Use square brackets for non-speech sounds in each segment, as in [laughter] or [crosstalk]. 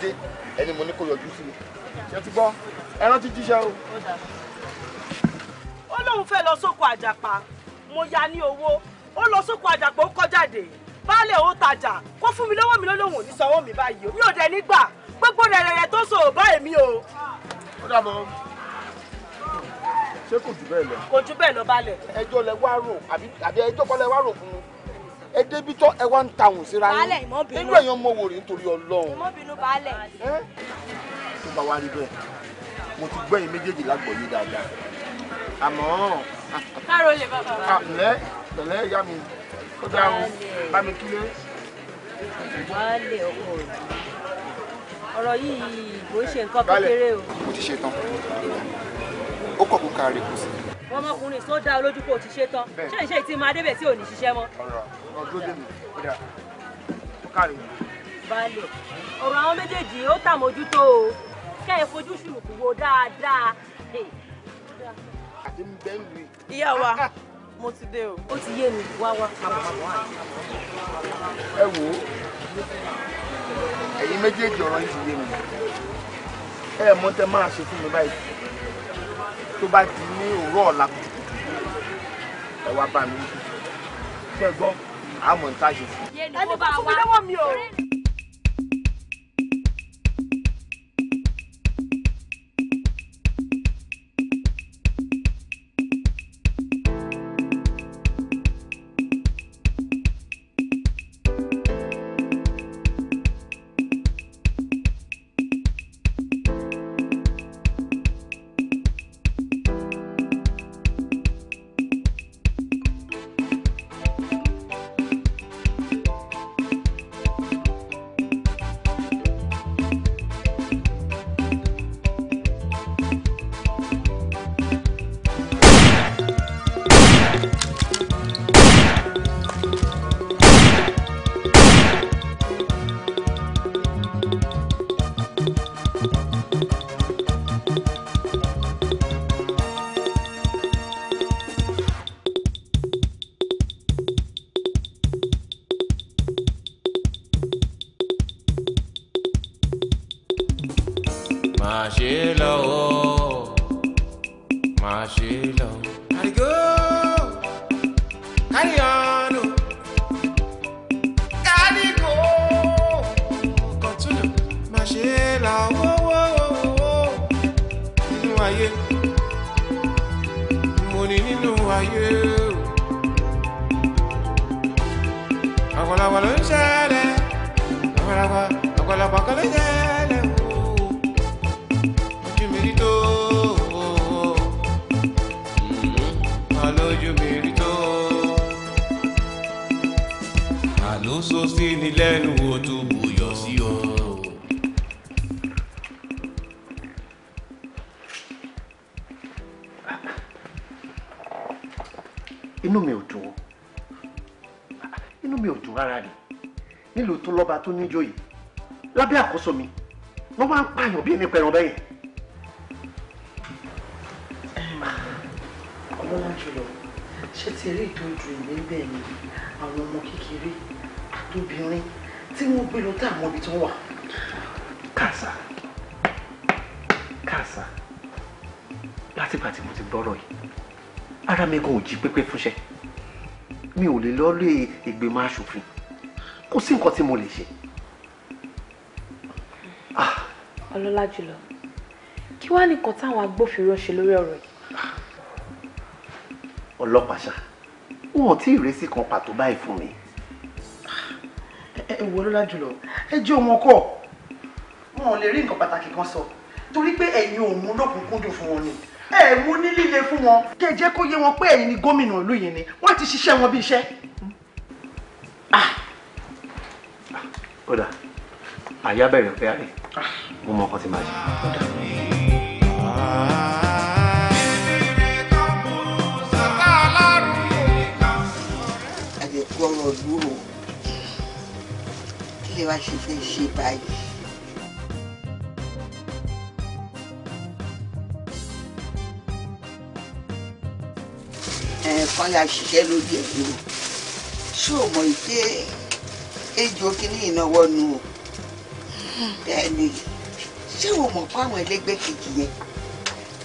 dé ẹni mo ní kó yọjú sí mi ṣe ti gbọ́ ẹran ti jíṣẹ́ o. ó lóun fẹ́ lọ sóko àjàpá mo ya ní owó ó lọ sóko àjàpá ó kọjá dé baálé ó tajà kó fún mi lọ́wọ́ mi lọ́lọ́hùn ò ní sanwó mi báyìí o mi ò dẹ̀ nígbà gbogbo rẹ̀rẹ̀rẹ̀ tó sọ bá èmi o. ó dàbọ̀ ṣé kò jù bẹ́ẹ̀ lọ. kò jù bẹ́ẹ̀ lọ balẹ̀. ẹjọ́ lẹ wá rò àbí ẹjọ́ kọ́ lẹ wá rò fún mi ẹ débi tọ́ ẹ wá ń ta òun síra yín nínú èèyàn mọ wòrì nítorí Ọlọ́run baálẹ̀. tó bá wá rí bẹ́ẹ̀ mo ti gbọ́ yín méjèèjì lágbọ̀ọ́yé dáadáa àmọ́. káàró lè bá bàbá. pẹ̀lẹ́ pẹ̀lẹ́ ìyá mi ó dáa o bá mi kílé. baálé ọkọ rẹ ọ̀rọ̀ yìí ìbò ṣe nǹkan kékeré o. mo ti ṣe tán ó kọ̀ kó kárí kù sí. ọmọkùnrin tó dá olójú kó ti ṣe tán ṣé ìṣe ìtì máa débẹ̀ tí ò ní ṣiṣẹ́ mọ́. ọ̀rọ̀ ọ̀dúró dèmi ó dáa ó kárí o baálẹ̀ ọ̀rọ̀ àwọn méjèèjì ó tàmójútó o kẹ́ ẹ fojú ṣùnùkùn wo dáadáa. ìyá wa mo ti dé o. ó ti yé mi wá wá. ẹ wò ó méjèèjì ọ̀rọ̀ yìí ti yé mi ẹ mọ tẹ máa ṣe fún mi báyìí tó bá ti ní òwúrọ̀ ọ̀la ẹ wá bá mi ṣe gbọ́ àmọ̀ ń tá fún. ẹni kò tún mi lọ́wọ́ mi o. ọ̀pọ̀lọpọ̀ kan ló ṣẹlẹ̀ wò ojú mi rí tó ọlójú mi rí tó àló so sí ni lẹ́nu wo tó bùyọ̀ sí o. inú mi ò dùn inú mi ò dùn rárá ni nílùú tó lọ́ba tó níjòyè lábẹ́ àkóso mi wọ́n máa ń pààyàn bí èmi pẹ̀ràn bẹ́yẹn. ọlọ́lá jùlọ ṣé ti rí ìtọ́jú ìwé bẹ́ẹ̀ ni àwọn ọmọ kékeré àtòbìnrin tí wọ́n gbé lọ táwọn ibi tó wà. kàṣà kàṣà látìgbà tí mo ti gbọ́rọ̀ yìí ara mi kò jí pépé fúnṣẹ́ mi ò lè lọ lé ìgbìmọ̀ asòfin kò sí nǹkan tí mo lè ṣe. ọlọ́lá jùlọ kí wàá nìkan táwọn agbófinró ń ṣe lórí ọ̀rọ̀ yìí. ọlọ́pàá ṣá wọn ò tí ì rèsí kan pàtó báyìí fún mi. ẹ wo ọlọ́lá jùlọ ẹ jẹ́ ọmọ kọ́ wọn ò lè rí nǹkan pàtàkì kan sọ torí pé ẹ̀yin ò mú lọ́kùnkúndùn fún wọn ni ẹ mú ní líle fún wọn kẹ jẹ́ kó yé wọn pé ẹ̀yin ni gómìnà ìlú yìí ni wọ́n ti ṣiṣẹ́ wọn bí iṣẹ́. Ah! Ah! ó dáa àyà bẹ̀rẹ̀ pé àlè mo mọ ọkọ tí màá ṣe. àjẹkù ọ̀rọ̀ dúró kí lè wá ṣe fẹ́ ṣe báyìí. ẹ̀ẹ̀kan la ṣiṣẹ́ lórí ẹ̀ ṣé o mọ̀ pé ejò kínní ìnáwó nu o bẹ́ẹ̀ni ṣé o mọ̀ pé àwọn ẹlẹ́gbẹ́ kejì yẹn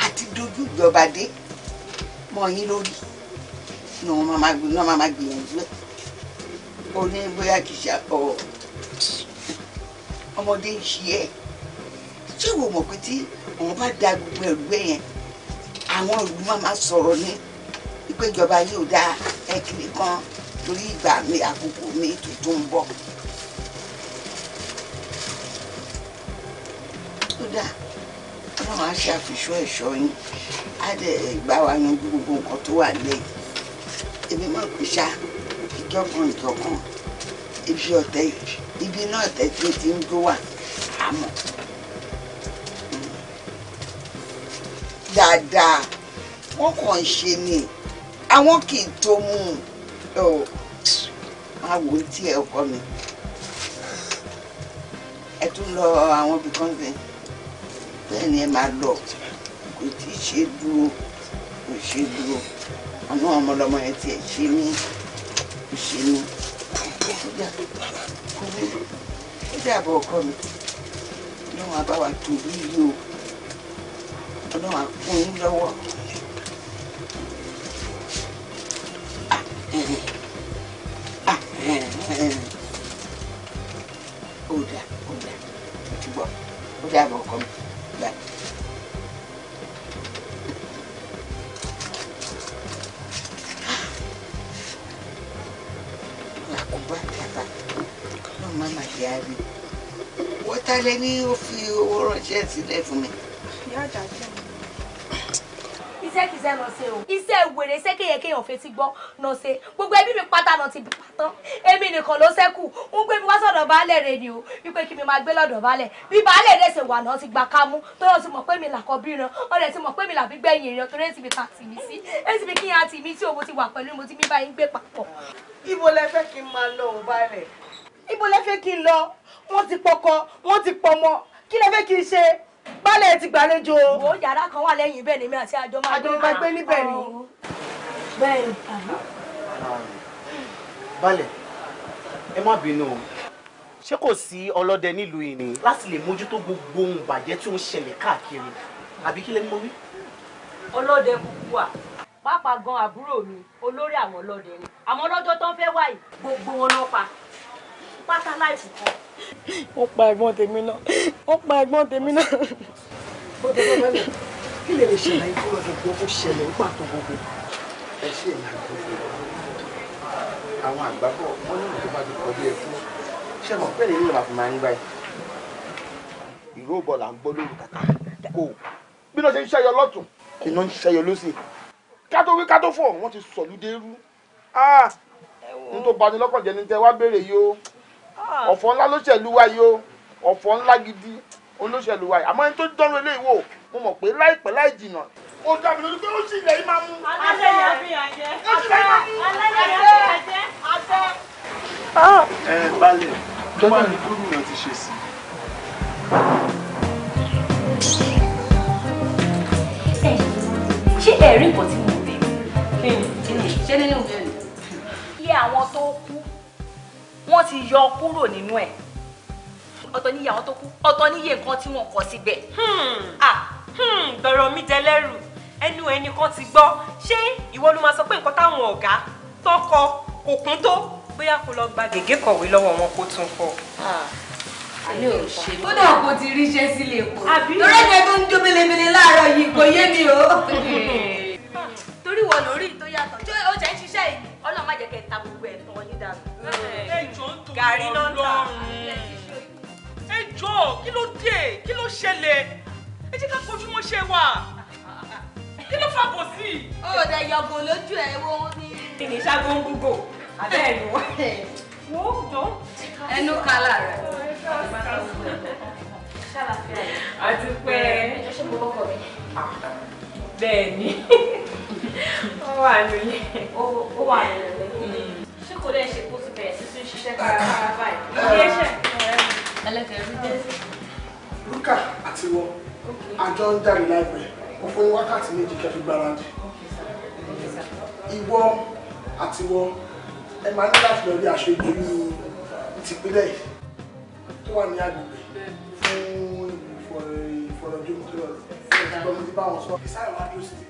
àti dojú ìjọba dé mọ́ yín lórí ni wọ́n máa gbé wọ́n máa gbìyànjú ẹ̀ ó ní bóyá kì í ṣe ọ ọmọdé ń ṣe ẹ̀ ṣé o mọ̀ pé tí òun bá da gbogbo ẹ̀rú ẹ̀ yẹn àwọn ìlú máa máa sọ̀rọ̀ ní ìpéjọba yóò dá ẹ̀kìnì kan torí ìgbà mi àkókò mi tuntun ń bọ̀. tó dáa ọlọ́run á ṣe àfìṣọ́ ẹ̀ṣọ́ yín á dẹ̀ gbá wa yanjú gbogbo nǹkan tó wà lẹ́yìn èmi mọ̀ pé ṣá ìjọkan ìjọkan ibi ọ̀tẹ̀ ibi náà ọ̀tẹ̀ tí ó ti ń gbó wà àmọ́ dáadáa wọ́n kàn ń ṣe ni àwọn kì í tó mú un máa wò ó tí ẹ ọkọ mi ẹ tún lọ àwọn ibì kan bẹ́ẹ̀ lẹ́ni ẹ máa lọ kò tí ì ṣe dúró kò ṣe dúró àwọn ọmọlọmọ yẹn tiẹ̀ ṣe mí kò ṣe mí ó dàbọ̀ ọkọ mi ọlọ́run àbáwá tóbi yìí o ọlọ́run àkún yín lọ́wọ́. ó dà ó dà ó dàbọ̀ ọkọ mi. Mama dear, what are ní ó fi owó ránṣẹ́ sílẹ̀ fún mi. Ìyá àjà jẹ́ iṣẹ́ kì í sẹ́ lọ ṣe o iṣẹ́ wèrè iṣẹ́ kéèyàn kéèyàn fetí gbọ́ lọ ṣe gbogbo ẹbí mi pátá lọ ti bá tán èmi nìkan ló ṣẹ́kù ń gbé mi wá sọ̀dọ̀ baálẹ̀ rẹ ni o wípé kí mi máa gbé lọ́dọ̀ baálẹ̀ bí baálẹ̀ rẹ ṣe wà náà ti gba kámú tó yọ ti mọ̀ pé mi làkọ́ bí ran ọ̀rẹ́ ti mọ̀ pé mi làbí gbẹ̀yìn ìran torí èsì mi ta tì mí sí èsì mi kí n àti mi tí òwò ti wà pẹ̀lú mo ti mí báyìí ń gbé papọ̀. ibo lẹ fẹ́ kí n máa lọ ò baálẹ̀ ibo lẹ fẹ́ kí n lọ wọ́n ti pọkọ wọ́n ti pọmọ kí lẹ fẹ́ kí n ṣe Bálẹ̀ ti gbàlejò. Wo yàrá kan wà lẹ́yìn bẹ́ẹ̀ ni mi àti àjọ máa gbé. Àjọ máa gbé níbẹ̀ ni. Bẹ́ẹ̀ ni. Bálẹ̀, ẹ má bínú o. Ṣé kò sí ọlọ́dẹ nílùú yìí ni láti lè mójútó gbogbo ohun ìbàjẹ́ tí ó ń ṣẹlẹ̀ káàkiri? Àbí kí lẹ́nu mo wí? Ọlọ́dẹ kúkú wà. Pàápàá gan àbúrò mi, olórí àwọn ọlọ́dẹ ni. Àwọn ọlọ́jọ́ tó ń fẹ́ wáyé, gbogbo wọn pa. Pátá láìpù kan wọ́n pa ẹ̀gbọ́n tèmi náà wọ́n pa ẹ̀gbọ́n tèmi náà. bọ́dọ̀ bọ́dọ̀ lẹ̀ kí lè lè ṣàlàyé fún ọ̀sẹ̀ tó kó ṣẹlẹ̀ nípa tó gbogbo ẹ ṣe ìlànà gbogbo àwọn àgbàbọ̀ wọ́n ní ìjọba ti kọjú ẹ fún ṣé mo pẹ́ nínú ìlànà fún máa ń gbà yìí. ìró bọ̀ là ń gbọ́ lóru kàkà kó bí náà ṣe ń ṣẹyọ lọ́tún iná ń ṣẹyọ lọ́sì ká tó wí ká tó fọ̀ wọ́n ti sọ̀lú dérú ah, n tó bani lọ́kàn jẹ́ ni tẹ́ wá béèrè yìí o. Ah. ọ̀fọ̀ ńlá ló ṣẹ̀lú wáyé o ọ̀fọ̀ ńlá gidi olóṣèlú wáyé àmọ́ ẹni tó dánwó eléyìí wò mo mọ̀ pé láìpẹ́ láì jìnà ó dàbí lójú pé ó sì ilẹ̀ yìí máa mú. alẹ́ ni a fi hàn jẹ́ alẹ́ ni a fi hàn jẹ́ àṣẹ. Ah. ẹ balẹ̀ tó wà ní gómìnà ti ṣe sí i. ṣé ẹ̀rí nǹkan tí mo rí? ṣé nínú mi ò ní? iye àwọn tó wọ́n ti yọ kúrò nínú ẹ̀ ọ̀tọ̀ níyà wọn tó kú ọ̀tọ̀ níyè nǹkan tí wọ́n kọ síbẹ̀. Hmm. Hmm, bọ̀rọ̀ mi jẹ lẹ́rù ẹnu ẹni kan ti gbọ́ ṣé ìwọ ló máa sọ pé nǹkan táwọn ọ̀gá tọkọ kò kún tó bóyá kó lọ gba gègé kọ̀wé lọ́wọ́ wọn kó tún kọ ó dà kó ti ríṣẹ́ sílé epo lọ́rẹ́ jẹ́ tó ń jó belebele láàárọ̀ yìí kò yé mi o. [laughs] torí wọ lórí tó yàtọ̀ tí ó jẹ́ ń ṣiṣẹ́ yìí ọlọ́run má jẹ́ kẹ́ ta gbogbo ẹ̀ tán yín dànù. ẹjọ́ ń tó ọlọ́run ẹjọ́ kí ló dé kí ló ṣẹlẹ̀ ẹ jẹ́ ká kojú mọ́ ṣe wà kí ló fàbọ̀ sí. ó dẹ yọgò lójú ẹ wo ni. kí ni ṣáàgó ń gbogbo abẹ́ ẹ̀ ló wọ́ jọ. ẹnu kálá rẹ̀. ṣàlàfíà. àti pé ẹjọ́ ṣe mo bọ́kọ̀ mi. Ah bẹ́ẹ̀ni [laughs] ó wà nílé ó wà nílé she mm. kò lè ṣe kó ti bẹ̀rẹ̀ sí sí ṣiṣẹ́ ah, ah, kárakára báyìí ah. ó yẹ ṣe ẹlẹ́kẹ̀ẹ́ rí jésù. rúkà àti wọn àjọ ń jáde láìpẹ́ ó fún wákàtí méjì kẹfí gbáradì ìwọ àti wọn ẹ máa ní láti lọ rí aṣojú tìpínlẹ̀ tó wà ní agbègbè fún ìfọ̀rọ̀jọ́mọ́tò lọ́rọ̀ ìgbà mo ti bá wọn sọ. ìsáyẹ̀ wá dúró sí ti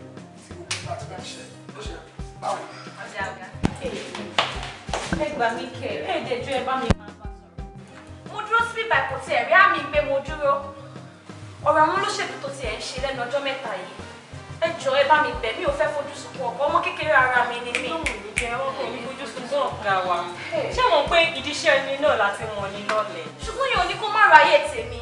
gbogbo ìgbà tí wọ́n ṣe ló ṣe báwo. ọjà ọ̀gá ẹ gbà mí kẹ ẹ dẹjọ ẹ bá mi máa bá sọ̀rọ̀ mo dúró síbí ìbàkùn tí ẹ̀rí àmì pé mo dúró ọ̀rọ̀ àwọn olóṣèlú tó ti ẹ̀ ń ṣe lẹ́nu ọjọ́ mẹ́ta yìí ẹ jọ ẹ bá mi bẹ̀ mi ò fẹ́ fojú sunkún ọkọ ọmọ kékeré ara mi ni mi. ṣé mo pé ìdíṣẹ́ mi náà láti mọ̀ ní lọ́lẹ̀. ṣùgbọ́n yóò ní kó má ráyè tèmi.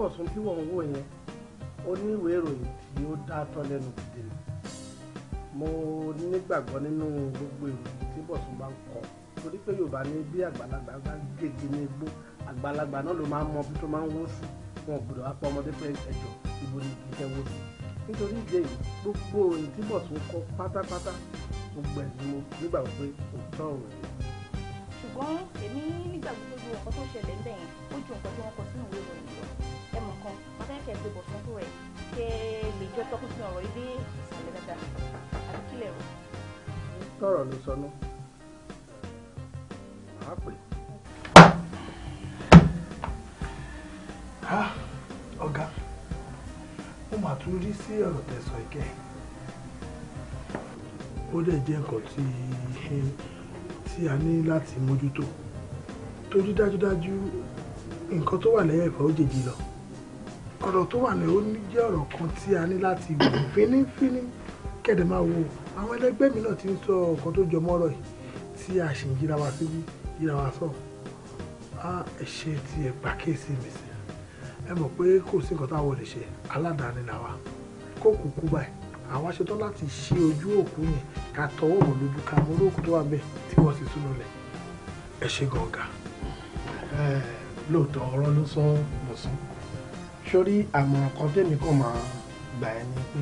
Kòríbọ̀sún tí wọ́n ń wò yẹn oníwèé ìròyìn ni ó dá tọ́ lẹ́nu kìdìrì mo nígbàgbọ́ nínú gbogbo ìròyìn tí Bọ̀sún bá ń kọ torí pé Yorùbá ní bí àgbàlagbà bá gègé ní igbó àgbàlagbà náà ló máa ń mọ bí tó máa ń wó sí wọn ò gbọdọ̀ wá pa ọmọdé pé ẹjọ́ ìbò ni kì í fẹ́ wó sí nítorí ìdí èyí gbogbo òyìn tí Bọ̀sún kọ pátápátá gbogbo ẹ̀ ni mo nígbàgbọ́ pé òótọ́ ọ̀rọ̀ yẹn ṣùgbọ́n èmi nígbàgbọ́ gbogbo ọ̀kan tó ṣẹlẹ̀ ń bẹ̀yẹn ó ju nǹkan tí wọ́n kọ sínú ìwé ìròyìn mọ̀ kan wọ́n fẹ́ kẹ́ ẹ gbé bọ̀ sọ́kù rẹ̀ kẹ́ ẹ lè jọ tọ́kùn sí ọ̀rọ̀ ilé ìsàlẹ̀ dáadáa àbí kílẹ̀ rò. tọrọ ló sọnù màá pè. Ah, ọ̀gá mo mà tún rí sí ọ̀rọ̀ tẹ̀sán ìkẹ́ ó dẹ̀ jẹ́ nǹkan tí tí a ní láti mójútó torí dájúdájú nǹkan tó wà lẹ́yìn ẹ̀fọ́ ó jèjì lọ ọ̀rọ̀ tó wà ní ó ní jẹ́ ọ̀rọ̀ kan tí a ní láti wò fínífíní kẹ̀dẹ̀ máa wo àwọn ẹlẹgbẹ́ mi náà ti ń sọ ọ̀kan tó jọmọ́ ọ̀rọ̀ yìí tí a sì ń yíra wa síbí yíra wa sọ á ṣe ti ẹ̀gbà kéèsì mi sí ẹ mọ̀ pé kò sí nǹkan táwọn lè ṣe aládàáni làwa kó kú kú báyìí àwa ṣetán láti ṣe ojú òkú yẹn ká tọwọ́ wọn lójú ká mú olóòkú tó wà bẹ́ẹ̀ tí wọ́n sì tún lọlẹ̀ ẹ ṣe lóòótọ́ ọ̀rọ̀ ló sọ mọ̀sán sórí àmọ̀ràn kan tèmi kò máa gbà ẹ́ ni pé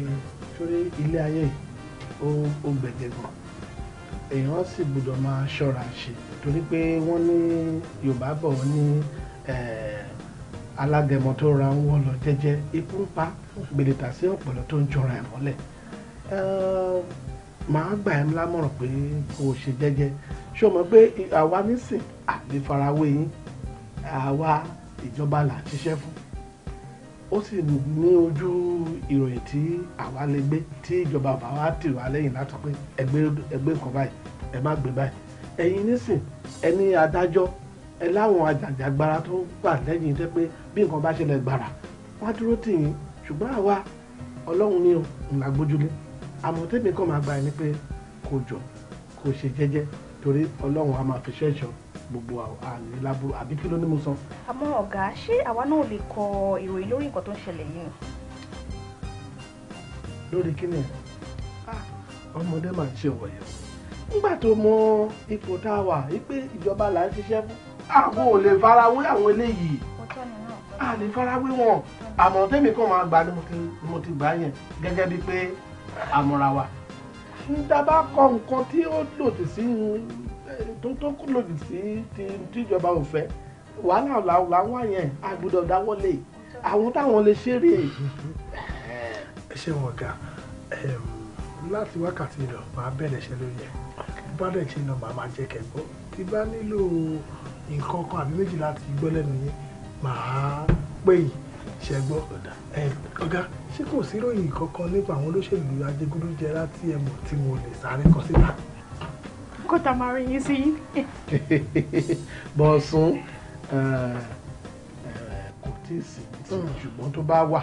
sórí ilé ayé ó gbẹ̀gẹ̀ gan èèyàn sì gbọ́dọ̀ máa ṣọ́ra ṣe torí pé wọ́n ní Yorùbá bọ̀ wọ́n ní alágẹmọ tó ra ń wọ́ lọ jẹ́jẹ́ ikú ń pa gbèdéta sí ọ̀pọ̀lọ́ tó ń jọra ẹ̀ mọ́lẹ̀ màá gbà ẹ́ lámọ̀ràn pé kò ṣe jẹ́jẹ́ ṣé o mọ̀ pé àwa nísìn àlè farawé yín àwa ìjọba là ń ṣiṣẹ́ fún ó sì ní ojú ìròyìn tí àwa lè gbé tí ìjọba bá wa tì wá lẹ́yìn láti pé ẹgbẹ́ ẹgbẹ́ kan báyìí ẹ má gbé báyìí ẹ̀yin nísìn ẹni adájọ́ ẹ láwọn ajàjàgbara tó wà lẹ́yìn tẹ́ pé bí nǹkan bá ṣẹlẹ̀ gbàrà wọ́n á dúró tì yín ṣùgbọ́n àwa ọlọ́run ni òun là gbójúlé àmọ́ tèmi kàn máa gba ẹni pé kò jọ kò ṣe jẹ́jẹ́ torí ọlọ́run á máa fi ṣẹ́ṣọ́ gbogbo àní lábúrò àbí kí ló ní mo sọ. àmọ́ ọ̀gá ṣé àwa náà lè kọ ìròyìn lórí nǹkan tó ń ṣẹlẹ̀ yìí ni. lórí kí ni ah. ọmọdé máa ń ṣe wọ̀yọ̀ nígbà tó mọ ipò tá a wà wípé ìjọba là ń ṣiṣẹ́ fún àwọn ò lè farawé àwọn eléyìí a lè farawé wọn àmọ̀ràn tẹ́mi kan máa gbà ni mo ti gbà yẹn gẹ́gẹ́ bíi pé àmọ̀ra wa ń dábàá kọ nǹkan tí ó lòdì sí tó tó kú lòdì sí ti tíjọba ò fẹ́ wàhálà làwọn àyẹn àgbùdọ̀ dáwọ́lé àwọn táwọn lè ṣe rèé. ẹ ṣe wọn ga láti wákàtí lọ màá bẹ̀rẹ̀ ṣe lóye bá dẹ̀ ṣe lọ màá máa jẹ́ kẹ́kọ̀ọ́ tí bá nílò nǹkan kan àbí méjì láti gbọ́ lẹ́nu yín màá pè yín ṣe gbọ́ ọ̀gá ṣé kò sí ìròyìn kankan nípa àwọn olóṣèlú ajégúdújẹrá tí ẹ tí mo lè sáré kọ síta kọ́tà máa rìn yín sí yín. [laughs] bọ̀sùn kò tí ì sí hmm. ṣùgbọ́n tó bá wà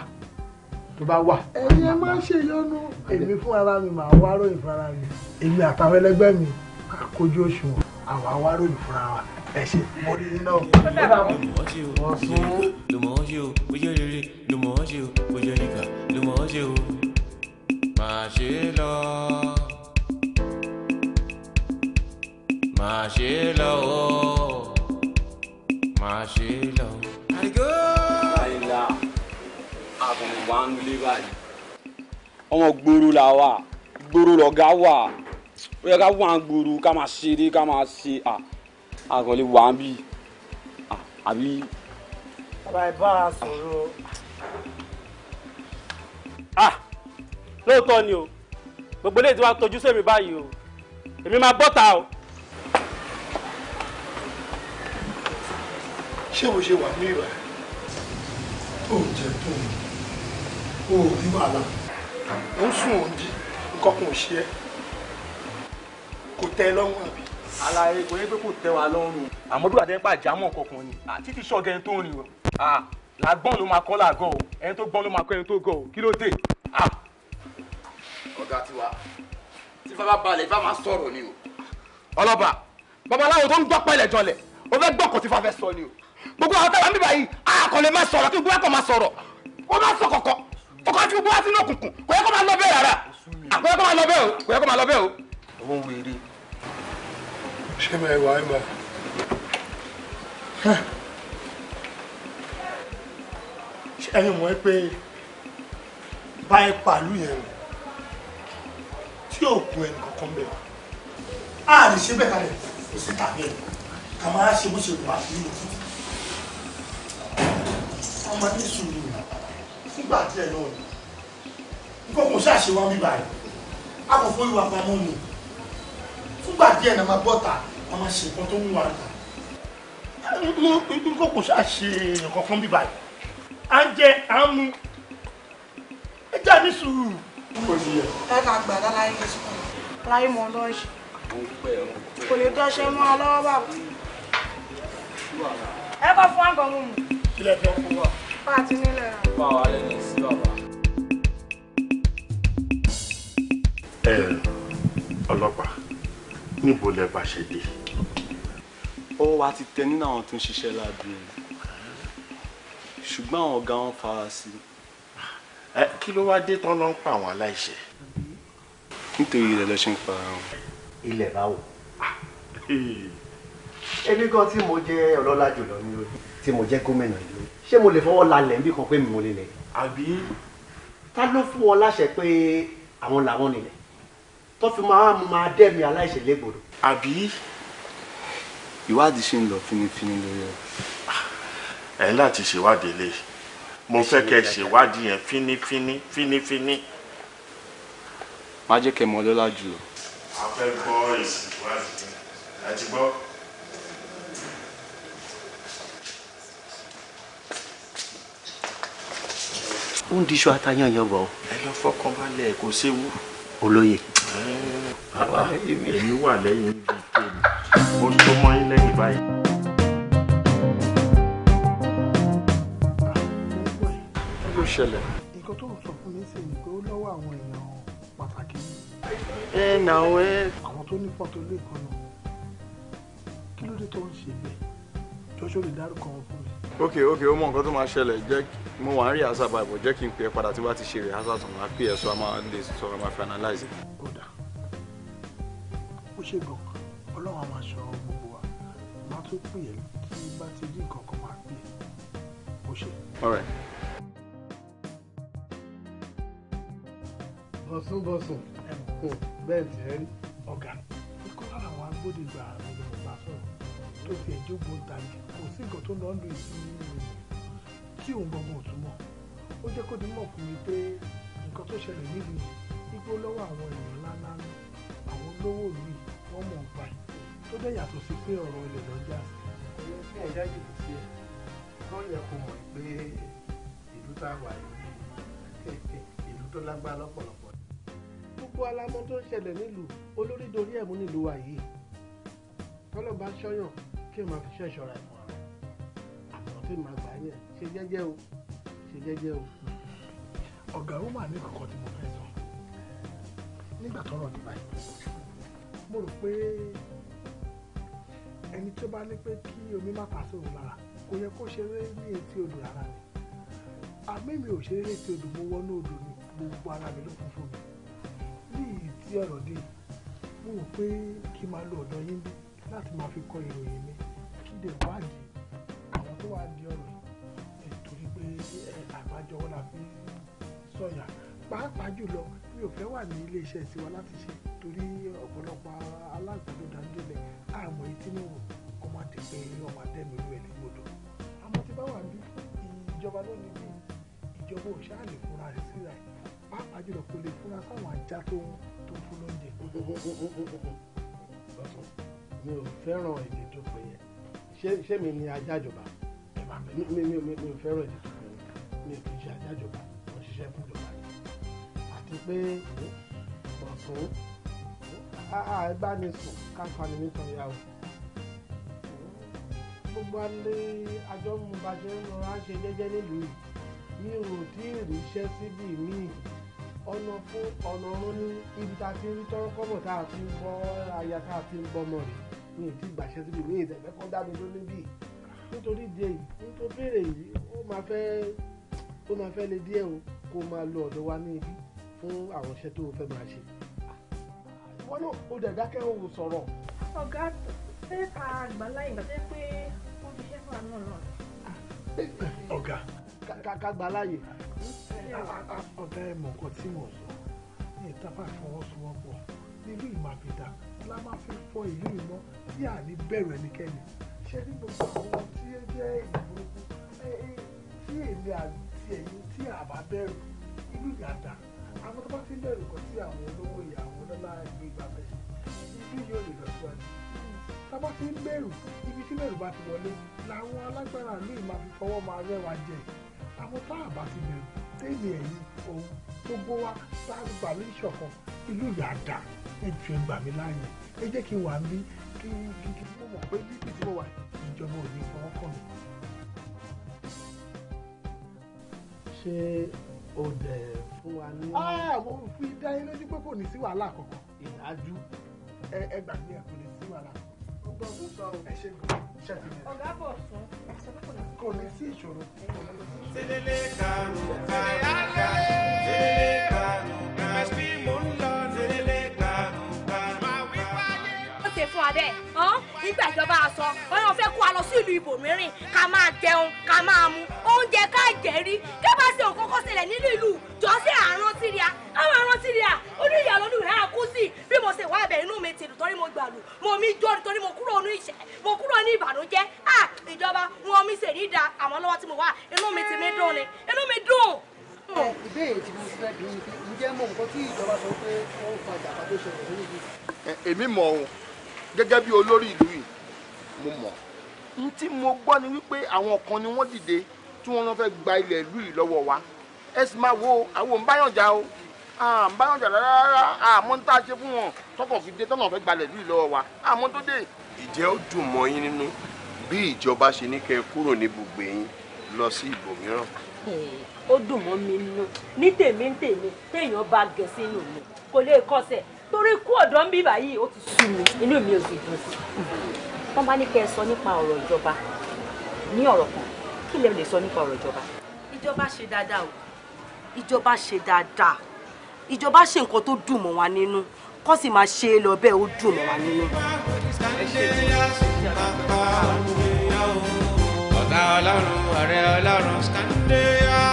tó bá wà. ẹ̀yin ẹ má ṣe yọnu èmi fún ara mi màá wá ròyìn fún ara mi èmi àtàwọn ẹlẹgbẹ́ mi ká kojú òṣùwọ̀n àwa wá ròyìn fúnra wa ẹ ṣe mo rí iná o. bọ̀sùn. lùmọ̀ ọ́ ṣe o bójú rere lùmọ̀ ọ́ o bójú ẹnìkan lùmọ̀ ọ́ o máa ṣe é lọ. máa ṣe o máa ṣe é lọ. àdìgó. àyìnlá àbùnú wa ń lé báyìí. ọmọ gbòòrò la wà gbòòrò lọ̀gá wà ó yẹ ká wà ń gbòòrò ká máa ṣeré ká máa ṣe àgọ́lé wà ń bì àbí. bàbá ẹ bá a sọ̀rọ̀. ah lóòótọ́ ni o gbogbo eléyìí tí wàá tọ́jú sẹ́mi báyìí o èmi máa bọ́ta o. ṣé o ṣe wà ní ìwà tó ń jẹ tó ń o ò ní wàhálà ó ń sùn òun jí nǹkan kan ò ṣe ẹ́ kò tẹ́ ẹ lọ́rùn àbí. alaye kò yẹ pé kò tẹ́ wa lọ́rùn. àmọ́ bí wàá dẹ́pà jámọ̀ kankan ni títí ṣọ́gẹ́ tó ń rìn o làgbọ́n ló máa kọ́ làgọ́ o ẹni tó gbọ́n ló máa kọ́ ẹni tó gọ̀ o kí ló dé. ọ̀gá tiwa tí bàbá balẹ̀ bá máa sọ̀rọ̀ ni o. ọlọ́ba babaláwo tó ń gbọ́ pẹ́lẹ̀ jọlẹ̀ ó fẹ́ gbọ́kọ̀ tí fa fẹ́ sọ ni o gbogbo àwọn táwọn bíbá yìí àkànlè máa sọ̀rọ̀ kí gbogbo àkàn máa sọ̀rọ̀ wọ́n máa sọ kọ̀kọ̀ kọ̀kọ̀ tí gbogbo wá sínú òkùnkùn kò yẹ kó máa lọ bẹ́ẹ̀ rárá kò yẹ kó máa lọ bẹ́ẹ̀ o kò yẹ kó máa lọ bẹ́ẹ̀ o. owó wèrè. ṣé máa wà á mà. ṣé ẹni mọ̀ ẹ́ pé báyìí pàlú yẹn tí òkú ẹnì kankan bẹ̀rẹ̀ a lè ṣe bẹ́ẹ̀ kalẹ̀ kò sí tàbí ẹ̀ kà máa ṣe bó ṣe wà nínú títí ọmọ ní sùúrù nígbà tí ẹ náà nǹkan kò ṣàṣe wá mi báyìí àkọ́kọ́ ìwà pamọ́ ni fúngbà díẹ̀ náà máa bọ́ta wọn máa ṣe nǹkan tó ń wà níta nǹkan kò ṣàṣe nǹkan kan bí báyìí à ń jẹ à ń mu ẹ jẹ́ ní sùúrù. ẹ kà gbà dára yín lọ sí láyé mọ lọ́ọ̀ṣì kò lè tọ́ṣẹ́ mọ́ ọ lọ́wọ́ bàbá ẹ bá fún àgọ́ mọ́ mu kí lẹ fẹ́ kó wà. bá a ti nílẹ̀ rà. bá a wà lẹ́nu sí bàbá. ẹ ọlọ́pàá níbo lẹ bá ṣe dé. ó wá ti tẹ nínú àwọn tó ń ṣiṣẹ́ láabi ẹ̀ ṣùgbọ́n àwọn ọ̀gá wọn fara sí i. ẹ kí ló wá dé tán ló pa àwọn aláìṣẹ̀. nítorí ilẹ̀ lọ ṣe ń para wọn. ilẹ̀ báwo. Ah, èmi gan tí mo jẹ́ ọlọ́lá jùlọ ní orí tí mo jẹ́ gómìnà ìlú ṣé mo lè fọwọ́ lalẹ̀ bí kan pé mi mo lè lẹ̀. àbí. ta ló fún wọn láṣẹ pé àwọn làwọn nílẹ̀ tó fi máa mú máa dẹ́mi aláìṣèlégbodò. àbí. ìwádìí ṣe ń lọ finifini lórí ẹ. ẹ láti ṣèwádìí lè mo fẹ́ kẹ́ ṣèwádìí yẹn finifini finifini. má jẹ́ kẹ́ mọ lọ́la jùlọ. a fẹ́ gbọ́ èsì ìwádìí ẹ ti gbọ́. ó ń diṣọ àtàyàn yan bọ̀. ẹ lọ fọkàn balẹ̀ kò séwu. olóye. èmi wà lẹ́yìn ibi tèmi mo tó mọ́ yín lẹ́yìn báyìí. kí ló ṣẹlẹ̀. nǹkan tó ń sọ fún mi ṣe ni pé ó lọ́wọ́ àwọn èèyàn pàtàkì. ẹ nà ó ẹ. àwọn tó ní pọ́ńtò lè kọ́ lọ kí ló dé tó ń ṣe bẹ́ẹ̀ jọ́jọ́ lè dárúkọ wọn fún mi. Okay, okay. ó mọ nǹkan tó máa ṣẹlẹ̀ jẹ́ mo wà ń rí àṣà bàbọ̀ jẹ́ kí n pè é padà tí wàá ti ṣe rè àṣà tó máa pè é sọ máa lè sọ máa fi analyze. kódà ó ṣe gan ọlọ́run á máa ṣọ gbogbo wa má tó pè é tí bá ti rí nǹkan kan máa pè é ó ṣe. alright. bọ̀sùn bọ̀sùn bẹ́ẹ̀ tí ẹ rí ọ̀gá ikú lára wa gbódìgbà àwọn ọmọ ìgbà sọ̀rọ̀ tó fi ẹjọ́ gbọ́ntàgì kò sí nǹkan tó ń lọ ń lu ìsinmi nínú tí òun gbọ̀ngàn ò túmọ̀ ó jẹ́ kó ti mọ̀ fún mi pé nǹkan tó ṣẹlẹ̀ nílùú igbó lọ́wọ́ àwọn èèyàn ńláńlá ní àwọn olówó ìlú wọn mọ̀ ń pa tó dẹ̀ yàtọ̀ sí pé ọ̀rọ̀ ilẹ̀ lọ́jà sí. ọ̀rẹ́ fún ẹ̀yà yìí sí ẹ̀ tó yẹ kó mọ̀ pé ìlú tá a wà yìí [laughs] ìlú tó lágbára lọ́pọ̀lọpọ̀. gbogbo alamọ tó ń ṣẹlẹ̀ nílùú olórí dorí ẹ̀mú nílùú wa yìí tọ́lọ́ bá ṣọ́yàn kí n máa fi ṣẹ́ ìṣọ́ra ẹ̀mọ́ tí màá gbà yẹn ṣe jẹ́jẹ́ o ṣe jẹ́jẹ́ o. ọ̀gá ó mà ní kankan tí mo fẹ́ sọ nígbà tọ́rọ̀ dìbà yìí mo rò pé ẹni tó bá ní pé kí omi má pa sóhun lára kò yẹ kó ṣeré ní etí odò rárá ni àmì mi ò ṣeré ní etí odò mo wọnú odò ni gbogbo ara mi ló kún fún mi ní ìyí tí ọ̀rọ̀ dé mo rò pé kí n máa lo ọ̀dọ̀ yín bí láti máa fi kọ ìròyìn mi kí n lè wádìí tó wàá di ọ̀rọ̀ ẹ̀ torí pé àgbájọ wọn la fi sọ̀yà pàápàá jùlọ mi ò fẹ́ wà ní iléeṣẹ́ tiwa láti ṣe torí ọ̀pọ̀lọpọ̀ alágbèdo dáńdélẹ̀ àmọ́ etí mi wò kó má ti pé ọmọ adẹ́mi rẹ̀ lẹ́gbọ̀dọ̀ àmọ́ tí bá wà ní ìjọba lónìí bí ìjọba ò ṣáà lè fúnra rẹ̀ síra ẹ̀ pàápàá jùlọ kò lè fúnra sáwọn ajá tó ń tó ń fún lóúnjẹ. mi ò fẹ́ràn èdè tó pè yẹn ṣé mi ni ajá ìjọba mi mi mi mi fẹ́ràn ètò mi ò kì í ṣe ajájọba mo ṣiṣẹ́ fún ìjọba ni àti pé ọ̀sán àìbánisùn káfíńtì mi tàn yá o gbogbo alẹ́ àjọ mu bàjẹ́ lọ́ra ṣe jẹ́jẹ́ nílùú yìí mi ò tí ì ríṣẹ́ síbi míì ọ̀nà fún ọ̀nà ọ̀run ní ibi tá a ti rí tọ́rọ́ kọ́bọ̀ tá a fi ń bọ́ aya tá a fi ń bọ́ ọmọ rẹ̀ mi ò tí ì gbàṣẹ́ síbi míì ìtẹ̀fẹ́ dá mi lónìí bíi nítorí ìdí èyí nítorí béèrè yìí ó máa fẹ́ ó máa fẹ́ le díẹ̀ o kó máa lo ọ̀dọ̀ wa ní ibi fún àwọn iṣẹ́ tó o fẹ́ máa ṣe. ìwọ náà o dẹ̀ dákẹ́ o sọ̀rọ̀. ọ̀gá ṣé ká gbà láyè gbà tẹ́ pé ó fi ṣẹ́ fún àánú náà. ọ̀gá ká gbà láyè. ọ̀gá ẹ mọ̀ nǹkan tí mo sọ ní ìtàpá ìfọwọ́sowọ́pọ̀ nílùú ìmàfẹ́dà la máa fi fọ ìlú ìmọ̀ tí à ní bẹ̀rù ṣe ní gbogbo àwọn tí ó jẹ́ ìgbòho tí èmi àti ẹ̀yin tí àbá bẹ̀rù inú ìyàtà àwọn tó bá ti ń bẹ̀rù kan sí àwọn olówó ìyá àwọn ọlọ́lá ìlú ìgbàgbẹ́ ibi yóò lè lọ síwájú tá bá ti ń bẹ̀rù ibi tí bẹ̀rù bá ti wọlé làwọn alágbára míì máa fi fọwọ́ máa rẹwà jẹ àwọn tá àbá ti bẹ̀rù tẹ́lẹ̀ ẹ̀yìn òun gbogbo wa tá a gbà ní ìṣọ̀kan ìlú ìyàtà ẹ gbà mí láàyè ẹ jẹ́ kí n wà ń bí kí kí kí mọ̀ pé bí tí mo wà ìjọba ò ní fọwọ́ kàn mí. ṣé o dẹ̀ fún wa ní. Ah, ah, mo fi dá yín lójú pé kò ní sí wàhálà kankan. ìdájú ẹ gbàgbé kò ní sí wàhálà kankan gbọ́ sọ o. ẹ ṣe gbọ́ ṣàtìlẹ́. ọ̀gá bọ̀ sún kò ní sí ìṣòro. tẹ́lẹ̀ karùn-ún karùn-ún tẹ́lẹ̀ karùn-ún. ṣe fún wa bẹ́ẹ̀ hàn nígbàjọba àṣọ ọlọ́run fẹ́ kó wa lọ sí ìlú ibòmíràn ká máa jẹun ká máa mu oúnjẹ ká jẹ̀rí ká bá ṣe òkókó ṣẹlẹ̀ nínú ìlú jọ́sẹ̀ àrùn síria àwọn àrùn síria oníyà lọ́dún rẹ̀ àkú sí bí mo ṣe wá ibẹ̀ inú mi tìlù torí mo gbàlù mo mi jó torí mo kúrò ní ìṣẹ́ mo kúrò ní ìbànújẹ́ à ìjọba wọn mi ṣèlú ìdá àmọ́ lọ́wọ́ tí mo wà inú mi ti mi dùn ni inú mi dùn ìbéèrè tí mo fẹ́ bí ǹjẹ́ mọ̀ nǹkan tí ìjọba sọ pé ó fa ìjàpá tó ṣẹlẹ̀ lórí ibi. èmi mọ̀ ọ́n gẹ́gẹ́ bí olórí ìlú yìí mo mọ̀ n tí mo gbọ́ ni wípé àwọn kan ni wọ́n dìde tí wọ́n fẹ́ gba ilẹ̀ ìlú yìí lọ́wọ́ wa ẹ sì máa wo àwọn òǹbáyànjà o àǹbáyànjà rárá àmọ́ ń tá a ṣe fún wọn tọkọ̀ fi dé tọ́nà fẹ́ gba ilẹ̀ ìlú yìí lọ́wọ́ wa àmọ́ tó dé. ìjẹ́ ó dùn mọ́ yín nínú bí ìjọba ṣe ní kẹ́ ẹ kúrò ní ibùgbé yín lọ sí ibòmíràn. Hmm, ó dùn mọ́ mi nínú ní tèmi ń tèmi téèyàn bá gẹ̀ sínú mi kò lè kọsẹ̀ torí ikú ọ̀dọ́ ń bí báyìí ó ti sú mi inú mi ò sì dùn sí wọ́n bá ní kẹ́ ẹ sọ nípa ọ̀rọ̀ ìjọba ní ọ̀rọ̀ kan kí lẹ lè sọ nípa ọ̀rọ̀ ìjọba. ìjọba ṣe dáadáa o ìjọba ṣe dáadáa ìjọba ṣe nǹkan tó dùn mọ́ wa nínú kó sì máa ṣe é lọ bẹ́ẹ̀ ó dùn mọ́ wa nínú. ọ̀tá ọlọ́run ọ̀rẹ́ ọlọ́run Scandinavia.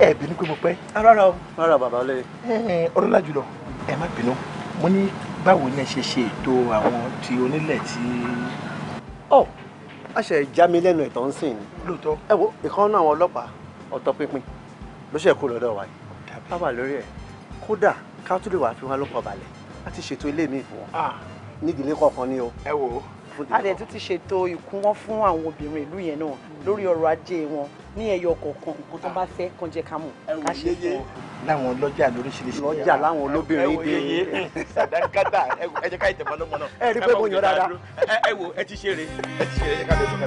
ẹ bínú pé mo pẹ́. Ah, rárá o rárá bàbá olóye. ọlọ́lá jùlọ ẹ má bínú mo ní báwo ni ẹ ṣe ṣe ètò àwọn ti onílẹ̀ tí. ọ a ṣe já mi lẹ́nu ìtàn ń sìn ni. lóòótọ́. ẹ wo ìkan náà àwọn ọlọ́pàá ọ̀tọ̀ pinpin ló ṣe kó lọ́dọ̀ wa yìí. ká wà lórí ẹ̀ kódà ká tún lè wàá fi wọn lọ́kọ̀ balẹ̀ láti ṣètò ilé mi fún wọn nídìílé kọ̀ọ̀kan ni o. ẹ wo. a dẹ̀ tún ti ṣètò ìkún wọn fún àwọn obìnrin ìlú yẹn náà lórí ọrọ̀ ajé wọn ní ẹyọ kọ̀ọ̀kan nǹkan tó bá fẹ́ kan jẹ́ ká mọ̀ ká ṣe fún ọ. láwọn lọ́jà lóríṣiríṣi lọ́jà láwọn olóbìnrin dé yé sàdánkátà ẹ jẹ́ ká ìtẹ̀mọ́ lọ́mọ náà. ẹ rí pé mo yàn dáadáa. ẹ wo ẹ ti ṣeré ẹ ti ṣeré ẹ ká lè ṣe ká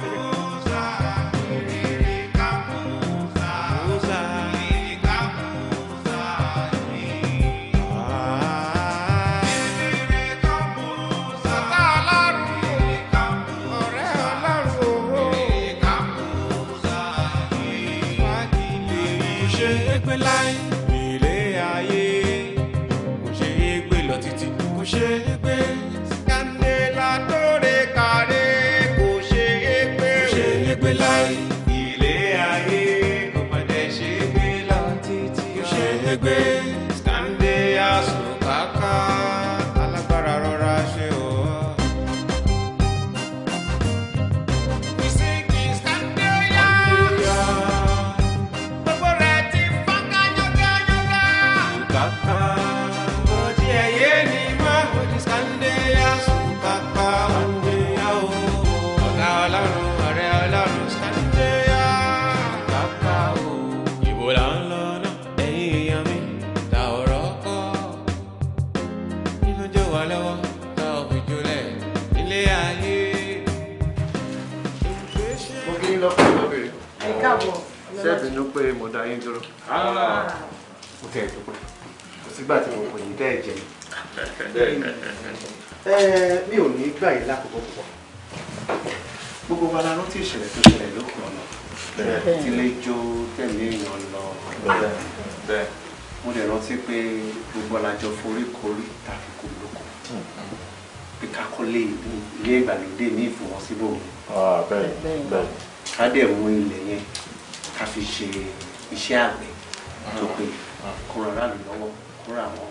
yín dúró. mo tẹ̀ dúpẹ́ kò sígbà tí mo kò ní dẹ́ ẹ̀jẹ̀ mi ò ní gbà yín lákòókò púpọ̀ gbogbo wa la rántí ìṣẹ̀lẹ̀ tó ṣẹlẹ̀ lókè ọ̀nà tilé jó tẹ̀lé èèyàn lọ mo lè rántí pé gbogbo alájọ foríkorí tàbí kò lóko mm-hmm. pé kákó lé ilé ìgbàlódé ní ìfowósíbò mi ah, ká dẹ̀ mú ilẹ̀ yẹn ká fi ṣe iṣẹ́ àgbẹ̀ tó pé kó aráàlú lọ́wọ́ kó ran àwọn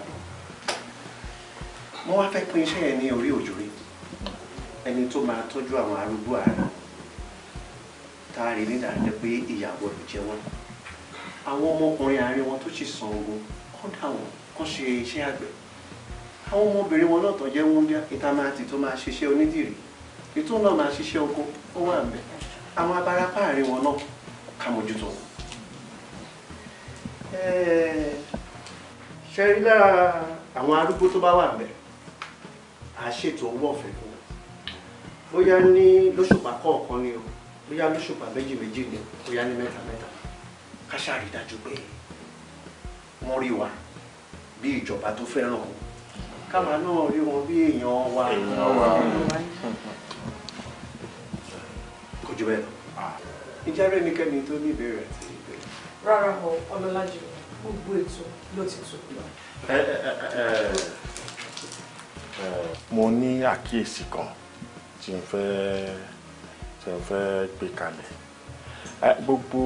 mo wá fẹ́ pín iṣẹ́ yẹn ní orí òjòrí ẹni tó máa tọ́jú àwọn arúgbó ara tá a rí nídàájọ́ pé ìyàwó rẹ̀ jẹ́ wọ́n àwọn ọmọkùnrin àárín wọn tó sì san ogun kọ́ dà wọ́n kọ́ ṣe iṣẹ́ àgbẹ̀ àwọn ọmọbìnrin wọn náà tán jẹ́ wúndíá ìtamáàtì tó máa ṣiṣẹ́ onídìrí ètò náà máa ṣiṣẹ́ oko ó wà ń bẹ̀ àwọn abarapá àárín wọn náà ká mójútó wọn ṣe rí lára àwọn arúgbó tó bá wà ń bẹ̀ à ṣètò owó ọ̀fẹ́ fún wọn bóyá ní lóṣùpá kọ̀ọ̀kan ni o bóyá lóṣùpá méjì méjì ni o bóyá ní mẹ́ta mẹ́ta ká ṣàrí dájú pé wọ́n rí wa bí ìjọba tó fẹ́ràn o káwa náà rí wọn bí èèyàn wa kò jù bẹ́ẹ̀ lọ ìjà rẹ̀ ní kẹ́ni tó ní ìbéèrè àti rárá o ọlọ́lájú gbogbo ètò ló ti tò. mo ní àkíyèsí kan tí n fẹ́ tí n fẹ́ gbé kalẹ̀ gbogbo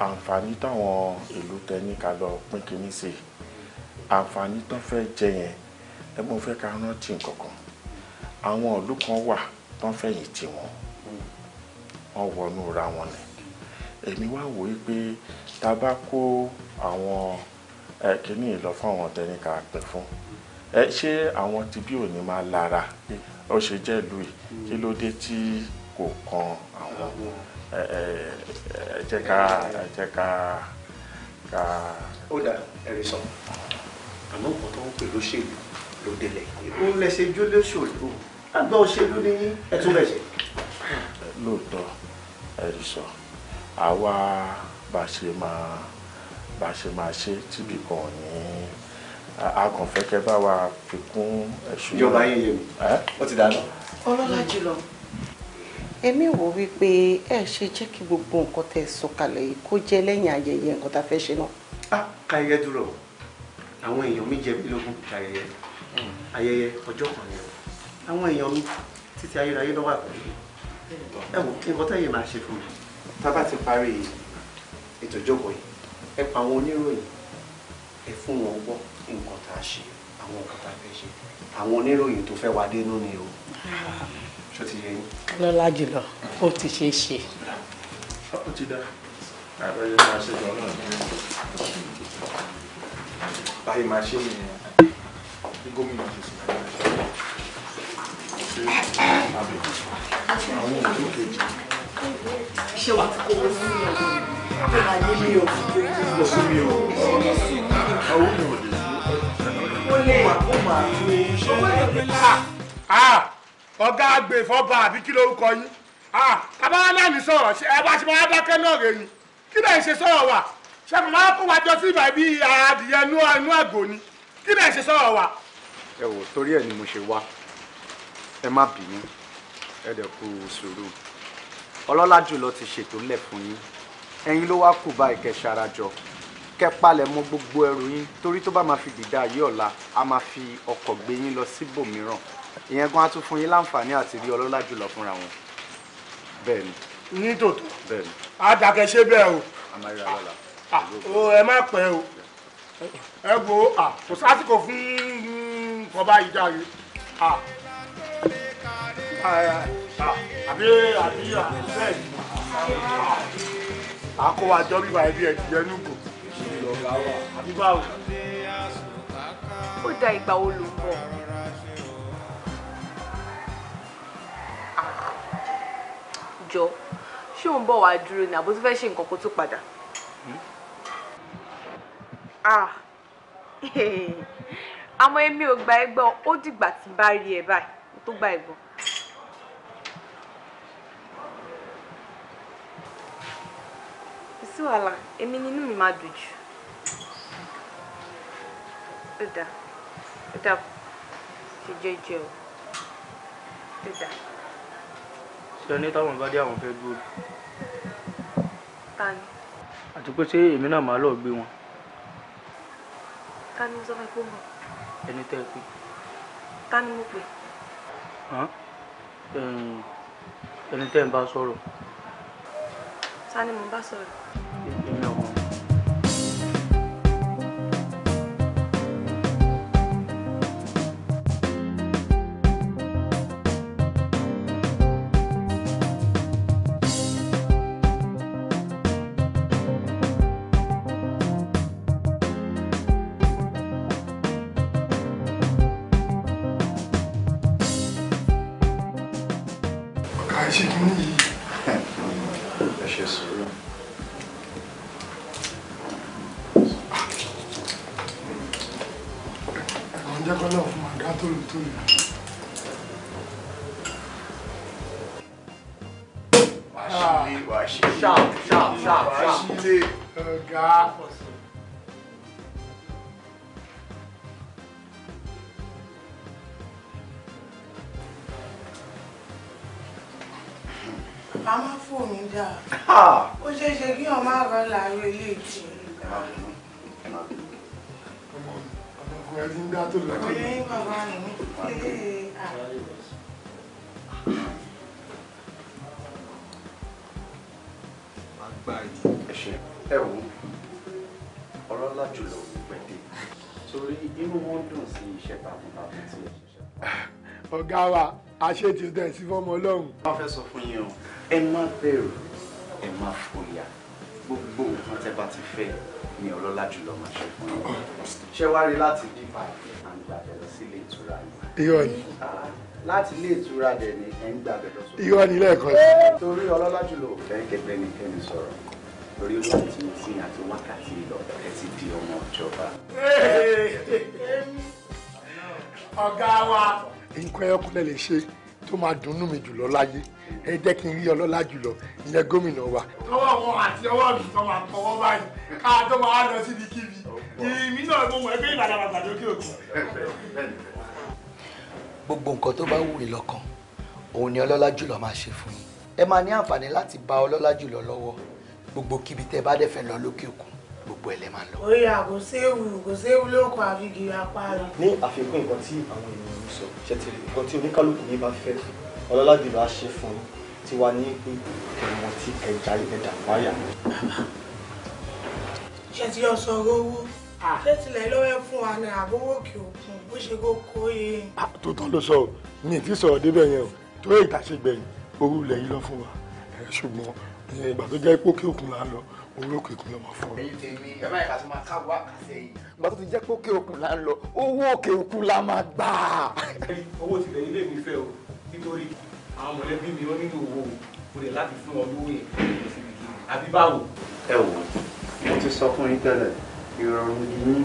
àǹfààní táwọn ìlú tẹ ní ká lọ pín kínní sí àǹfààní tó fẹ́ jẹ yẹn ẹ mo fẹ́ ká rántí nǹkan kan àwọn ìlú kan wà tó ń fẹ̀yìntì wọn wọ́n wọnú ra wọn ni èmi wá wò ó pé tá a bá kó àwọn kíní lọ fún àwọn tẹni ká pè fún ẹ ṣé àwọn tí bí òní máa lára ó ṣe jẹ́ ìlú yìí kí ló dé tí kò kan àwọn ẹ jẹ́ ká ẹ jẹ́ ká ká. ó dà ẹ̀rí sọ àmọ́ nǹkan tó ń pè lóṣèlú ló délẹ̀ ó ń lẹ́sẹ̀ jó lóṣèlú àgbà òṣèlú ni ẹ̀tún bẹ̀ṣẹ̀. lóòótọ́ ẹ̀rí sọ àwa bá ṣe máa bá ṣe máa ṣe tíbi kan ní akànfẹ́kẹ́ bá wa fi kún ẹ̀ṣù. ìjọba yín yé mi ó ti dáná. ọlọ́lá jùlọ èmi wò wípé ẹ ṣe jẹ́ kí gbogbo nǹkan tẹ̀ sọ̀kalẹ̀ yìí kó jẹ́ lẹ́yìn ayẹyẹ nǹkan tá a fẹ́ ṣe náà. a káyẹ dúró àwọn èèyàn mi jẹ mí lógún káyẹyẹ ayẹyẹ ọjọ́ kan ni àwọn èèyàn mi títí ayérayé lọ́wọ́ àpẹẹrẹ ẹ wò kí nǹkan tẹ̀yìn máa ṣe fún mi tábà ti parí ètò ìjókòó yìí ẹ pa àwọn oníròyìn ẹ fún wọn gbọ́ nǹkan tá a ṣe àwọn nǹkan tá a fẹ́ ṣe àwọn oníròyìn tó fẹ́ wá dénú ni o ṣó ti yẹ yín. lọ́lá jùlọ ó ti ṣe é ṣe. ó ti dá àbẹ̀yẹ máa ṣe jọ náà báyìí máa ṣe nìyẹn gómìnà ṣe sùn láyé máa àwọn òṣèlú kejì. Ah, wa ti kówó sí mi ọ̀dọ́ mi máa yé mi ò kó sí mi ò ọwọ́ mi ò lè ó lè ó máa fi iṣẹ́ rẹ̀. ọ̀gá agbèfọ́ba àbí kí lórúkọ yín kábàárà náà ní sọ̀rọ̀ ẹ bá ṣe máa dákẹ́ náà rèé kí lẹ́yìn ṣe sọ̀rọ̀ wà ṣe máa kó wa jọ sí ìbàdí bíi adìyẹ inú àgò ni kí lẹ́yìn ṣe sọ̀rọ̀ wà. ẹ wò torí ẹ ni mo ṣe wá ẹ má bínú ẹ dẹ̀ kú sùúrù ọlọ́lá jùlọ ti ṣètò lẹ̀ fún yín ẹ̀yin ló wá kù báyìí kẹ́ ṣarajọ kẹ́ palẹ̀ mọ́ gbogbo ẹrù yín torí tó bá máa fi dìda yìí ọ̀la a máa fi ọkọ̀ gbé yín lọ síbòmíràn ìyẹn gan á tún fún yín láǹfààní àti rí ọlọ́lá jùlọ fúnra wọn bẹ́ẹ̀ ni. ní tòótọ́ bẹ́ẹ̀ ni. àdàkẹ́ ṣe bẹ́ẹ̀ o. a máa ah, ẹ má pẹ́ o ẹ wo ah, kò sásìkò fún kọba ìjà yìí àbí àbí àbẹ́ àkówájọ bíbá ẹbí ẹ jẹ nùgò àbí báwo. ó da ìgbà wo ló ń bọ̀. jọ ṣé òun bọ̀ wá dúró ni àbó tó fẹ́ ṣe nǹkan kó tó padà. Hmm? Ah. [laughs] àmọ́ èmi ò gba ẹgbẹ́ ó dìgbà tí n bá rí ẹ báyìí tó gba ẹ̀gbọ́n. sí wàhálà èmi ni inú mi máa dùn jù ó dà ó dà ṣe jẹjẹ o ó dà. ṣé ẹni táwọn bá dé àwọn fẹ́ dúró. ta ni. àti pé ṣé èmi náà máa lọ gbé wọn. ta ni mo sọ fún ẹ kó mọ. ẹni tẹ́ ẹ pé. ta ni mo pè. ẹni ni mo bá sọ̀rọ̀. lọ pẹ́ẹ́dẹ́ torí inú wọn dùn sí iṣẹ́ takuntakun tí ẹ ṣiṣẹ́. ọ̀gá wa àṣẹ ti dẹ̀ sí fọmọ ọlọ́run. wọ́n fẹ́ sọ fún yín o ẹ má bẹ̀rù ẹ má fòyà gbogbo nǹkan tẹ́ bá ti fẹ́ ni ọlọ́lá jùlọ máa ṣe fún yín ṣé wá rí láti bíbá àgbàdo lọ sí ilé ìtura yìí. irọ́ ni. láti ilé ìtura dẹ̀ ni ẹ̀ ń gbàgbẹ́ lọ sókè. irọ́ ni lẹ́ẹ̀kan sí. torí ọlọ́lá jùlọ ò fẹ́ ni kẹ́ni sọ̀rọ̀ torí olóòtú tí mo fún yín àti wákàtí lọ ẹ ti di ọmọ ìjọba. ọ̀gá wa. nǹkan ẹyọkúnlẹ̀ lè ṣe tó máa dunnú mi jùlọ láyé ẹ jẹ́ kí n rí ọlọ́lá jùlọ ìyẹn gómìnà wa. tọwọ́ wọn àti ọwọ́ mi tó máa tọwọ́ báyìí ká tó máa lọ síbi kíbi ìmí náà mo mọ̀ ẹgbẹ́ ìlànà àgbàdo kí òkú. gbogbo nǹkan tó bá wù í lọ́kàn òun ni ọlọ́lá jùlọ máa ṣe fún yín ẹ máa ní àǹfààní láti bá ọlọ́lá jùlọ lọ́wọ́ gbogbo kíbi tẹ́ bá dẹ̀ fẹ́ lọ lókè òkun gbogbo ẹ̀ lẹ́ máa lọ. ó yà kò séwu kò séwu lóko àfigi apá rẹ. ní àfikún nǹkan tí àwọn ènìyàn ń sọ ṣe ti rí nǹkan tí oníkálukú yìí bá fẹ́ ọlọ́ládì bá ṣe fún un tí wàá ní pé ẹ̀wọ̀n tí ẹja ẹ̀dà wáyà. ṣe ti yọ sọ̀rọ̀ owó àfẹ́tìlẹ̀ ah. lọ́wọ́ fún wa ní àbówó òkè òkun bó ṣe kókó yé. Ah, tó tán ló sọ mi ì tí sọ̀rọ̀ débẹ̀ yẹn o tó èyí tá a ṣe gbẹ̀yìn lẹ́yìn lọ fún wa ṣùgbọ́n Eh, ìgbà tó jẹ́ pókè òkun là ń lọ orí òkè òkun lọ́mọ fún mi. èyí tèmi ẹ má yẹ ká tó máa káwọ́ àkàṣe yìí. ìgbà tó ti jẹ́ pókè òkun là ń lọ owó òkè òkun la máa gbà. owó ti tẹ̀yìn lè mi fẹ́ o nítorí àwọn mọ̀lẹ́bí mi ó nílò owó o lè láti fún ọ lówó yẹn àbí báwo. ẹ wò mo ti sọ fún yín tẹ́lẹ̀ ìrọ̀rùn ni yín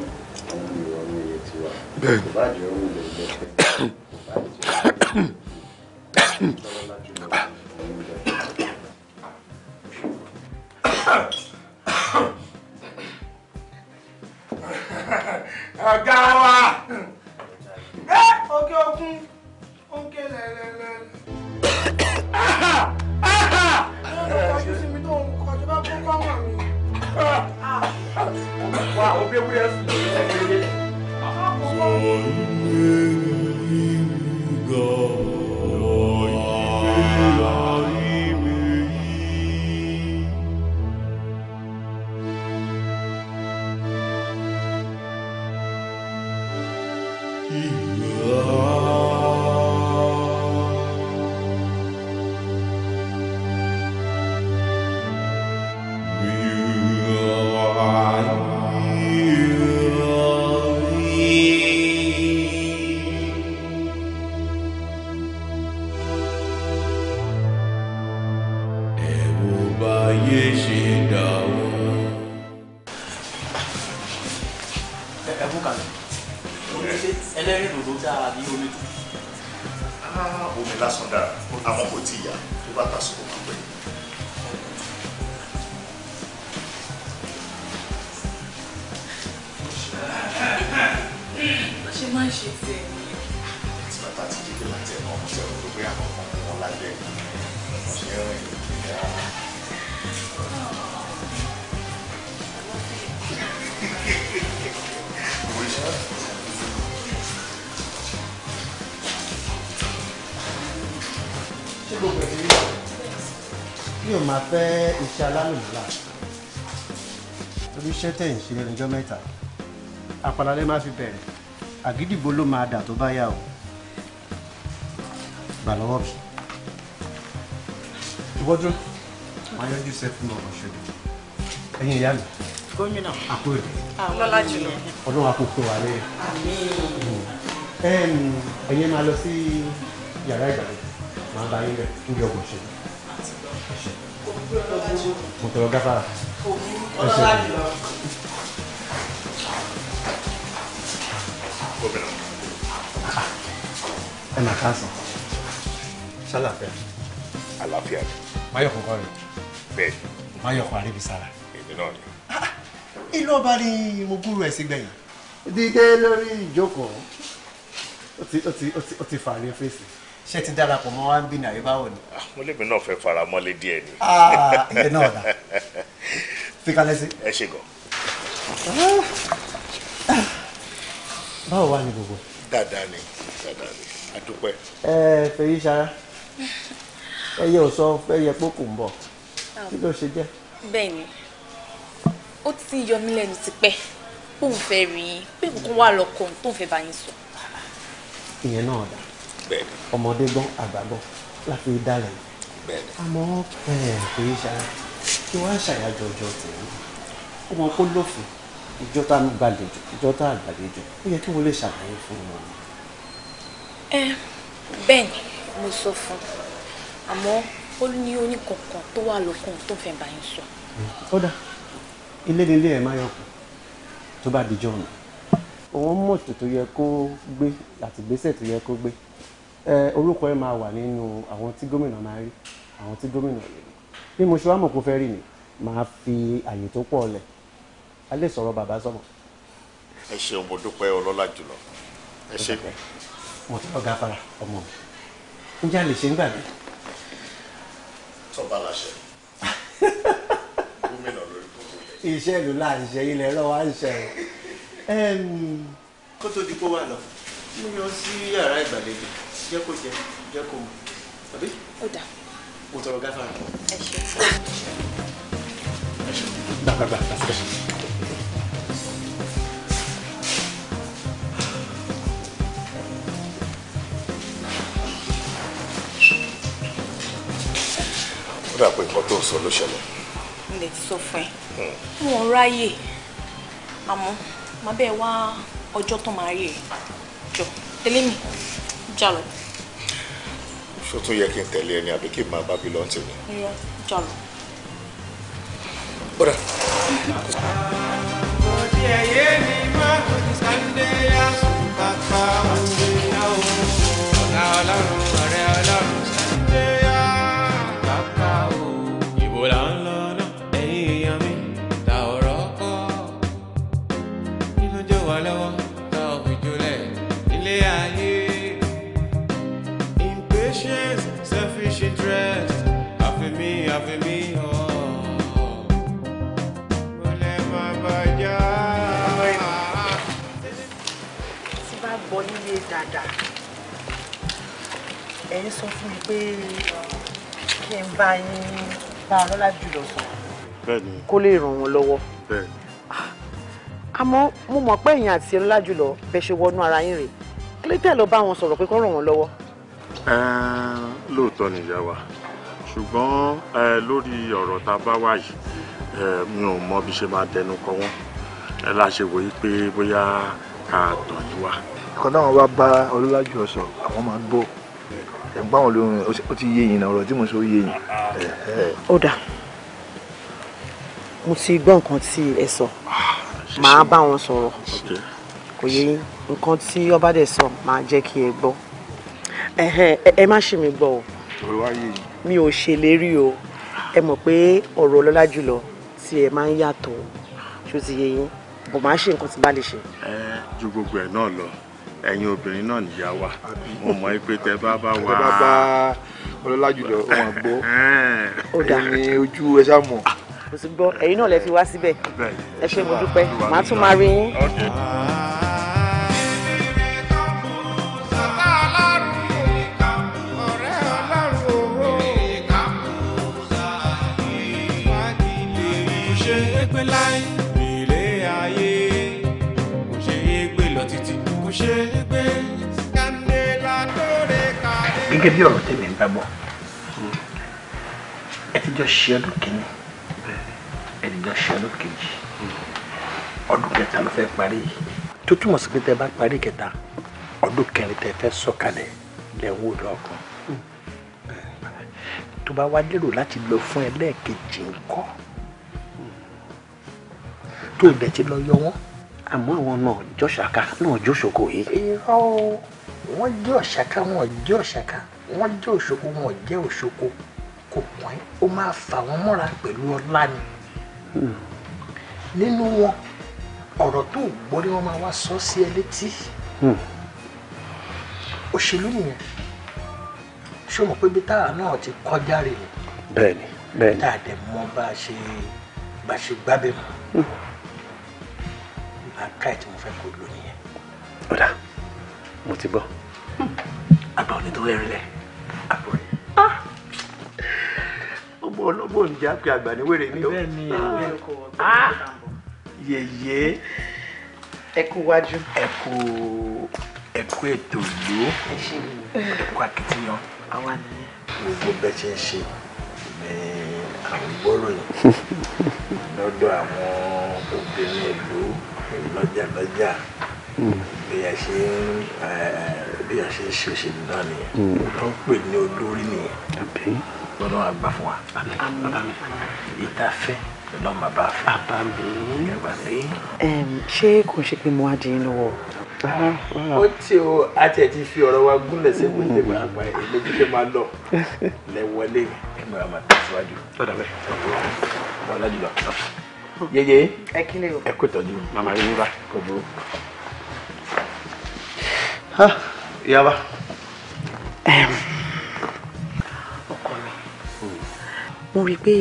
àwọn ìrọ̀rùn iye tiwa kò bá jẹ́ òun lè gbẹ́sẹ̀ kò bá jẹ́ òun lè gbẹ́sẹ̀ ọ̀gá wa ẹ òkè òkun òkè lẹ́lẹ́lẹ́. ọjọ́ sí mi tó ń kọ́ ọjọ́ bá kó kọ́ mọ̀ mi. wà á òbí ewúrẹ́ sùn lórí ẹgbẹ́ yẹn. ọkọ̀ wọn. tẹ̀ ń ṣe lẹ́nujọ́ mẹ́ta àpàlálẹ́ má fi bẹ̀rẹ̀ àgídìgbò ló máa dà tó bá yà o gbà lọ́wọ́ mi. ìwọ́dún máa yọjú sẹ́ fún ọmọ ṣẹ́gun ẹ̀yin ìyá mi. gómìnà àkóyè ah, lọ́lá jùlọ ọlọ́run àkókò wà lẹ́yìn. àmín. Mm. ẹ̀yin máa lọ sí yàrá ìgbàlejò máa bá yín bẹ̀ níbi ọgbọ̀n ṣẹ́gun mo tọrọ gáfárà. òkú ọlọ́lá jùlọ. casa. a a káàsán ṣàlàfẹ́. àlàáfíà ni. máyọ̀kọ̀ kọ́ rẹ̀. bẹ́ẹ̀. máyọ̀kọ̀ àríbisára. èmi náà ni. ilé ọba ni mo gúrú ẹ̀ sí gbẹ̀yìn. dídé lórí ìjókòó ó ti ó ti ó ti fàárí fèsì ṣé ti darapọ̀ mọ́ wá ń bí nàrí báwo ni. Ah, mo lèmi náà fẹ́ fara mọ́lé díẹ̀ ni. Ah, ẹ náà dà [laughs] fikalẹ sí. ẹ ṣe gan. Ah. báwo wá ní gbogbo. dáadáa ni dáadáa ni àdúpẹ́. ẹ ẹ fèyí sara ẹyẹ ò sọ ẹyẹ pókù ń bọ̀ kí ló ṣe jẹ́. bẹ́ẹ̀ni ó ti yọ mí lẹ́nu tipẹ́ póun fẹ́ rí i pé kankan wà lọ́kọ tóun fẹ́ bá yín sọ. ìyẹn náà dà ọmọdé gbọ́n àgbà gbọ́n láti dálẹ̀ àmọ́ fèyí sara kí wọ́n á ṣàyàjọ ọjọ́ tèmi ọmọ kó lófin ìjọ tá a gbàlejò ìjọ tá a gbàlejò ó yẹ kí wọ́n lè ṣàlàyé fún wọn. Eh, bẹ́ẹ̀ ni mo sọ fún un àmọ́ ó ní oníkọ̀ọ̀kan tó wà lọ́kàn tó fẹ́ bá yín sọ. ó dà ilé lélẹ̀ ẹ̀ máa yọkùn tó bá dijọ́ ọ̀nà òun mọ̀tò tó yẹ kó gbé àti ìgbésẹ̀ tó yẹ kó gbé orúkọ ẹ̀ máa wà nínú àwọn tí gómìnà máa rí àwọn tí gómìnà lè rí bí mo ṣe wá mọ̀ kó fẹ́ rí ni màá fi àyè tó pọ̀ lẹ̀ alẹ́ sọ̀rọ̀ bàbá sọ̀mọ̀. ẹ ṣeun mo dúpẹ́ ọlọ́lá jùlọ ẹ ṣe mo ti ọ̀gá fara ọmọ mi ǹjẹ́ a lè ṣe ń gbàgbé. tọ́ba làṣẹ gómìnà lórí gbogbo ilẹ̀. iṣẹ́ ìlú là ń ṣe ilẹ̀ ẹ̀rọ wa ń ṣe kó tó di kó wà lọ mo yọ sí yàrá ìgbàlejò jẹ́ kó jẹ jẹ́ kó mu àbí. ó dà. mo tọrọ gáfárà. ẹ ṣe. gbàgbàgbà àti kẹsàn dà pé nǹkan tó sọ ló ṣẹlẹ̀. mo lè ti sọ fún ẹ wọn hmm. ò ráyè àmọ́ màá bẹ́ẹ̀ wá ọjọ́ tó máa rí ẹ jọ tẹ̀lé mi jà lọ. ṣó tún yẹ kí n tẹ̀lé ẹni àbí kí n máa bá bí lọ́ọ́ tèmi. irọ́ jà lọ. bọ́dà. òdì ẹ̀yẹ́ ni má kò ní sànńdé àṣùpàpà òde náà ọ̀gá ọlọ́run. ẹ̀yin sọ fún mi pé kí n bá yín bá ọlọ́lá jùlọ sọ. bẹ́ẹ̀ni. kó lè ràn wọ́n lọ́wọ́. bẹ́ẹ̀ni. Ah, àmọ́ mo mọ̀ pé ẹ̀yin àti ọlọ́lá jùlọ bẹ ṣe wọnú ara yín rè kí ló tẹ̀ lọ bá wọn sọ̀rọ̀ pé kó ràn wọ́n lọ́wọ́. lóòótọ́ ni ìyá wa ṣùgbọ́n lórí ọ̀rọ̀ tá a bá wà yìí mi ò mọ bí ṣe máa dẹnu kọ wọn ẹ láṣẹ wòye pé bóyá ká tọ̀ yín wá. ìkọ́ná wọn bá ọlọ́lá jùlọ sọ àwọn máa gbọ́ ẹ̀gbọ́n àwọn olórin ó ti yé yín náà ọ̀rọ̀ tí mo sọ yé yín. ó dà mo ti gbọ́ nǹkan tí ẹ sọ màá bá wọn sọ̀rọ̀ kò yé yín nǹkan tí ọba dẹ̀ sọ màá jẹ́ kí ẹ gbọ́ ẹ má ṣe mi gbọ́ o mi ò ṣèlérí o ẹ mọ̀ pé ọ̀rọ̀ ọlọ́lá jùlọ tí ẹ máa ń yàtọ̀ ṣó ti yé bò má ṣe nǹkan tí bá lè ṣe. ju gbogbo ẹ náà lọ ẹ̀yin obìnrin náà nìyá wa mo mọ̀ ẹ́ pé tẹ bá bá wa. tẹ bá bá ọlọ́lá jùlọ wọn gbọ́ ẹ̀yin ni ojú ẹ sá mọ̀. kò sí gbọ́ ẹ̀yin náà lè fi wá síbẹ̀ ẹ ṣé mo dúpẹ́ màá tún máa rí yín. ṣe gẹ́gẹ́ bí ọ̀rọ̀ tèmi ń bá bọ̀ ẹ ti jọ ṣe ọdún kìíní ẹ ti jọ ṣe ọdún kejì ọdún kẹta ló fẹ́ parí tó túmọ̀ sí pé tẹ bá parí kẹta ọdún kẹrin tẹ fẹ́ sọ̀kalẹ̀ lẹ́wọ́ lọ́kàn tó bá wá lérò láti lọ fún ẹ lẹ́ẹ̀kejì ńkọ́ tó dẹ̀ ti lọ yọ wọ́n àmọ́ àwọn náà jọ́ṣàká náà jọ́ṣòkò yìí. irọ́ wọ́n jọ́ṣàká wọ́n jọ́ṣàká wọ́n jẹ́ òṣoko wọn ò jẹ́ òṣoko kò mọ̀ ẹ́ ó máa fà wọ́n mọ́ra pẹ̀lú ọlá ni nínú wọn ọ̀rọ̀ tó gbọ́ ni wọ́n máa wá sọ sí ẹ létí òṣèlú nìyẹn ṣé o pé bíi táwa náà ti kọjá rè ni bẹ́ẹ̀ni bẹ́ẹ̀ni tá a mọ bá ṣe bá a ṣe gbábẹ́ mọ́ àkáì hmm. tí mo fẹ́ kó lò nìyẹn. ọ̀dà mo ti gbọ́. Hmm. àgbà ò rẹ̀. ológbò ń jà pé àgbà ní wèrè mi o. Ah. Ah. yèyé ẹ kú ètò ìlú ẹ akitiyan. gbogbo bẹ́ẹ̀ ṣe ń ṣe ní àwọn gbọ́ròyìn lọ́dọ̀ àwọn obìnrin ìlú lọ́jà lọ́jà bí a ṣe ń ṣe òṣèlú náà nìyẹn tó mm. pè ní olórí nìyẹn lọ́dọ̀ àgbà fún wa ìtafẹ́ lọ́dọ̀ bàbá fẹ́. bàbá mi ṣé kò ṣe pé mo wá di yín lọ́wọ́ ó tí o a tiẹ̀ ti fi ọ̀rọ̀ wa gúnlẹ̀ sẹ́gun ní ìgbà àgbà ẹ̀ lójú tó máa lọ lẹ́wọlé kí mo ra máa tẹ̀síwájú. lọ́dọ̀ bẹ́ẹ̀ wọ́n lájú lọ. yeye ẹ kílẹ̀ o ẹ kó tọ́jú màmá rí mi bá kò burú. ìyá wa. mo rí i pé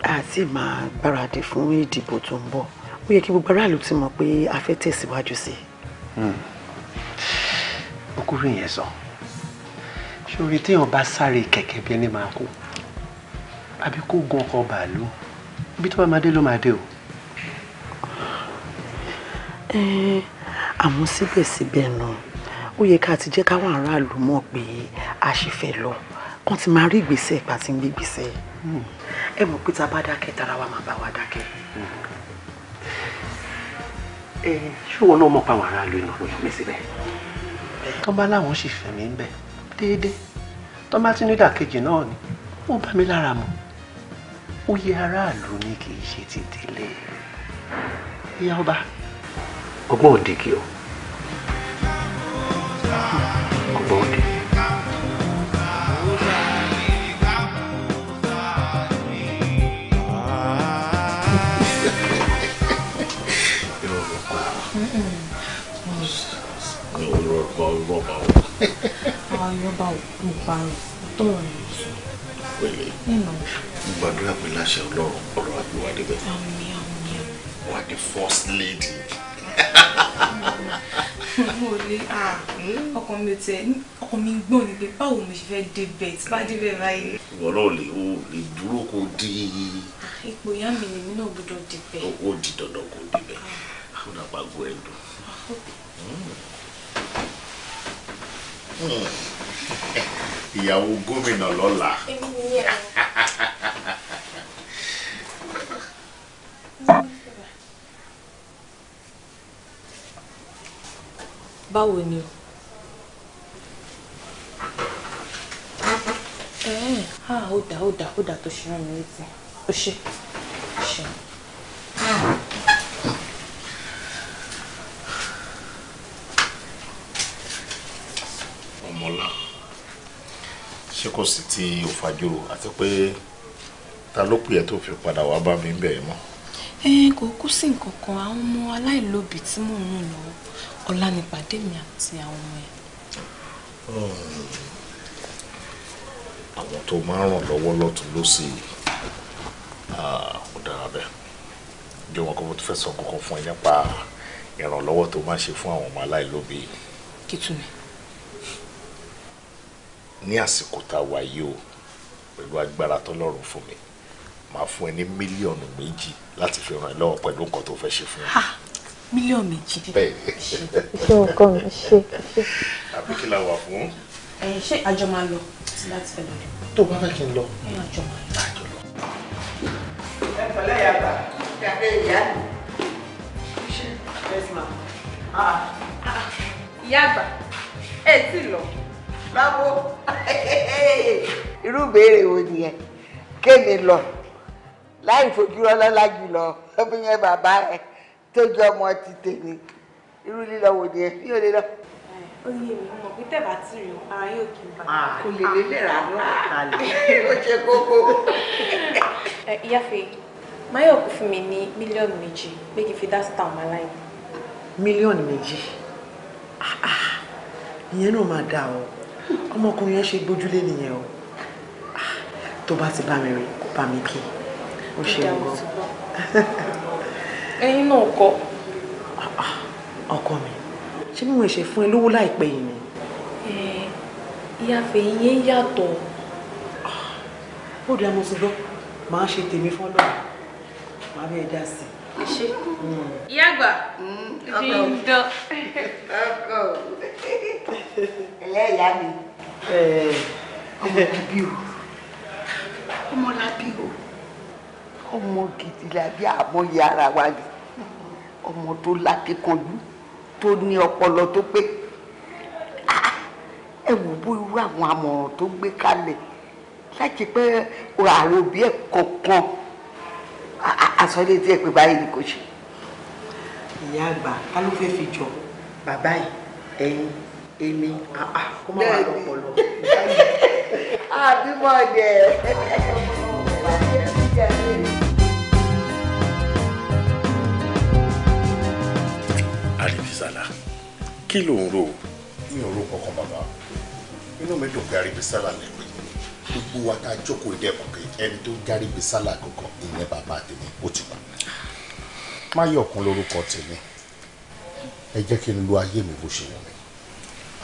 a ti máa gbáradì fún ìdìbò tó ń bọ̀ ó yẹ kí gbogbo aráàlú ti mọ̀ pé a fẹ́ tẹ̀síwájú sí i. bukuru hmm. yẹn sọ sórí téèyàn bá sáré kẹ̀kẹ́ bí ẹni máa kú àbí kó gun ọkọ̀ bàálù ibi tó bá máa dé ló máa dé o. àmọ́ síbẹ̀síbẹ̀ náà ó yẹ ká ti jẹ́ káwọn aráàlú mọ̀ pé a sì fẹ́ lọ wọ́n ti máa rí ìgbésẹ̀ ipa tí ń gbé ìgbésẹ̀ hmm. ẹ mọ̀ pé tá a bá dákẹ́ tara wa máa bá wa dákẹ́. ẹ hmm. eh, ṣé wọn náà mọ̀ pa àwọn aráàlú iná ló mí síbẹ̀. tó bá láwọn sì fẹ̀mí ń bẹ̀ déédéé tó bá ti ní náà ni wọ́n bá mi lára mu oyè aráàlú ni kì í ṣe ti délé ìyá ọba ọgbọ́n òdìkì o. Hmm. bàrù rọ̀ bàrù. àwọn yorùbá òkú bàrù tọrọ ní sọ. pẹ̀lẹ́ mo gbàdúrà pé láṣẹ Ọlọ́run ọ̀rọ̀ àgbéwá débẹ̀. àmì àmì. wà first lady. mo lè ọkàn mi tẹ ọkàn mi gbọ́n ni pé báwo mo ṣe fẹ́ débẹ̀ tí bá débẹ̀ báyìí. ìwọ náà lè o lè dúró kó dé. ipò ìyá mi lèmi náà gbọ́dọ̀ débẹ̀. ó di dandan kó débẹ̀ àwọn àgbàgbọ́ ẹ̀ dùn. Hmm. ìyàwó gómìnà lọ́la. báwo ni o. ha ah, ó dà ó dà ó dà tó ṣe rán mi létí ó ṣe ó ṣe. ọmọlá ṣé kò sí ti òfàjòrò àti pé ta ló pè ẹ́ tó fi padà wá bá mi bẹ̀ ẹ́ mọ́. ẹ kò kú sí nǹkan kan àwọn ọmọ aláìlóbi tí mò ń rìn lọ́wọ́ ọ̀la nípàdé mi àti àwọn ọmọ ẹ̀. Hmm. àwọn tó máa ń ràn lọ́wọ́ lọ́tún ló sì ó dára bẹ́ẹ̀ bí wọn kò fẹ́ sọ kókó fún ẹ nípa ìrànlọ́wọ́ tó máa ń ṣe fún àwọn ọmọ aláìlóbi. kìtùnú ní àsìkò tá a wà yìí o pẹ̀lú agbára tọ́lọ́run fún mi màá fún ẹ ní mílíọ̀nù méjì láti fi ràn ẹ́ lọ́wọ́ pẹ̀lú nǹkan tó fẹ́ ṣe fún mi. mílíọ̀nù méjì. bẹ́ẹ̀ni. ṣé nǹkan mi ṣe. àbí kí la wà fún. ẹyin ṣé àjọ máa lọ láti fẹ́ lọ. tó bá fẹ́ kí n lọ. àjọ máa lọ. àjọ lọ. ẹ pẹ̀lẹ́ yàrá ìyàgbé ìyá ah, ah. ìyá àgbà ẹ ti lọ bravo irú ìbéèrè wo nìyẹn kéèmí lọ láì fojú ọlọ́lá jùlọ ọbẹ̀yẹn bàbá rẹ tó jọ ọmọ ti tèmi irú lílọ wo nìyẹn mi ò lè lọ. oye mi mọ̀ pé tẹ̀ bá tì rìn ara yóò kí n bá. Ah, kò lè lè lè rà lọ kàlẹ́ [laughs] ó ṣe kókó. [laughs] Eh, ìyá fẹ́ máyọ̀ kò fún mi ní mílíọ̀nù méjì pé kí n fi dá síta ọmọ aláìní. mílíọ̀nù méjì ah, ah. ìyẹn náà máa dà ọ́ ọmọkùnrin yẹn ṣe gbójúlé nìyẹn o ah, tó bá ti bá mi rìn kó bá mi kí ó ṣe ń gbọ́. ẹ̀yin náà kọ. ọkọ mi ṣé bí mo ṣe fún ẹ lówó láìpẹ́ yìí ni. Eh, ìyáfẹ́ yẹn yàtọ̀. Ah, ó dá mo ti gbọ́ màá ṣe tèmi fún ọlọ́run màá bẹ́ẹ̀ dá sí i ṣe. Mm. ìyá àgbà ti mm, ń [laughs] [laughs] ẹ̀yẹ́ ìyá mi ọmọlábí o ọmọlábí o ọmọ gidi làbí àmọye ara wa yìí ọmọ tó lákíkanjú tó ní ọpọlọ tó pé ah, ẹ wò bó irú àwọn àmọ̀ràn tó gbé kalẹ̀ láti pé ààrẹ òbí ẹ̀ kankan ah, àsọlé tí ẹ pé báyìí ni kò ṣe. ìyá àgbà ká ló fẹ́ fi jọ bàbá yìí ẹ̀yin èmi ah, ah, kó má wà lọ́pọ̀lọ́. àbímọ [laughs] ah, dẹ. àríbísàlà kí ló ń rò mi ò rò kankan bàbá inú mi dùn pé àríbísàlà lè pè gbogbo wa ta jókòó ìdẹ́kùn pé ẹni tó járí bísàlà kankan ìyẹn bàbá tèmi ó ti wà. máyọ̀kún lórúkọ tèmi ẹ jẹ́ kí n lo ayé mi bó ṣe wù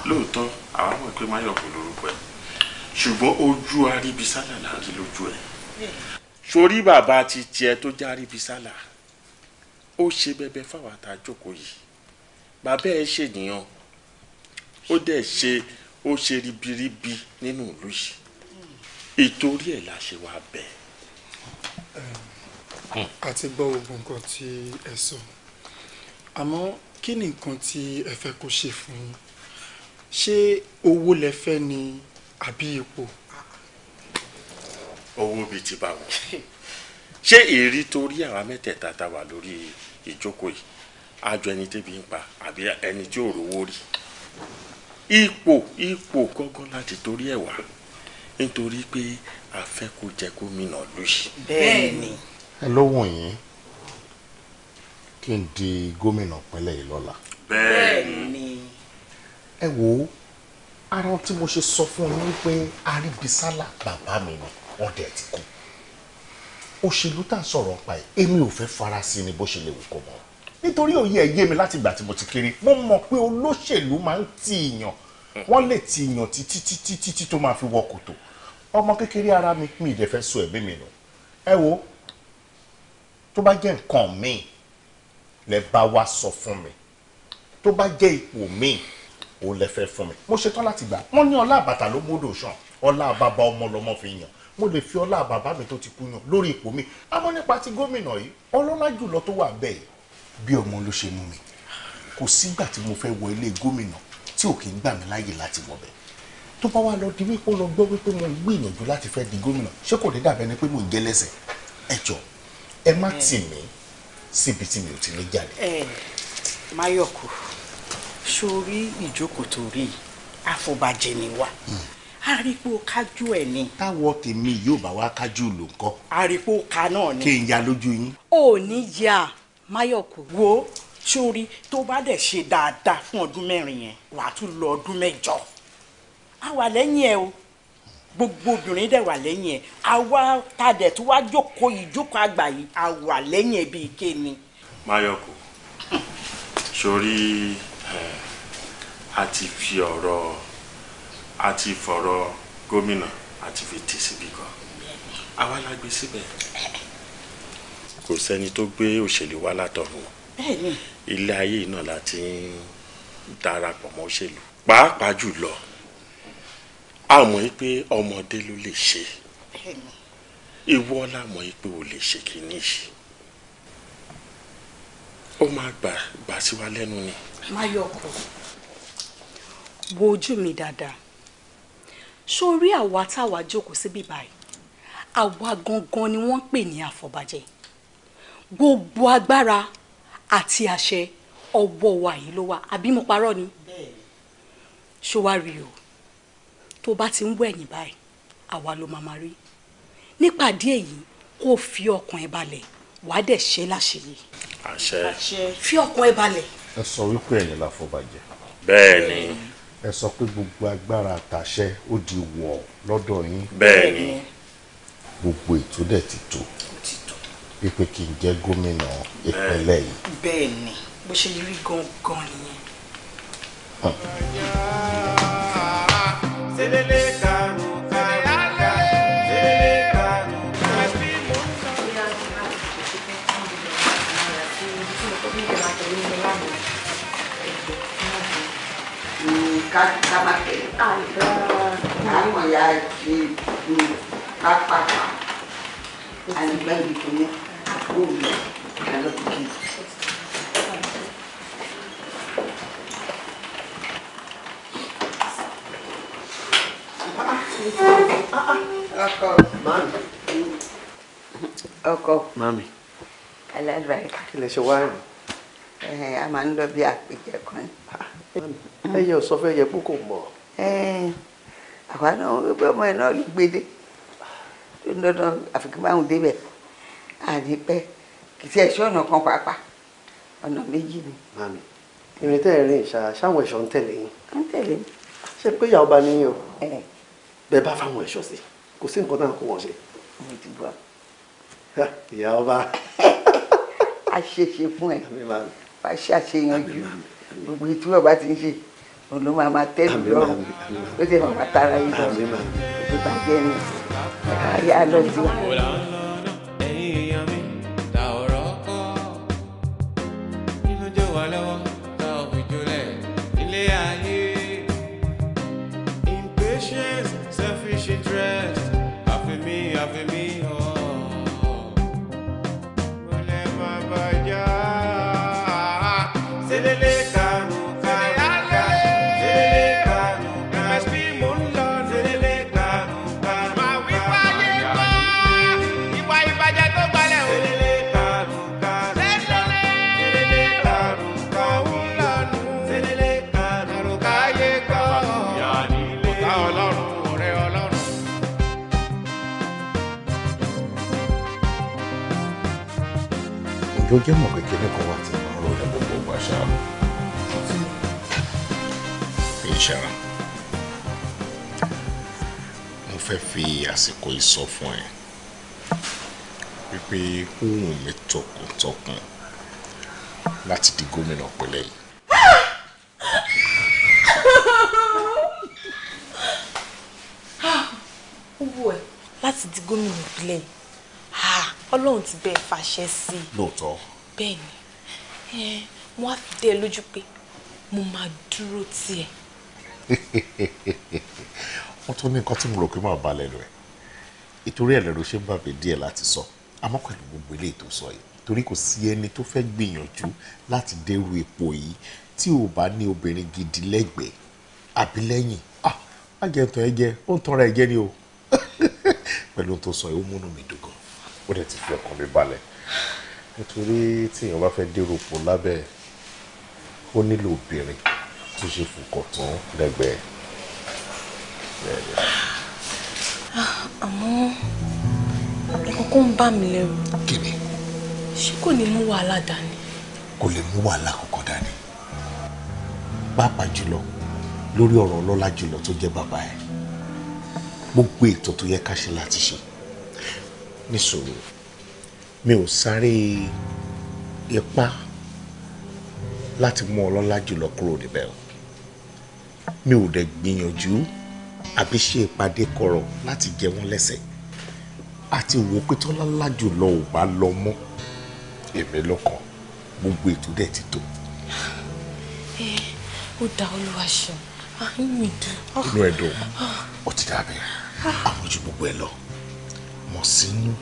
lóòótọ́ àwa mọ̀ pé máyọ̀ kò lórúkọ ẹ̀ ṣùgbọ́n ojú aríbisálà là ń rí lójú ẹ̀ sórí bàbá ti tiẹ̀ tó jẹ́ aríbisálà ó ṣe bẹbẹ fáwọn àtàjókòó yìí bàbá ẹ ṣènìyàn ó dẹ̀ ṣe ó ṣe ribiribi nínú ìlú yìí ìtorí ẹ̀ la ṣe wá bẹ́ẹ̀. àti gbọ́ gbogbo nǹkan tí ẹ sọ àmọ́ kí ni nǹkan tí ẹ fẹ́ kó ṣe fún yín ṣé owó lẹ fẹ́ ni àbí ipò. owó bíi ti báwo ṣé èrí torí àwa mẹ́tẹ̀ẹ̀ta ta wà lórí ìjókòó yìí àjọ ẹni tẹ́bi ń pa àbí ẹni tí ò rówó rí ipò ipò gọ́gọ́ láti torí ẹ̀ wá nítorí pé a fẹ́ kó jẹ gómìnà lóyè. bẹ́ẹ̀ni. ẹ lọ́wọ́ yín kí n di gómìnà pẹ́lẹ́ yìí lọ́la. bẹ́ẹ̀ni ẹ wò ó ara ohun tí mo ṣe sọ fún yín wípé Arìbísálà bàbá mi ni wọ́n dẹ̀ ti kú òṣèlú tá à ń sọ̀rọ̀ pa ẹ̀ èmi ò fẹ́ fara sí ni bó ṣe lè wù kó mọ́ nítorí òye ẹ̀ yé mi láti ìgbà tí mo ti kéré mo mọ̀ pé olóṣèlú máa ń tìyàn wọ́n lè tìyàn títí títí títí tó máa fi wọ kòtò ọmọ kékeré ara mi mi ìdẹ fẹ́ sọ ẹ̀mí mi nù ẹ wo tó bá jẹ́ nǹkan míì lẹ bá wa sọ fún mi tó bá jẹ́ ipò míì òun lẹ fẹ́ fún mi mo ṣetán láti gbà wọ́n ní ọlá àbàtà ló mọ́dọ̀ sàn ọlá bàbá ọmọ lọmọ fi yàn mo lè fi ọlá bàbá mi tó ti kú yàn lórí ipò mi àmọ́ nípa ti gómìnà yìí ọlọ́lá jùlọ tó wà bẹ́ẹ̀ bí ọmọ ló ṣe mú mi kò sígbà tí mo fẹ́ wọ ilé gómìnà tí ò kì í gbà mí láàyè láti wọ̀ bẹ́ẹ̀ tó bá wá lọ di wípé lọ gbọ́ wípé mo ń gbìyànjú láti fẹ́ di gómìnà ṣé kò ní dàbẹ́ pé mo ń jẹ́ ẹ jọ ẹ má tì mí síbi tí mi ò ti lè jáde. ẹ máyọ̀kù sórí ìjókòó tó rí àfọbàjẹ́ ni wá àrípò hmm. kájú ẹ ni. táwọn tèmi yóò bá wa kájú ló ń kọ. àrípò ka náà ni. kí n ya lójú yín. ò ní ya Máyọ̀kọ́. wo sórí tó bá dẹ̀ ṣe dáadáa fún ọdún mẹ́rin yẹn wàá tún lọ ọdún mẹ́jọ a wà lẹ́yìn ẹ o gbogbo obìnrin dẹ̀ wà lẹ́yìn ẹ̀ àwa ta dẹ̀ tó wá jókòó ìjókòó àgbà yìí a wà lẹ́yìn ẹ̀ bíi ké ni. Máyọ̀kọ́ sórí a ti fi ọ̀rọ̀ a ti fọ̀rọ̀ gómìnà a ti fi tì síbi kan àwa la gbé síbẹ̀ kò sẹ́ni tó gbé òṣèlú wá látọ̀run ilé ayé náà la ti ń darapọ̀ mọ́ òṣèlú pàápàá jùlọ a mọ̀ pé ọmọdé ló lè ṣe ìwọ la pé o lè ṣe kìíní yìí ó máa gbà gbà sí wa lẹ́nu ni. Máyọ̀kọ́ wo ojú mi dáadáa ṣó rí àwa táwa jókòó síbí báyìí àwa gangan ni wọ́n ń pè ní àfọ̀bàjẹ́ gbogbo agbára àti àṣẹ ọwọ́ wa yìí ló wà àbí mo parọ́ ni ṣó wá rí o tó bá ti ń wẹ̀yìn báyìí àwa ló máa máa rí nípàdé èyí kó fi ọkàn ẹ balẹ̀ wàá dẹ̀ ṣe láṣẹ yìí fi ọkàn ẹ balẹ̀ ẹ sọ wípé ẹ̀yin láfọbàjẹ́. bẹ́ẹ̀ni. ẹ sọ pé gbogbo agbára àtàṣẹ ó di wọ̀ lọ́dọ̀ yín. bẹ́ẹ̀ni. gbogbo ètò dẹ̀ ti tó pípé kí n jẹ́ gómìnà ìpínlẹ̀ yìí. bẹ́ẹ̀ni bó ṣe rí gangan nìyẹn. ṣe lélẹ̀. kábàtẹ àwọn ya ṣe ní pápákọ̀ àyùbá ìdìbò ní gómìnà ìdàlọ́kùnkì. ọkọ mami alárìí kí lè ṣe wá rìn. a máa ń lọ bí àpèjẹ kan. Ah ẹyẹ ò sọ fẹ́ yẹ kó kò mọ̀. àwa náà wípé ọmọ ẹ náà ló gbélé tó ń dandan àfikún báwọn débẹ̀ àní pẹ́ kì í ṣe ẹ̀ṣọ́ ọ̀nà kan pàápàá ọ̀nà méjì ni. mami ìrìn tẹ́ ẹ̀ rìn ṣá ṣáwọn ẹ̀ṣọ́ ń tẹ̀lé yín. ń tẹ̀lé mi. ṣé pé ìyá ọba ni yín o. bẹ́ẹ̀ bá fáwọn ẹ̀ṣọ́ sí kò sí nǹkan náà kó wọn ṣe. mo ti ìyá ọba. [laughs] a ṣe ṣe fún ẹ wàá ṣe gbogbo etí ọba ti ń ṣe òun ló máa máa tẹ́lẹ̀ lọ́rùn ló sì máa máa tara yín lọ òkúta jẹ́rin àyà lọ ìjọ jẹ́ mọ̀ pé kíní kan wà tí mo rò ní fi àsìkò yìí ẹ wípé ó wù mí tọkàntọkàn láti di gómìnà pẹ̀lẹ́ yìí. láti di gómìnà ìpínlẹ̀ yìí ọlọ́run ti bẹ́ẹ̀ fàṣẹ sí i. lóòótọ́. bẹ́ẹ̀ ni mo wá fi dé ẹ lójú pé mo máa dúró tì ẹ́. [laughs] wọ́n tún ní nǹkan tí mo rò pé máa balẹ̀ lọ ẹ̀ ìtorí ẹ̀ lẹ́rọ ṣe ń bàbẹ̀ díẹ̀ láti sọ àmọ́ pẹ̀lú gbogbo eléyìí tó sọ yìí torí kò sí ẹni tó fẹ́ gbìyànjú láti dérú ipò yìí tí ò bá ní obìnrin gidi lẹ́gbẹ̀ẹ́ àbí lẹ́yìn ah má jẹ́ ntọ́ ẹ jẹ́ ó ń tọrọ ẹ jẹ́ ni o [laughs] pẹ̀lú tó sọ yìí ó múnú mi dùn gan ó dẹ̀ ti fi ọkàn mi balẹ̀ nítorí tí èèyàn bá fẹ́ déròpò lábẹ́ ó nílò obìnrin tó ṣe fòkàn tán lẹ́gbẹ̀ẹ́ àmọ́ nǹkan kan ń bà mí lẹ́rù. kíni. ṣé kò ní mú wàhálà dání. kò lè mú wàhálà kankan dání. pàápàá jùlọ lórí ọ̀rọ̀ ọlọ́lá jùlọ tó jẹ́ bàbá ẹ̀ gbogbo ètò tó yẹ ká ṣe láti ṣe níṣòro mi ò sáré ipá láti mú ọlọ́lá jùlọ kúrò níbẹ̀ o mi ò dẹ̀ gbìyànjú àbí ṣe ìpàdé kọ̀rọ̀ láti jẹ wọ́n lẹ́sẹ̀ àti wò pé tọ́lá jùlọ ò bá lọ mọ́ èmi lọ́kàn gbogbo ètò dẹ̀ ti tó. ẹ ó da olúwa ṣeun inú mi dùn. inú ẹ dùn ó àwọn ojú gbogbo ẹ lọ mọ̀ sínú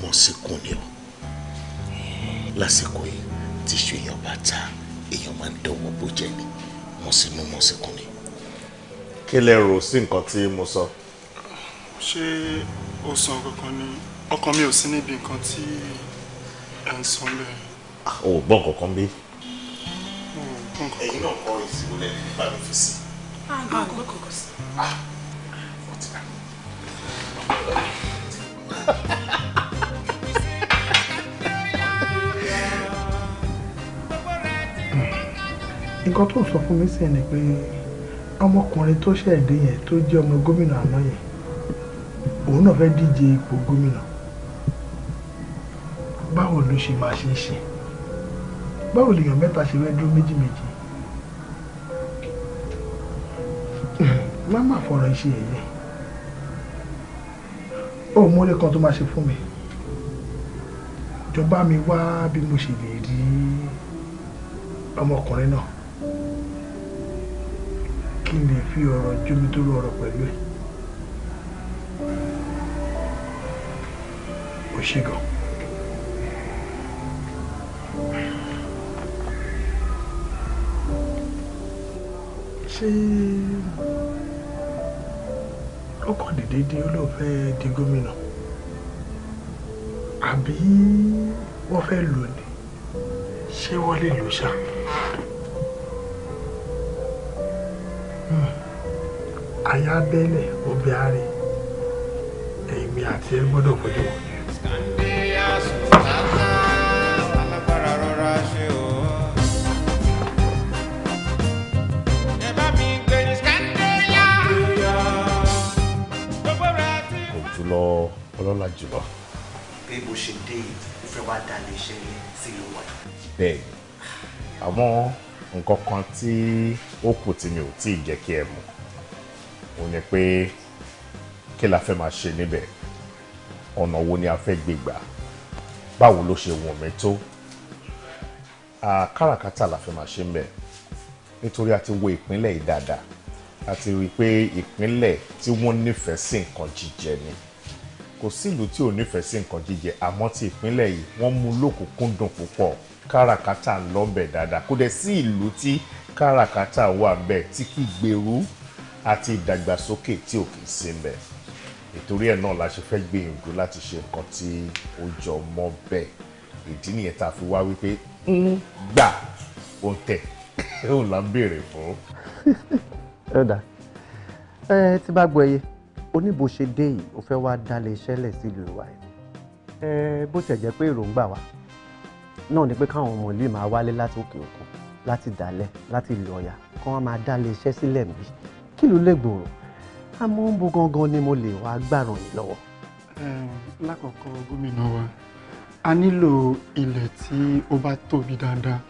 mọ̀ síkùn ni ọ lásìkò yìí tí ṣe èèyàn bá ta èèyàn máa ń dánwò bó jẹ ni mọ̀ sínú mọ̀ síkùn ni. kí lẹ rò sí nǹkan tí mo sọ. ṣé o sọ kankan ni ọkàn mi ò sí níbi nǹkan tí ẹ ń sọ bẹ́ẹ̀. Ah, o ò gbọ́ nǹkan kan bí. ẹ̀yin náà kọ́ ìsìnkú nípa mi fi sí. a ah, gbọ́ nǹkan sí. Ah, nǹkan tó ń sọ fún mi sì ni pé ọmọkùnrin tó ṣẹ̀dé yẹn tó jẹ́ ọmọ gómìnà àná yẹn òun náà fẹ́ díje ipò gómìnà báwo ló ṣe máa ṣe é ṣe báwo lèèyàn mẹ́ta ṣe fẹ́ dúró méjì méjì má má fọ̀rọ̀ iṣẹ́ yẹn ó mórí kan tó máa ṣe fún mi jọba mi wá bí mo ṣe lè rí ọmọkùnrin náà kí n lè fi ọ̀rọ̀ jómi tó rú ọ̀rọ̀ ò ṣe gan. ṣé ó kàn déédéé dé ó ló fẹ́ di gómìnà àbí wọ́n fẹ́ lò ní ṣé wọ́n lè lò ṣá. àyà hmm. abẹ́lẹ̀ obìnrin èmi àti ẹ gbọ́dọ̀ fojú wọn. lọ ọlọ́lá jùlọ. bí mo ṣe dé yìí mo fẹ́ wá dá lè ṣe sí ló wà. bẹ́ẹ̀ àmọ́ nǹkan kan tí ó kù tí mi ò tí ì jẹ́ kí ẹ mọ̀ ò ní pé kí la fẹ́ máa ṣe níbẹ̀ ọ̀nà wo ni a fẹ́ gbé gbà báwo ló ṣe wọ̀n mi tó káràkátà la fẹ́ máa ṣe ń bẹ̀ nítorí a ti wo ìpínlẹ̀ yìí dáadáa a ti rí i pé ìpínlẹ̀ tí wọ́n nífẹ̀ẹ́ sí nǹkan jíjẹ ni kò sílùú tí ò nífẹ̀ẹ́ sí nǹkan jíjẹ àmọ́ ti ìpínlẹ̀ yìí wọ́n mú lókùnkúndùn púpọ̀ káràkátà ń lọ́bẹ̀ dáadáa kò dẹ̀ sí ìlú tí káràkátà wà ń bẹ̀ tí kì í gbèrú àti ìdàgbàsókè tí ò kì í sí ń bẹ̀ ìtorí ẹ̀ náà la ṣe fẹ́ gbìyànjú láti ṣe nǹkan tí ó jọ mọ́ bẹ́ẹ̀ ìdí nìyẹn tá a fi wá wípé ń gbà ó ń tẹ̀ ó [laughs] là ń béèrè fún. ẹ ẹ ti bá gbọ́ ẹ yé ó ní bó ṣe dé yìí ó fẹ́ wá dálé iṣẹ́ lẹ̀ sílùú ìwà yìí ẹ bó tiẹ̀ jẹ́ pé èròǹgbà wa náà ni pé káwọn ọmọ ìlú máa wálé láti òkè òkun láti dálẹ̀ láti ìlú ọ̀yà kán wá máa dálé iṣẹ́ sílẹ̀ mí kí ló lè gbòòrò àmọ́ ń bo gangan ni mo lè wá gbàràn yìí lọ́wọ́. lákọ̀ọ́kọ́ gómìnà wa a nílò ilẹ̀ tí ó bá tóbi dáadáa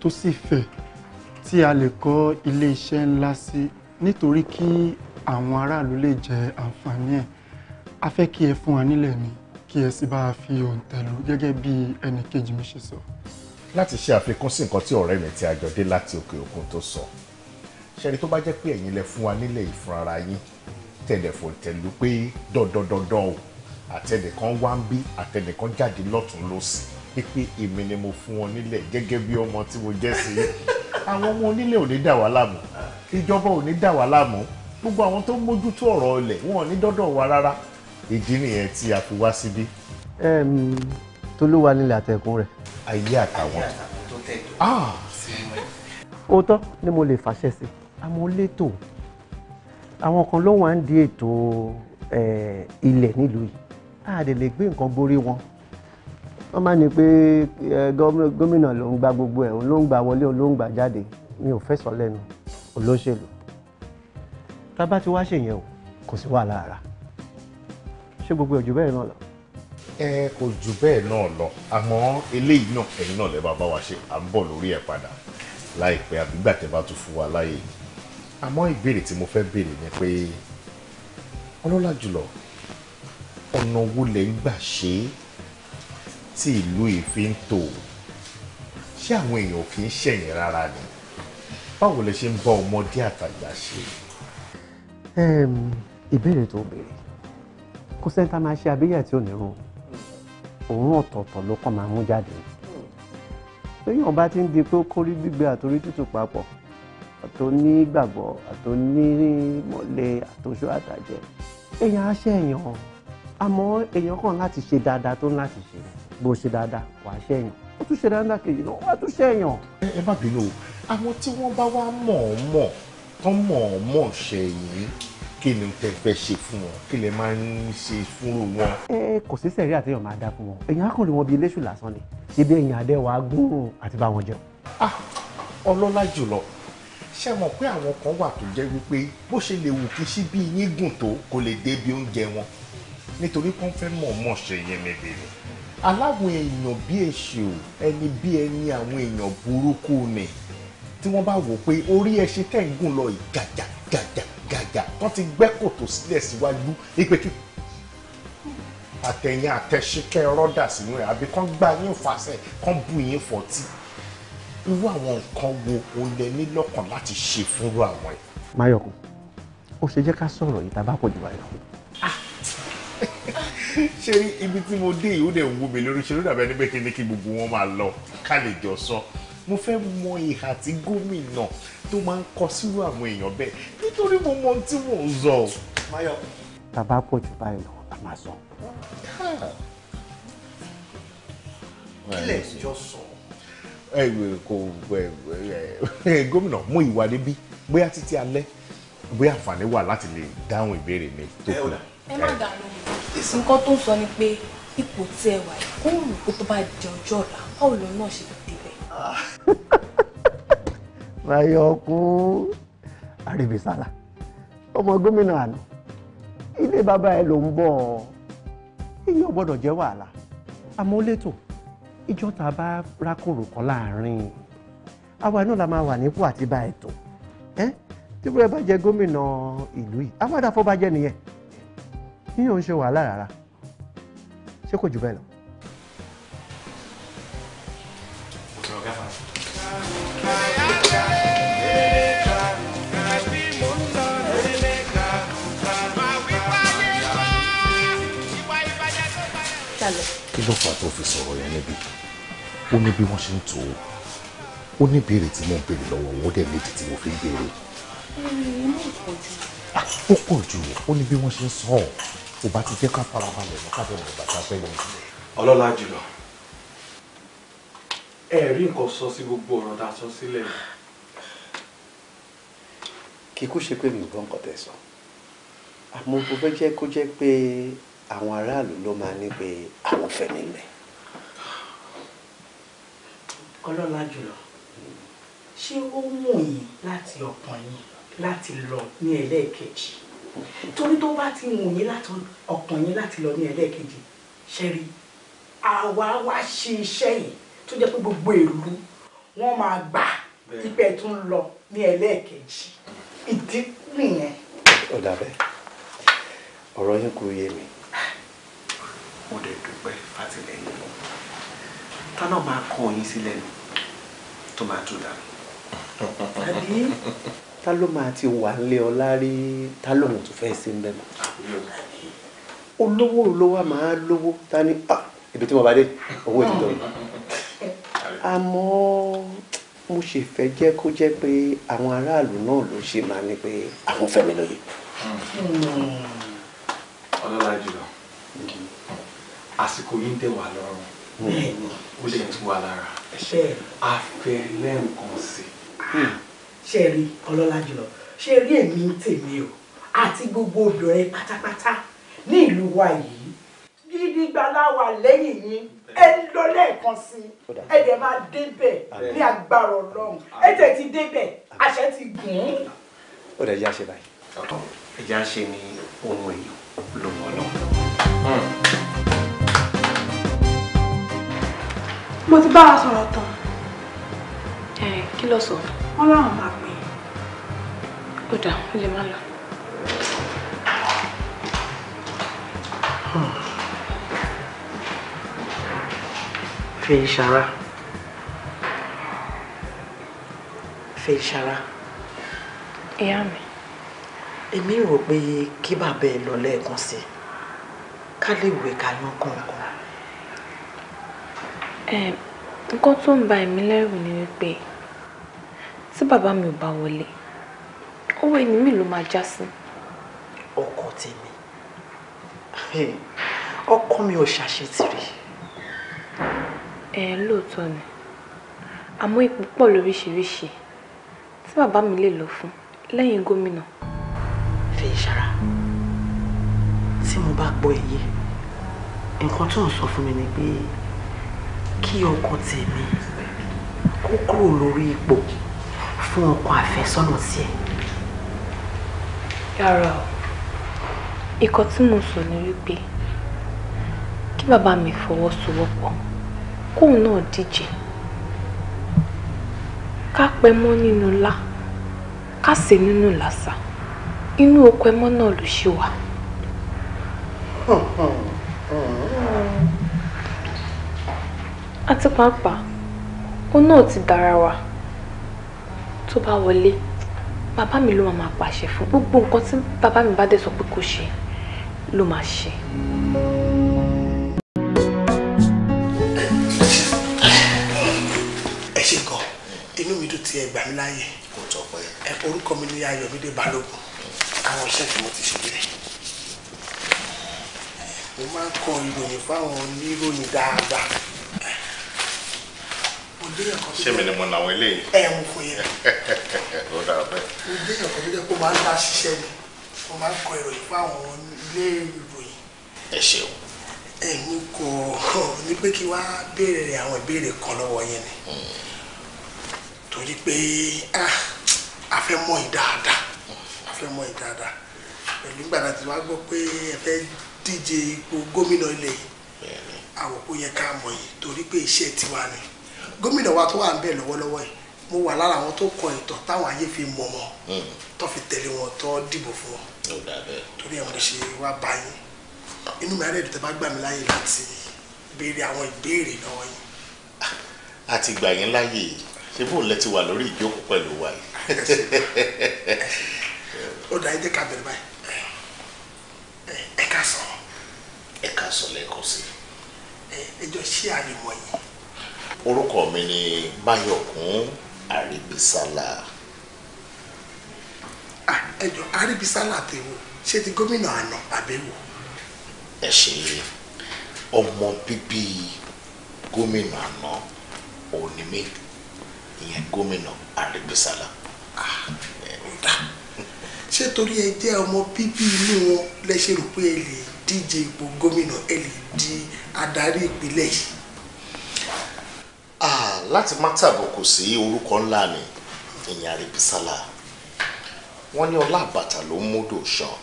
tó sì fẹ̀ tí a lè kọ́ ilé ńlá sí nítorí kí àwọn aráàlú lè jẹ àǹfààní ẹ̀ a fẹ́ kí ẹ fún wa nílẹ̀ mi kí ẹ sì bá a fi òǹtẹ̀lù gẹ́gẹ́ bí ẹnì kejì mi ṣe sọ. láti ṣe àfikún sí nǹkan tí ọ̀rẹ́ mi tí a jọ dé láti òkè òkun tó sọ ṣẹ́ni tó bá jẹ́ pé ẹ̀yin lẹ fún wa nílẹ̀ ìfúnra yín tẹ̀lẹ̀ fòǹtẹ̀lù pé dọ́dọ́dọ́dọ́ o àtẹnìkan wá ń bí àtẹnìkan jáde lọ́tún lọ́sì pípé èmi ni mo fún wọn nílẹ̀ gẹ́gẹ́ bí ọmọ tí mo jẹ́ sí àwọn ọmọ onílẹ̀ ò dà wá láàmú ìjọba ò dà wá láàmú gbogbo àwọn tó mójútó ọ̀rọ̀ ilẹ̀ wọn ò ní dọ́dọ̀ wa rárá ìdí nìyẹn tí a fi wá síbí. Tolúwa nílẹ̀ àtẹ̀kùn rẹ̀. ayé àtàwọn tó ah! tẹ̀dọ̀. òótọ́ ni mo lè fàṣẹ sí àmọ́ létò àwọn kan ló wà ń di ètò ilẹ̀ nílùú yìí a dẹ̀ lè gbé nǹkan borí wọn wọ́n máa ní pé gómìnà ló ń gba gbogbo ẹ̀ òun ló ń gba wọlé òun ló ń gba jáde mi ò fẹ́ sọ lẹ́nu olóṣèlú tá a bá ti wá ṣèyẹn o kò sí wàhálà ara ṣé gbogbo ẹ̀ jù bẹ́ẹ̀ náà lọ ẹ kò jù bẹ́ẹ̀ náà lọ àmọ́ eléyìí náà ẹ̀yin náà lẹ bá bá wa ṣe à ń bọ̀ lórí ẹ̀ padà láìpẹ́ àbígbà tẹ́ bá tún fún wa láàyè àmọ́ ìbéèrè tí mo fẹ́ béèrè ni pé ọlọ́lá jùlọ ọ̀nà wo lẹ ń gbà ṣe é tí ìlú yìí fi ń tò ṣé àwọn èèyàn ò kì í ṣẹ̀yìn rárá ni báwo lẹ ṣe ń bá ọmọdé àtàgbà ṣe é ìbéèrè tó béèrè kò sẹ́ńtà máa ṣe abíyẹ̀ tí ò ní rún òórùn ọ̀tọ̀ọ̀tọ̀ ló kàn máa mú jáde lẹ́yìn bá ti ń di pé ó kórí gbígbẹ àtòrí tútù papọ̀ àtònígbàgbọ́ àtònímọ̀lẹ́ àtòṣó àtàjẹ èèyàn á ṣe èèyàn àmọ́ èèyàn kàn láti ṣe dáadáa tó ń láti ṣe bó ṣe dáadáa wàá ṣe èèyàn ó tún ṣe dáadáa kejì náà wàá tún ṣe èèyàn. ẹ má bínú àwọn tí wọ́n bá wá mọ̀ ọ́n mọ̀ tán mọ̀ọ́mọ̀ ṣe yìí kí ni tẹ fẹ́ ṣe fún wọn kí lè máa ń ṣe fúnrú wọn. ẹ kò sí sẹ́rí àtẹ̀yàn máa dá fún wọn èèyàn á kàn lé wọn bíi iléṣù lásán ni ibi èèyàn adé wàá gbóòrò àti bá wọn jẹun. Ah, ọlọ́lá jùlọ ṣé mo pé àwọn kan wà tó jẹ́ wípé bó ṣe lè wù kí síbí yín gùn tó kò lè débi oúnjẹ wọn nítorí pé wọ́n fẹ́ mọ̀ọ́mọ̀ ṣe yẹn mẹ́bẹ̀rẹ̀ aláwọn èèyàn bí èṣù ẹni bí ẹni àwọn èèyàn burúkú ni tí wọ́n bá wò pé orí ẹṣin tẹ̀ ń gùn lọ ìgàjà gàjà gàjà tó ti gbẹ́ kòtò sílẹ̀ síwájú ipe kí àtẹ̀yìn àtẹ̀síkẹ́ rọ́dà sínú ẹ̀ àbí kán gbá yín fàṣẹ kán bù yín fọ́tí irú àwọn nǹkan wo o lẹ ní lọ́kàn láti ṣe fúnrú àwọn ẹ̀. Máyọ̀kún o ṣe jẹ́ ká sọ̀rọ̀ yìí tá a bá pọ̀ jù báyìí lọ [laughs] ṣe ibi tí mo dé yìí ó dẹ̀ wú mi lórí ṣe ló dàbí ẹni pé kí ni kí gbogbo wọn máa lọ ká lè jọ sọ mo fẹ́ mọ ìhà tí gómìnà tó máa ń kọ sírú àwọn èèyàn bẹ́ẹ̀ nítorí mo mọ ohun tí mò ń sọ. Máyọ̀. bàbá pọ̀ jù báyìí lọ a máa sọ. kílẹ̀ jọ sọ. ẹ kò gómìnà mú ìwà níbí bóyá títí alẹ́ bóyá àǹfààní wà láti lè dáhùn ìbéèrè mi tó kù. ẹ má dà lóhùn nǹkan tó ń sọ ni pé ipò tí ẹ wà kó rò kó tó bá di ọjọ́ ọ̀la báwo lòun náà ṣe dé Bayoku [laughs] ada ọmọ lah. àná ilé bàbá ẹ ló ń bọ̀ iye ọgbọ́dọ̀ jẹ́ wàhálà àmọ́ ó létò ìjọ tá a bá rákòrò kan láàrin àwa náà la máa wà nípò àti bá ètò ẹ tí wọ́n bá jẹ gómìnà ìlú yìí àwa dàfọ́ bá jẹ nìyẹn kí ló fà tó fi sọ̀rọ̀ yẹn níbi ó ní bí wọ́n ṣe ń tó ó ní béèrè tí mo ń béèrè lọ́wọ́ wọn ó dẹ̀ méjì tí mo fi ń béèrè. Ah, ó pọ̀ jù ó ní bí wọ́n ṣe ń sọ ọ́ ò bá ti jẹ́ ká farabalẹ̀ lọ ká bẹ̀rẹ̀ bàtà fẹ́ lọ. ọlọ́lá jùlọ ẹ rí nǹkan sọ sí gbogbo ọ̀rọ̀ tá a sọ sílẹ̀ kíkú ṣe pé mi ò gbọ́ nǹkan tẹ̀ sọ àmọ́ mo fẹ́ jẹ́ kó jẹ́ pé àwọn aráàlú ló máa ní pé àwọn fẹ́ mi mẹ́. ọlọ́lá jùlọ ṣé ó mú yín láti ọkàn yín láti lọ ní ẹlẹ́ẹ̀kejì torí tó bá ti mú yín láti ọkàn yín láti lọ ní ẹlẹ́ẹ̀kejì ṣẹ́rí àwa wá ṣe iṣẹ́ yìí tó jẹ́ pé gbogbo ìlú wọ́n máa gbà pípẹ́ tó ń lọ ní ẹlẹ́ẹ̀kejì ìdí nìyẹn. ó dàbẹ́ ọ̀rọ̀ yín kò yé mi mo dẹ̀ dúpẹ́ fàtìlẹ́yìn wọn táná máa kọ yín sí lẹ́nu tó máa tún dànù. àbí ta ló máa ti wà nílé ọlá rí ta lóun tó fẹ́ sí mbẹ́ mọ́ olówó olówó máa lówó ta ni ah, ibi tí mo bá dé owó ìtìtọ́ mi àmọ́ mo ṣe fẹ́ jẹ́ kó jẹ́ pé àwọn aráàlú náà ló ṣe máa ní pé àwọn fẹ́ mi lóye. Hmm. ọlọ́lá jùlọ àsìkò yìí ń tẹ̀ wá lọ́rùn hmm. ó lè tú wa lára a fẹ́ lẹ́ǹkan sí. Hmm. ṣé ẹ rí ọlọ́lá jùlọ ṣé ẹ rí èmi tèmi o àti gbogbo obìnrin pátápátá ní ìlú wa yìí gidi gbaláwa lẹ́yìn yín ẹ lọ lẹ́ẹ̀kan sí i ẹ dẹ̀ máa débẹ̀ ní agbára ọlọ́run ẹ tẹ̀ ti débẹ̀ àṣẹ ti gùn ún. ó dẹ̀ jẹ́ àṣẹ báyìí. ẹ̀jẹ̀ àṣẹ ni ohun èlò lòun ọlọ́run. Hmm. mo ti bá wa sọ̀rọ̀ tán. ẹ kí ló sọ. wọ́n láwọn máa pè é. ó dà ó lè má lọ. fi ìṣara fi ìṣara. ìyá mi. èmi rò pé kí bàbá ẹ lọ lẹ́ẹ̀kan sí i ká lè wẹ̀ ká yán kọ̀ọ̀kan nǹkan tó ń ba èmi lẹ́rù ni wípé tí bàbá mi ò bá wọlé owó ẹni mi ló máa já sí. ọkọ tèmi ọkọ mi ò ṣàṣetìrì. ẹ lóòótọ́ ni àmọ́ ipò pọ̀ lóríṣiríṣi tí bàbá mi lè lọ fún lẹ́yìn gómìnà. fi ìṣara tí mo bá gbọ́ èyí nǹkan tó ń sọ fún mi ni pé kí ọkọ tèmi kó kúrò lórí ipò fún ọkọ àfẹ́sọ́nà tiẹ̀. rárá o ikọ̀ tí mo sọ ni wípé kí bàbá mi fọwọ́sowọ́pọ̀ kóun náà díje ká pẹ́ mọ́ nínú ńlá ká sì nínú làṣà inú oko ẹmọ́ náà ló ṣì wà àti pàápàá ó náà ti dára wa tó bá wọlé bàbá mi ló máa pàṣẹ fún gbogbo nǹkan tí bàbá mi bá dẹ̀ sọ pé kò ṣe ló máa ṣe. ẹ ṣe kọ inú mi dùn tí ẹ gbà mí láàyè ẹ orúkọ mi ní Ayọ̀mídé Balógun àwọn iṣẹ́ tí mo ti ṣe rẹ̀ mo máa ń kọ ìròyìn fáwọn oníròyìn dáadáa jẹ́yàn kan tó jẹ́ ṣé mi ni mo làwọn eléyìí. [laughs] ẹ mo kò yẹ. ó dà bẹ́ẹ̀. mo jẹ́yàn kan tó jẹ́ pé ó máa ń dá ṣiṣẹ́ ni mo máa ń kọ ìròyìn fún àwọn ilé ìròyìn. ẹ ṣeun. ẹ mo kọ [laughs] ní pé kí wàá béèrè àwọn ìbéèrè kan lọ́wọ́ yẹn ni hmm. torí pé ah, a fẹ́ mọ̀ yín dáadáa a fẹ́ mọ̀ yín dáadáa pẹ̀lú ìgbà láti wá gbọ́ pé ẹ fẹ́ díje ipò gómìnà ilẹ̀ yìí àwọn kò yẹ ká mọ̀ yìí torí pé iṣẹ́ tiwa ni gómìnà wa tó wà ń bẹ̀ lọ́wọ́lọ́wọ́ yìí mo wà lára àwọn tó kọ ìtàn táwọn ayé fi mọ̀ wọn hmm. tó fi tẹ̀lé wọn tó dìbò fún wọn torí ẹ̀ mo lè ṣe wá báyìí inú mi àrẹ́dùn tẹ́ bá gbà mí láyè láti béèrè àwọn ìbéèrè lọ́wọ́ yìí. àti ìgbà yẹn láyè ṣé bóun lẹ ti wà lórí ìjókòó pẹ̀lú wa yìí. ó dà ẹ́ jẹ́ ká bẹ̀rẹ̀ báyìí ẹ ká sọ. ẹ ká sọ lẹ́kọ̀ọ́ sí. ẹ jọ ṣé àlè mọ̀ yìí orúkọ mi ni Báyọ̀kún Àríbísálà. ẹ jọ Àríbísálà tèwo ṣé ti gómìnà àná àbẹ̀wò. ẹ ṣe ọmọ bíbí gómìnà àná òní mi ìyẹn gómìnà Àríbísálà. ṣé torí ẹ jẹ́ ọmọ bíbí inú wọn lẹ ṣe rò pé ẹ lè díje ipò gómìnà ẹ lè di adarí ìpínlẹ̀ yìí láti má tàbùkù sí orúkọ ńlá ni ìyìn àrèbísálà wọ́n ní ọlá àbàtà ló ń múdò ṣan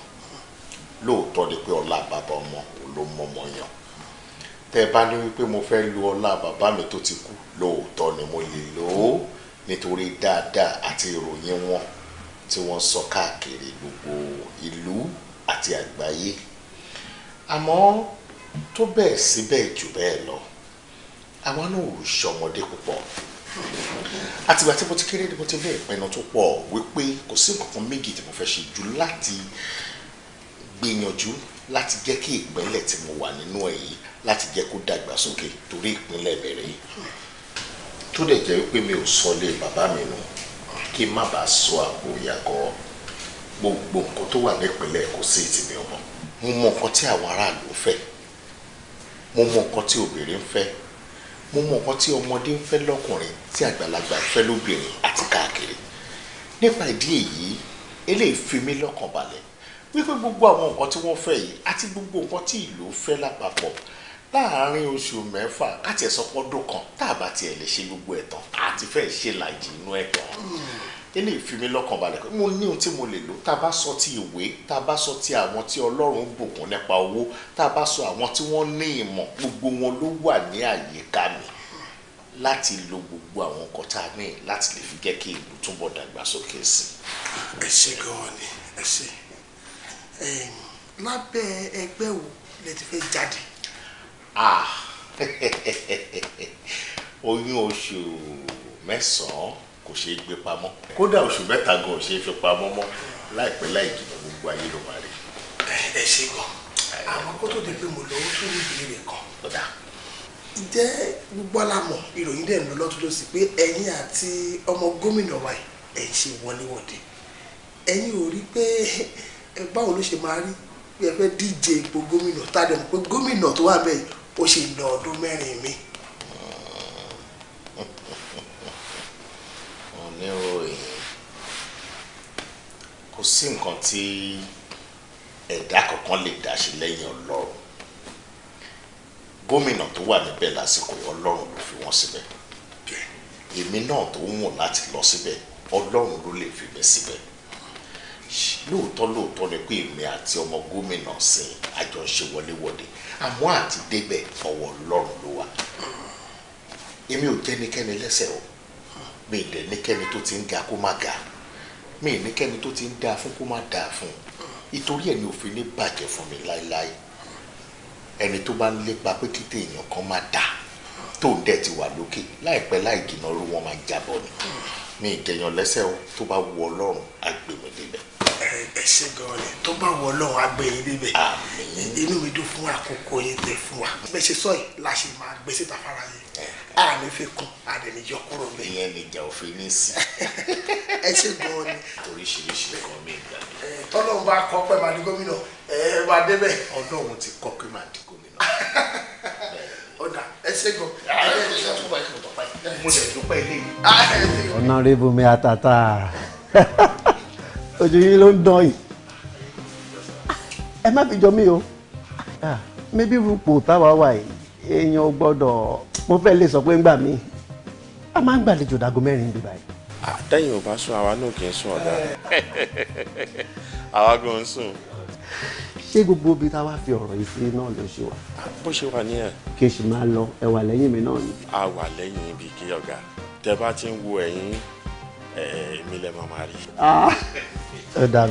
lóòótọ́ ni pé ọlá bàbá ọmọ ló ń mọmọ yàn tẹ́ ẹ bá ní wípé mo fẹ́ lu ọlá bàbá mi tó ti kú lóòótọ́ ni mo lè lò ó nítorí dáadáa àti ìròyìn wọn tí wọ́n sọ káàkiri gbogbo ìlú àti àgbáyé àmọ́ tó bẹ́ẹ̀ síbẹ̀ jù bẹ́ẹ̀ lọ àwa náà ò ṣọmọdé púpọ̀ àtìgbà tí mo ti kéré ni mo ti ní ìpinnu tó pọ̀ wípé kò sí nǹkan méjì tí mo fẹ́ ṣe jù láti gbìyànjú láti jẹ́ kí ìpínlẹ̀ tí mo wà nínú ẹ̀ yìí láti jẹ́ kó dàgbàsókè torí ìpínlẹ̀ bẹ̀rẹ̀ tó dẹ̀ jẹ́ wípé mi ò sọlé bàbá mi nù kí má bàa sọ àpò ìyàgọ́ gbogbo nǹkan tó wà nípínlẹ̀ kò sí ìtìmí ọmọ mo mọ nǹkan tí àwọn aráàlú fẹ́ mo mọ nǹkan tí obìnrin fẹ́ mo mọ nǹkan tí ọmọdé ń fẹ́ lọ́kùnrin tí àgbàlagbà ń fẹ́ lóbìnrin àti káàkiri nípa ìdí èyí eléyìí fi mí lọ́kàn balẹ̀ wípé gbogbo àwọn nǹkan tí wọ́n fẹ́ yìí àti gbogbo nǹkan tí ìlú fẹ́ lápapọ̀ láàárín oṣù mẹ́fà káti ẹ̀ sọpọ́dún kan tá a bá tiẹ̀ lè ṣe gbogbo ẹ̀ tán àti fẹ́ ṣe làjì inú ẹ̀ tán eléyìí fi mí lọ́kàn balẹ̀ pé mo ní ohun tí mo lè lò tá a bá sọ ti ìwé tá a bá sọ ti àwọn tí ọlọ́run bùkún nípa owó tá a bá sọ àwọn tí wọ́n ní ìmọ̀ gbogbo wọn ló wà ní àyíká mi láti lo gbogbo àwọn nǹkan tá a ní láti lè fi jẹ́ kí ìlú túbọ̀ dàgbàsókè sí i. ẹ ṣe gan-an ni ẹ ṣe lábẹ́ ẹgbẹ́ wo lẹ ti fẹ́ jáde. [laughs] oyún oṣù mẹ́sàn-án kò ṣeé gbé pamọ́ kódà oṣù mẹ́ta gan ò ṣeé fi pamọ́ mọ́ láìpẹ́ láì jìnnà gbogbo ayé ló máa rí. ẹ ṣe gan àwọn kó tó di pé mo lọ́wọ́ tó ní ìbéèrè kan jẹ́ gbogbo àlámọ̀ ìròyìn dẹ̀ ń lọ lọ́tún lọ́sí pé ẹ̀yin àti ọmọ gómìnà wa ẹ̀ ń ṣe wọléwọ̀de ẹ̀yin ò rí pé báwo ló ṣe máa rí bí ẹ fẹ́ díje ipò gómìnà tá a dẹ̀ mọ̀ pé gómìnà tó wà bẹ́ẹ̀ ó ṣe lọ ọdún mẹ́rin mi. oníròyìn kò sí nǹkan tí ẹ̀dá kankan lè dá lẹ́yìn ọlọ́run gómìnà tó wà níbẹ̀ lásìkò ọlọ́run ló fi wọ́n síbẹ̀ èmi náà tó ń wọ̀n láti lọ síbẹ̀ ọlọ́run ló lè fi bẹ́ síbẹ̀ lóòótọ́ lóòótọ́ ni pé èmi àti ọmọ gómìnà sìn àjọ ṣe àmọ́ àti débẹ̀ ọwọ́ ọlọ́run ló wà èmi ò jẹ́nikẹ́ni lẹ́sẹ̀ o mi ìdẹ̀ níkẹ́ni tó ti ń ga kó má ga mi ìníkẹ́ni tó ti ń dáa fún kó má dáa fún ìtorí ẹ̀ ni òfin ní bàjẹ́ fún mi láéláé ẹni tó bá ń lépa pé kí téèyàn kan má dáa tó ń dẹ̀ ti wà lókè láìpẹ́ láì jìnnà ló wọ́n máa jábọ̀ ni mi ìjẹyàn lẹ́sẹ̀ o tó bá wu ọlọ́run á gbé mi ẹ ṣe gan ni tó bá wu ọlọ́run á gbé yín débẹ̀ inú mi dùn fún àkókò yín tẹ fún wa bẹ́ẹ̀ ṣe sọ yìí la ṣe máa gbé síta fara a ní fi a dẹ̀ ní yọ kúrò mẹ́. ìyẹn lè jà òfin ní sí. [laughs] ẹ ṣe gan ni. oríṣiríṣi nǹkan mi gbà mí. tọ́lọ́run bá kọ́ pé màá di gómìnà ẹ ẹ máa débẹ̀. ọlọ́run ti kọ́ pé màá di gómìnà. ọ̀dà [laughs] ẹ ṣe gan. Ah, mo lè dúpẹ́ ilé yìí. ọ̀nàrẹ́bù mi àtàtà ojú yín ló ń dán yìí ẹ má fi jọ mí o ah, mébí rúpò táwa wà yìí èèyàn gbọ́dọ̀ mo fẹ́ lè sọ pé ń gbà mí a máa ń gbàlejò dago mẹ́rin bí báyìí. àtẹ̀yìn ò bá sùn àwa náà kì í sùn ọ̀gá àwa gan ń sùn. ṣé gbogbo ibi táwa fi ọ̀rọ̀ yìí sí náà ló ṣe wà. bó ṣe wà nìyẹn. kí n sì máa lọ ẹ wà lẹ́yìn mi náà ni. a wà lẹ́yìn ibi kí ọ̀gá tẹ bá ti ń wo ẹ̀yìn èmi lẹ máa máa rí. Ah, ó dà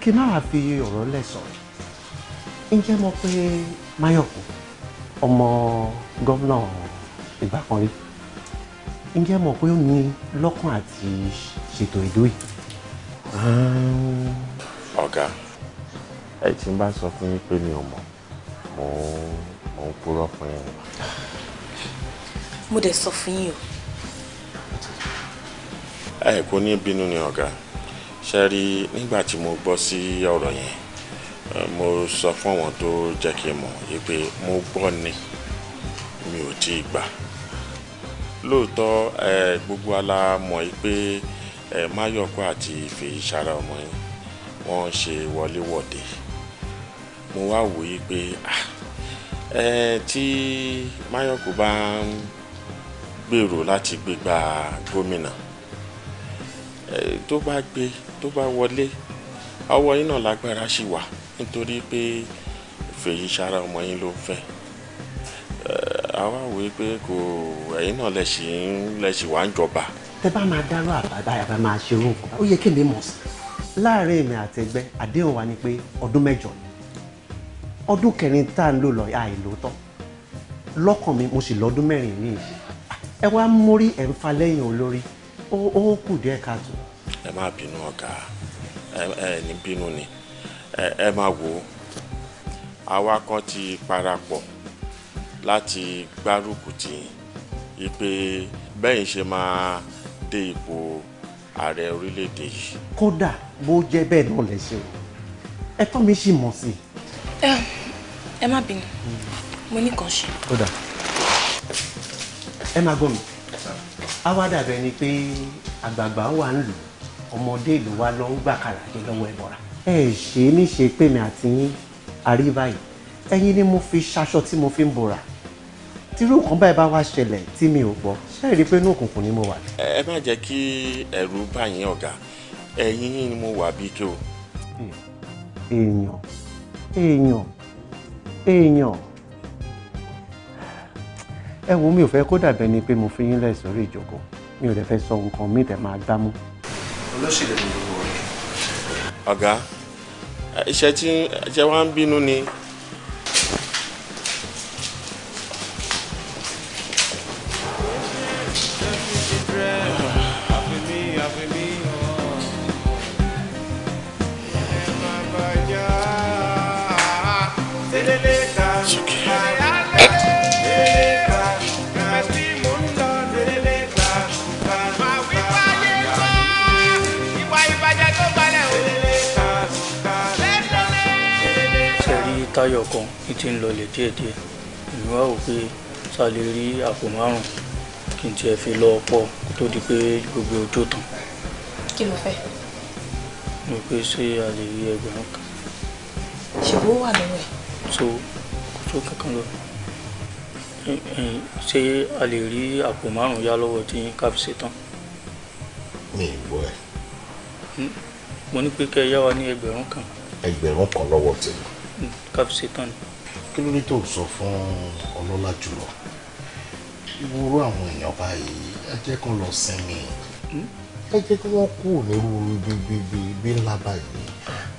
kí n má fi ọ̀rọ̀ lẹ̀ sọ̀rọ̀ ǹjẹ́ mọ̀ pé máyọ̀kùn ọmọ gómìnà ìgbà kan rí ǹjẹ́ mọ̀ pé ó ní lọ́kàn àti ṣètò ìlú yìí. ọ̀gá ẹ ti ń bá sọ fún yín pé mi ò mọ̀ mò ń mò ń purọ́ fún yín. mo dẹ̀ sọ fún yín o. ẹ kò ní bínú ni ọ̀gá ṣe rí nígbà tí mo gbọ́ sí ọ̀rọ̀ yẹn mo sọ fún àwọn tó jẹ́ kí n mọ̀ wípé mo gbọ́ ni mi ò tí ì gbà lóòótọ́ gbogbo ala mọ̀ wípé Máyọ̀kọ àti Fèyíṣarà ọmọ yẹn wọ́n ṣe wọléwọ̀de mo wá wò yí pé tí Máyọ̀kọ bá ń gbèrò láti gbégbá gómìnà tó bá gbé tó bá wọlé ọwọ́ yín náà lágbára ṣì wà nítorí pé fèyí sára ọmọ yín ló fẹ́ àwa wòye pé kò ẹ̀yin náà lẹ̀ ṣì ń lẹ̀ ṣì wá ń jọba. tẹ bá máa dárò àbàbà yàrá máa ṣe irú nǹkan ó yẹ kí èmi mọ̀ sí. láàárín èmi àti ẹgbẹ́ àdéhùn wa ni pé ọdún mẹ́jọ ni ọdún kẹrin tá à ń lò lọ àìlóòótọ́ lọ́kàn mi mo sì lọ́dún mẹ́rin ní ìṣe ẹ wá mórí ẹ̀ ń fa lẹ́yìn olórí ó kù díẹ̀ káàtó. ẹ má bínú ọ̀gá ẹ ní bínú ni ẹ máa wò ó àwa kan ti parapọ̀ láti gbárùkù tì í pé bẹ́ẹ̀ ṣe máa dé ipò ààrẹ orílẹ̀-èdè yìí. kódà bó jẹ́ bẹ́ẹ̀ náà lè ṣe o ẹ tán mi sì mọ̀ sí i. ẹ má bínú mo ní kàn ṣe. kódà ẹ máa gbọ́ mi á dàbẹ̀ ni pé àgbààgbà wà ń lò ọmọdé ìlú wa lọ ń gbàkàrà dé lọ́wọ́ ẹ̀ bọ̀ra ẹ ṣe mí ṣe pé mi àti yín àrí báyìí ẹ̀yin ni mo fi ṣaṣọ tí mo fi ń bora tírú nǹkan báyìí bá wá ṣẹlẹ̀ tí mi ò gbọ́ ṣe é rí i pé inú òkùnkùn ni mo wà. ẹ má jẹ́ kí ẹ̀rù bá yín ọ̀gá ẹ̀yin yín ni mo wà bí kí o. èèyàn èèyàn èèyàn ẹ wo mi ò fẹ́ kó dàbẹ́ ni pé mo fi yín lẹ̀ sórí ìjókòó mi ò dẹ̀ fẹ́ sọ nǹkan mi tẹ̀ máa gbámú. olóṣèlú ni gbogbo ọ̀gá iṣẹ́ tí ṣe wá ń bínú ni táyọ̀ kan ní ti ń lọlẹ̀ díẹ̀díẹ̀ èmi wá wò pé sá lè rí àpò márùn kí n tiẹ̀ fi lọ pọ̀ kó tó di pé gbogbo ọjọ́ tán. kí ló fẹ́. mo pé ṣé a lè rí ẹgbẹ̀rún kan. ṣèbó wà lọ́wọ́ ẹ̀. so kò tó kankan lọ ṣé a lè rí àpò márùn yá lọ́wọ́ tí ká tán. mi ì gbọ́ ẹ. mo ní pé kẹ́ ẹ yá wa ní ẹgbẹ̀rún kan. ẹgbẹ̀rún kan lọ́wọ́ tèmi ká fi ṣetán ni. kí ló dé tó sọ fún ọlọ́lá jùlọ irú àwọn èèyàn báyìí ẹ jẹ́ kán lọ sinmi hmm? ẹ jẹ́ kí wọ́n kú nírú ibi ńlá báyìí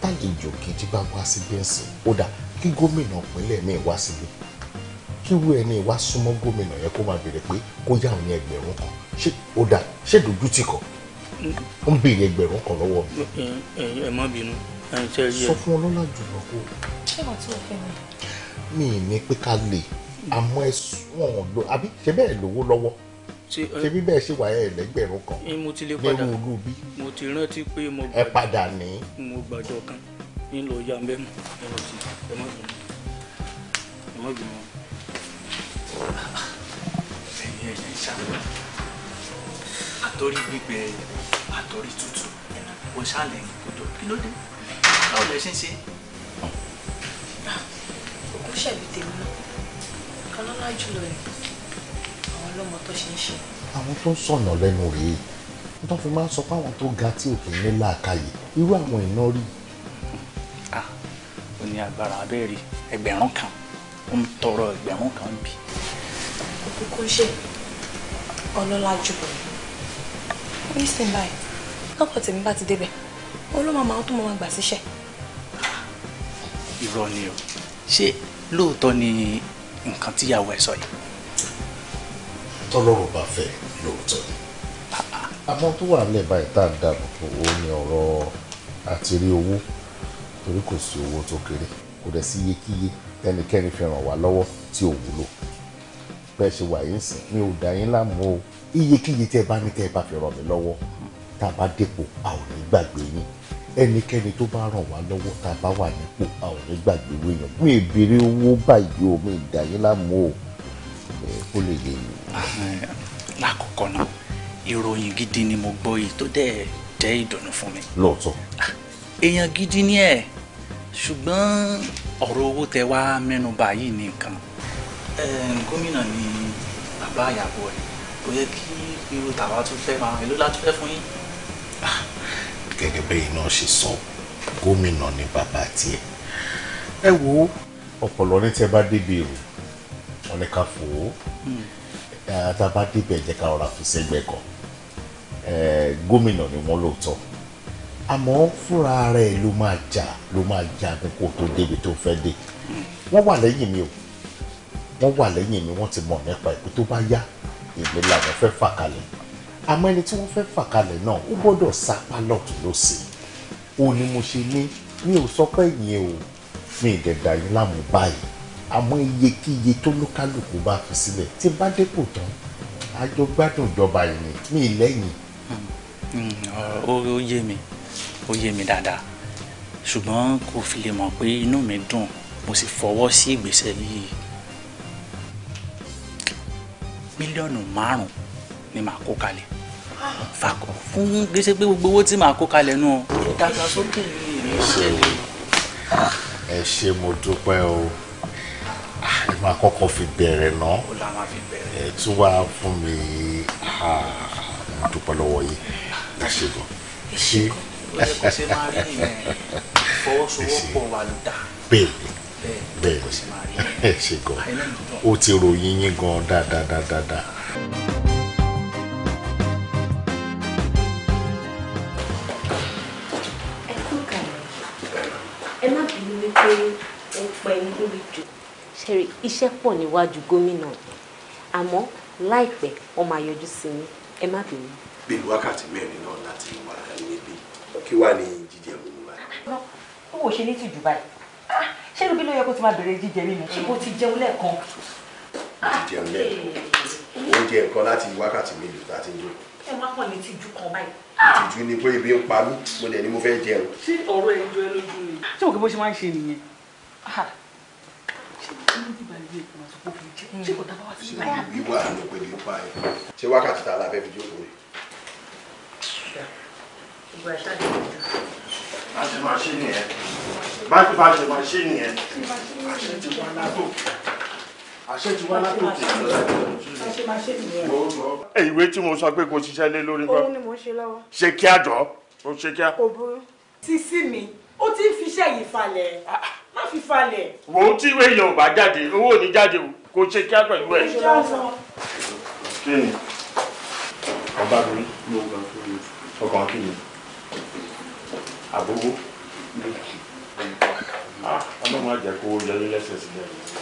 tálejò gidi bá wá síbí ẹ̀sìn ó dà kí gómìnà ìpínlẹ̀ mi wá síbí kí irú ẹni wá súnmọ́ gómìnà yẹn kó máa béèrè pé kó yá òun ẹgbẹ̀rún kan ṣé ó dà ṣé dójú tì kọ́ hmm? ń béèrè ẹgbẹ̀rún kan lọ́wọ́ mi. ẹ ẹ má bínú sọ fún ọlọ́lá jùlọ kó. ṣé wàá tí o fẹ́ mi. mi ì ní pé ká lè àmọ́ ẹ sùn ọ̀hún lọ àbí ṣé bẹ́ẹ̀ lówó lọ́wọ́ ṣe bí bẹ́ẹ̀ ṣe wà ẹ̀ lẹ́gbẹ̀rún kan lẹ́rù olúbi mo ti rántí pé mo gbàdọ̀ ẹ padà ní. mo gbàdọ̀ kan ń lọ ya mẹ́rin ẹ lọ sí ẹ má bínú ẹ má bínú. ẹyin ẹyin ṣáà àtọ́rí gbígbẹ àtọ́rí tútù wọ́n ṣáà kí ló dé báwo lè ṣe ń ṣe. ó ṣẹ̀bi tèmi kan lọ́la jùlọ ẹ̀ àwọn ọlọ́mọ tó ṣe ń ṣe. àwọn tó ń sọ̀nà lẹ́nu rèé wọ́n fi máa ń sọ pé àwọn tó ga tí òkè ní làákàyè irú àwọn iná rí. ó ní agbára abẹ́rẹ́ ẹgbẹ̀rún kan ó ń tọrọ ẹgbẹ̀rún kan ń bì. kókó ṣe ọlọ́lá jùlọ ní sinmi báyìí lọ́pọ̀ tèmi bá ti débẹ̀ olóòmọ máa tún mọ gbà síṣẹ́. irọ́ ni o ṣé lóòótọ́ ni nǹkan tíyàwó ẹ sọ yìí. tọ́lọ́rọ̀ bá fẹ́ lóòótọ́ ni àmọ́ tó wà nílẹ̀ báyìí tá à ń dànù owó ni ọ̀rọ̀ àti rí owó torí kò sí owó tó kéré kò dẹ̀ sí iyekíye ẹnikẹ́ni fi ràn wá lọ́wọ́ tí ò wúlò bẹ́ẹ̀ ṣe wà yín sìn mi ò dá yín láàmú o iyekíye tẹ́ bá ní tẹ́ bá fi ràn mí lọ́wọ́ tá a bá dépò a ò ní gbàgbé yín ẹnikẹ́ni tó bá ràn wá lọ́wọ́ tá a bá wà nípò a ò ní gbàgbé owó èèyàn pé ìbéèrè owó báyìí omi ìdáyé láàmú o ó lè yé mi. lákòókò náà ìròyìn gidi ni mo gbọ́ yìí tó dẹ̀ jẹ́ ìdùnnú fún mi. lóòótọ́. Ah, èèyàn gidi ni ẹ ṣùgbọ́n ọ̀rọ̀ owó tẹ wá mẹ́nu bà yìí ní gómìnà ni bàbá ìyàwó ẹ̀ kò yẹ kí irú tàwa tún fẹ́ máa èlò láti fẹ́ fún yín gẹ́gẹ́ bẹ́ẹ̀ náà ṣe sọ gómìnà ni bàbá tiẹ̀ ẹ wo ọpọlọ ní tẹ bá débi o wọn ní ká fò ó hmm. tá a bá débi ẹ̀jẹ̀ ká rọra fi sẹ́gbẹ̀ẹ́ kan gómìnà ni wọ́n lóòótọ́ àmọ́ fúnra rẹ̀ ló máa jà ló máa jà ní kó tó débi tó fẹ́ dé wọ́n wà lẹ́yìn mi o wọ́n wà lẹ́yìn mi wọ́n ti mọ̀ nípa ìpín tó bá yá èmi làwọn fẹ́ fà kalẹ̀ àmọ́ ẹni tí wọ́n fẹ́ fà kalẹ̀ náà ó gbọ́dọ̀ sápá lọ́tún lọ́sì ó ní mo ṣe ní mi ò sọ pé ìyẹn ò mi ìdẹ̀dà yín láàmú báyìí àmọ́ iyekíye tó lókàlùkù bá fi sílẹ̀ tí bá dépò tán àjọ gbádùn ìjọba yìí mi lẹ́yìn. Hmm, hmm, ó yé mi ó yé mi dáadáa ṣùgbọ́n kò fi lè mọ̀ pé inú mi dùn mo sì fọwọ́ sí ìgbésẹ̀ yìí mílíọ̀nù márùn-ún ni màá kó kalẹ̀ fàkọ fún gbèsè pé gbogbo owó tí màá kó kalẹ̀ nù ọ. ìdàgbàsókè yìí ṣẹlẹ̀. ẹ ṣe mo dúpẹ́ o ah, ẹ máa kọ́kọ́ fi bẹ̀rẹ̀ náà ẹ tún wá fún mi ah, mo dúpẹ́ lọ́wọ́ yìí ẹ ṣe gan. ẹ ṣe kò ṣe máa rí nìyẹn fọwọ́sowọ́pọ̀ wà ló dá. bẹ́ẹ̀ni bẹ́ẹ̀ni ẹ ṣe gan o ti ròyìn yín gan dáadáa dáadáa. ẹ má bínú wípé ó pẹ́ níbi jù. ṣeré iṣẹ́ pọ̀ níwájú gómìnà àmọ́ láìpẹ́ wọ́n máa yọjú sí mi ẹ má bínú. bíi wákàtí mẹ́rin náà láti wà níbí kí wàá ní jíjẹ mímu wa. ó wò ṣe ní tìjú báyìí ah, ṣé ló bí ló yẹ kó ti máa bẹ̀rẹ̀ jíjẹ mímu ṣé kó ti jẹun lẹ́ẹ̀kan. jíjẹun lẹ́ẹ̀kan oúnjẹ nǹkan láti wákàtí mélòó tá a ti ń jókòó. ẹ wá pọ̀ ní tìjú kan báyìí ìtìjú ni pé ibi ń pa mo dẹ̀ ni mo fẹ́ jẹun. ṣé ọ̀rọ̀ ẹ̀ ń jọ ẹ lójú ni. ṣé òkè bó ṣe máa ń ṣe nìyẹn. wíwà ló pè ní pa ẹ ṣé wákàtí ta la fẹ́ fi jókòó rẹ̀. láti máa ṣe nìyẹn bá ti máa ṣe máa ṣe nìyẹn àṣẹ ti wá látò ìwé tí mo sọ pé kò ṣiṣẹ́ lé lórí kọ́. òun ni mò ń ṣe lọ́wọ́. ṣe kí àjọ ó ṣe kí a. kò burú. sisi mi ó ti ń fiṣẹ́ yìí falẹ̀ má fi falẹ̀. wò ó tí ìwé yẹn ò bá jáde owó ò ní jáde o kò ṣe kí a pẹ̀lú ẹ̀. kí ni ọba mi ló ń gbà fún kí ni àbúrò ah, ọlọ́run àjẹkù ó yẹ lẹ́sẹ̀ sílẹ̀.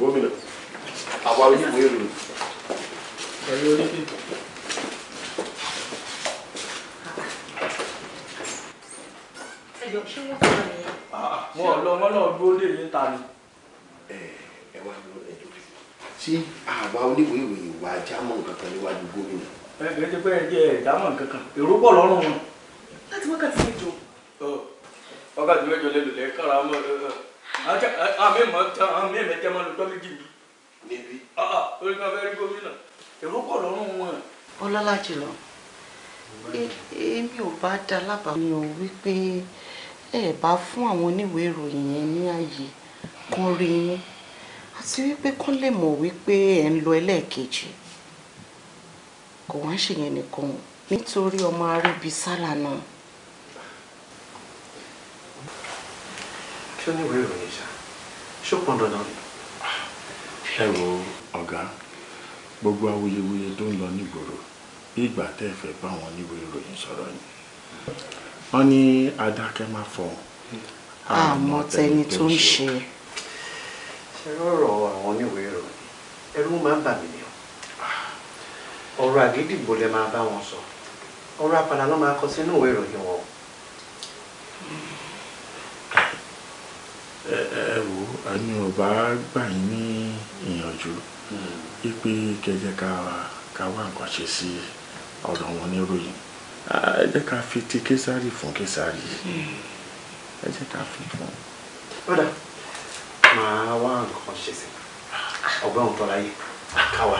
gómìnà àwa oníwèé ìròyìn. wọn ò ah, lọ wọn náà dúró lè ní ta ni. ẹ wá lọ ẹjọ́ ṣé àwa oníwèé ìròyìn wa jámọ́ nǹkan níwájú gómìnà. ẹ kẹ́ ti pẹ́ ẹ jẹ́ ẹ̀ jámọ́ èrò pọ̀ lọ́rùn wọn. láti wákàtí méjọ. wákàtí méjọ lè lò lẹ́ẹ̀kára mọ́ ẹ àmì mọ̀ tán àmì mẹ̀ tẹ́ máa lọ tọ́lú jì mí. níbi. orí kan fẹ́ rí gómìnà èrò pọ̀ lọ́rùn wọn. ọlọ́lá jùlọ èmi ò bá dá lábàá mi ò wípé ẹ bá fún àwọn oníwèé ìròyìn yẹn ní ààyè kan rí yín àti wípé kán lè mọ̀ wípé ẹ̀ ń lọ ẹlẹ́ẹ̀kejì kò wá ń ṣèyẹn nìkan nítorí ọmọ arẹ́bí sálà náà ṣé oníwèé ìròyìn ṣá ṣó pọn dandan ni. ẹ wo ọ̀gá gbogbo awuyewuye tó ń lọ nígboro bí ìgbà tẹ́ ẹ fẹ́ bá wọn níwèé ìròyìn sọ̀rọ̀ ni wọ́n ní adákẹ́ máa fọ àmọ́ tẹni tó ń ṣe. ṣe rọrọ àwọn oníwèé ìròyìn ẹrú máa ń bà mí ẹ wò ẹni ò bá gbà yín ní ìyànjú ipe hmm. kẹjẹ ká ká wá nǹkan ṣe sí ọ̀rọ̀ wọn níròyìn ẹ jẹ́ ká fi ti késàrì fún késàrì hmm. ẹ jẹ́ ká fi fún. ọ̀dà màá wá nǹkan ṣe sí ọgbẹ́ òun tọ́lá yìí káwa.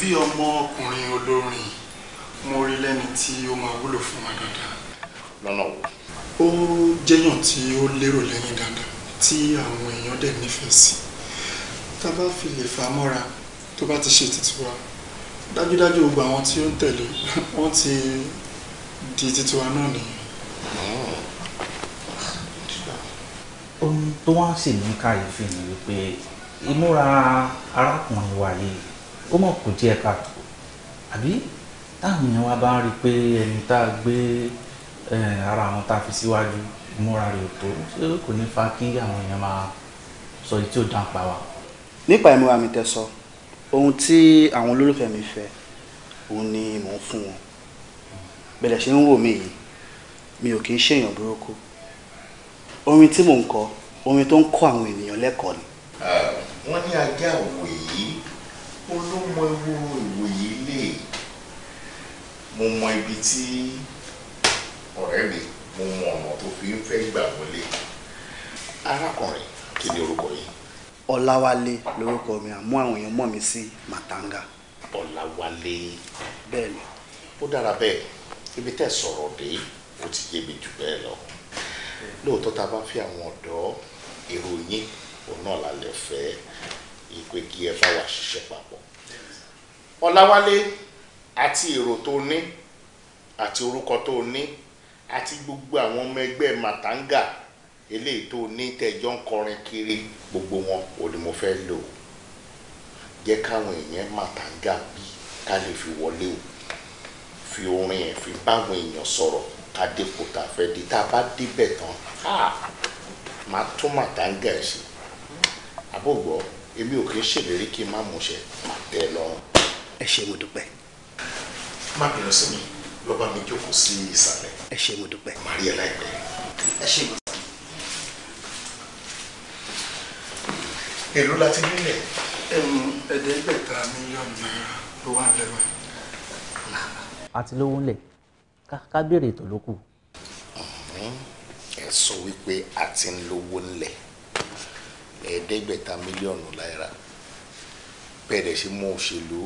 bí ọmọ ọkùnrin olórin mo rí lẹ́ni tí ó máa wúlò fún wa dáadáa. lọ́nà wo ó jẹ́yàn tí ó lérò lẹ́yìn dáadáa tí àwọn èèyàn dẹ̀ nífẹ̀ẹ́ sí tá a bá fi lè fà á mọ́ra tó bá ti ṣe tìtìwa dájúdájú gbogbo àwọn tí ó ń tẹ̀lé [laughs] wọ́n ti di tìtìwa náà nìyẹn. ohun tó wá sì ní káyìífì ni wípé ìmúra arákùnrin wa yìí ó mọ̀ kò díẹ̀ káàtó àbí táwọn èèyàn wa bá ń rí i pé ẹni tá a gbé. Eh, ara àwọn tá a fi síwájú múra rẹ̀ tó ṣé kò ní fa kí àwọn èèyàn máa sọ èyí tí ò dán pa wa. nípa ìmúra mi tẹ́ ohun tí àwọn olólùfẹ́ mi fẹ́ òun ni mò ń fún wọn bẹ̀rẹ̀ ṣe ń wò mí yìí mi ò kì í ṣèyàn burúkú orin tí mò ń kọ orin tó ń kọ́ àwọn ènìyàn lẹ́kọ̀ọ́ ni. Eh, wọ́n ní ajá òwòyí olómọ ewúro ìwòyí lè mo mọ ibi tí ọ̀rẹ́ mi mo mọ ọ̀nà tó fi ń fẹ́ gbà wọlé arákùnrin kí ni orúkọ yìí. ọláwálé lórúkọ mi àmọ́ àwọn èèyàn mọ̀ mí sí màtáńgà. ọláwálé. bẹ́ẹ̀ni. ó dára bẹ́ẹ̀ ibi tẹ́ sọ̀rọ̀ dé ó ti yé mi jù bẹ́ẹ̀ lọ lóòótọ́ tá a bá fi àwọn ọ̀dọ́ èrò yín òun náà la lè fẹ́ ìpè kí ẹ bá wa ṣiṣẹ́ papọ̀ ọláwálé àti èrò tó ní àti orúkọ tó ní àti gbogbo àwọn ọmọ ẹgbẹ́ matanga eléyìí tó ní tẹ̀jọ́ ń kọrin kiri gbogbo wọn ò ní mo fẹ́ lò jẹ́ káwọn èèyàn matanga bí ká lè fi wọlé o fi orin ẹ̀ fi báwọn èèyàn sọ̀rọ̀ ká dépò tá a fẹ́ di tá a bá débẹ̀ tán máa tún matanga ẹ̀ ṣe àbọ̀gbọ́ èmi ò kì í ṣèlérí kí n má múṣẹ màá tẹ́ ẹ lọ́rùn. ẹ ṣé mo dúpẹ́. má bínú sí mi lọ bá mi jókòó sí ìsàlẹ̀. ẹ ṣé mo dúpẹ́. màá rí ẹ láìpẹ́. ẹ ṣé mo sọ. èló la ti nílẹ̀. ẹ̀ẹ́dẹ́gbẹ̀ta mílíọ̀nù náírà ló wà lẹ́wọ̀n. àti lówó ńlẹ̀ ká béèrè ètò ló kù. ẹ sọ wípé a ti ń lówó ńlẹ̀ ẹ̀ẹ́dẹ́gbẹ̀ta mílíọ̀nù náírà bẹ́ẹ̀ dẹ̀ ṣe mọ òṣèlú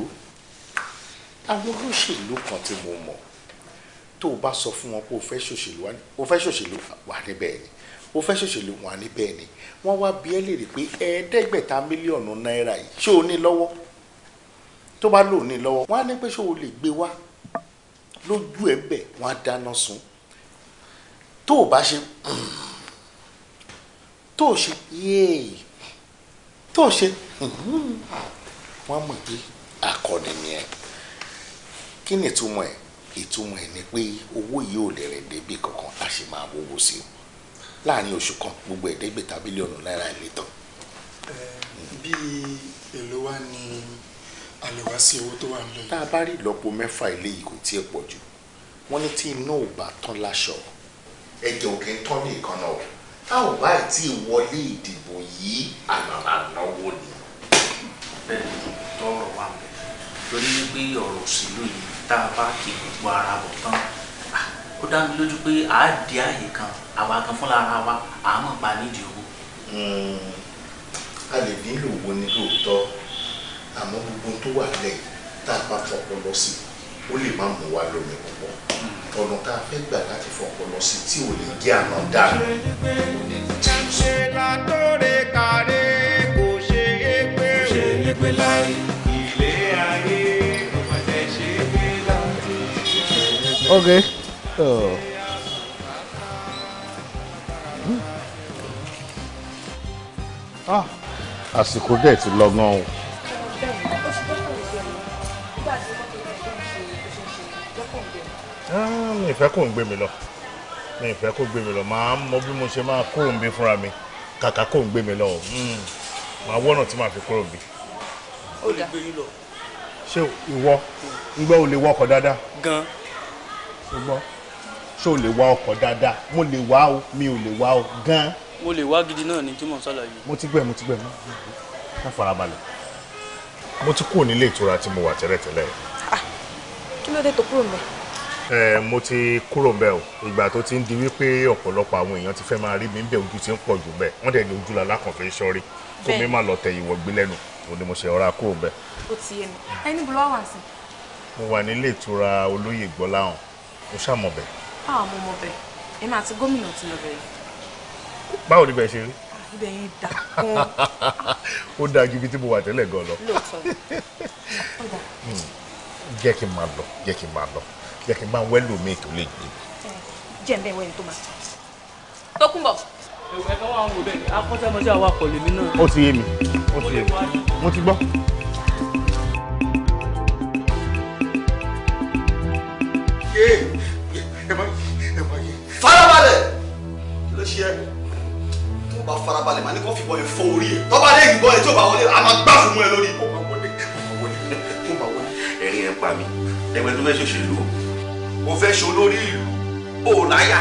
àwọn olóṣèlú kan tí mo mọ̀ tó o bá sọ fún wọn pé o fẹ́ ṣòṣèlú wa ni o fẹ́ ṣòṣèlú ni o fẹ́ ṣòṣèlú wa ní ni wọ́n wá bi ẹ́ léèrè pé ẹ̀ẹ́dẹ́gbẹ̀ta mílíọ̀nù náírà yìí ṣé o ní lọ́wọ́ tó bá lò ní lọ́wọ́ wọ́n á ní pé ṣé o lè gbé wá lójú ẹ̀ bẹ̀ wọ́n á dáná sun tó o bá ṣe tó o ṣe yéè tó o ṣe wọ́n mọ̀ pé akọni ni ẹ kí ni ìtumọ̀ ẹ̀ ìtumọ̀ ẹ̀ ni pé owó yìí ò lè rẹ̀ débi kankan a sì máa wọ́wọ́ sí i láàrin oṣù kan gbogbo ẹ̀ẹ́dẹ́gbẹ̀ta bílíọ̀nù náírà ilé tán. bí èlò wa ni a lè wá sí owó tó wà nílẹ̀. tá a bá rí ìlọ́po mẹ́fà ilé kò tiẹ̀ pọ̀ jù wọ́n ní tí iná ò bá tán láṣọ ẹ̀jẹ̀ ò ń tán ní ìkànnà o tá ò bá ti wọlé ìdìbò yìí ànàmànáwó ni. bẹ́ẹ̀ ni tọrọ wà mẹ lórí wípé ọ̀rọ̀ òṣèlú yìí tá a bá kì í gbogbo ara bọ̀ tán ó dá mi lójú pé à di ààyè kan àwa kan fúnra ara wa à mọ̀ pa nídìí owó. Hmm, a lè nílò owó ní lóòótọ́ àmọ́ gbogbo tó wà lẹ̀ tá a bá fọpọlọ sí ó lè má mú wa lómi púpọ̀ hmm. ọ̀nà tá a fẹ́ gbà láti fọpọlọ sí tí ò lè jẹ́ àná dànù. ṣe la tó láì. Ok. Oh. Ah, àsìkò dẹ̀ ti lọ gan o. Ah, mi ìfẹ́ kò ń gbé mi lọ mi ìfẹ́ kò gbé mi lọ màá mọ bí mo ṣe máa kúrò ń bí fúnra mi kàkà kò ń gbé mi lọ o hmm. màá wọ́nà tí màá fi kúrò ń bí. ó lè gbé yín lọ. ṣé ìwọ ń gbọ́ ò lè wọkọ̀ dáadáa. gan-an ṣùgbọ́n ṣé o lè wa ọkọ̀ dáadáa mo lè wá o mi ò lè wá o gan. mo lè wá gidi náà ní tí mo ṣàlàyé. mo ti gbẹ mo ti gbẹ mo ká farabalẹ̀. mo ti kúrò nílé ìtura tí mo wà tẹ́lẹ̀tẹ́lẹ̀. Ah, kí ló dé tó kúrò mẹ́. ẹ mo ti kúrò mbẹ o ìgbà tó ti ń di wípé ọ̀pọ̀lọpọ̀ àwọn èèyàn ti fẹ́ máa rí mi ń bẹ ojú ti ń pọ̀ jù bẹ́ẹ̀ wọ́n dẹ̀ ní ojú la lákànfẹ́ sọ́rí mo wà nílé ìtura olóyè gbọ́láhàn o ṣàmọ̀ bẹ̀. a ah, mọ̀ mọ̀ bẹ̀ ẹ máa ti gómìnà ti lọ bẹ̀rẹ̀. báwo ni bẹ́ẹ̀ ṣe rí. Ah, ibẹ̀ yẹn dà kún. [laughs] ó dáa ju ibi tí mo wà tẹ́lẹ̀ gan lọ. lóòótọ́ [laughs] hmm. jẹ́ kí n máa lọ jẹ́ kí n máa lọ jẹ́ kí n máa wẹ́lò mi tó lè gbé. jẹ́ ń bẹ́ẹ̀ tó máa. tó kún bọ̀. ẹ̀wẹ̀ kan ń wò bẹ́ẹ̀ akọ́ṣẹ́mọṣẹ́ awakọ̀ lèmi náà. ó ti yé mi ó ti yé mi mo ti gbọ́. Yeah farabalẹ̀ kí ló ṣe tó bá farabalẹ̀ màá ní kó fìbọn yẹn fọ orí ẹ̀ tọ́ba lé ìbọn yẹn tí ò bá wọlé a máa gbá fún mú ẹ lórí. ẹ̀rín ẹ̀ pa mi ẹgbẹ́ tó fẹ́ ṣòṣèlú o fẹ́ ṣo lórí ìlú o láyà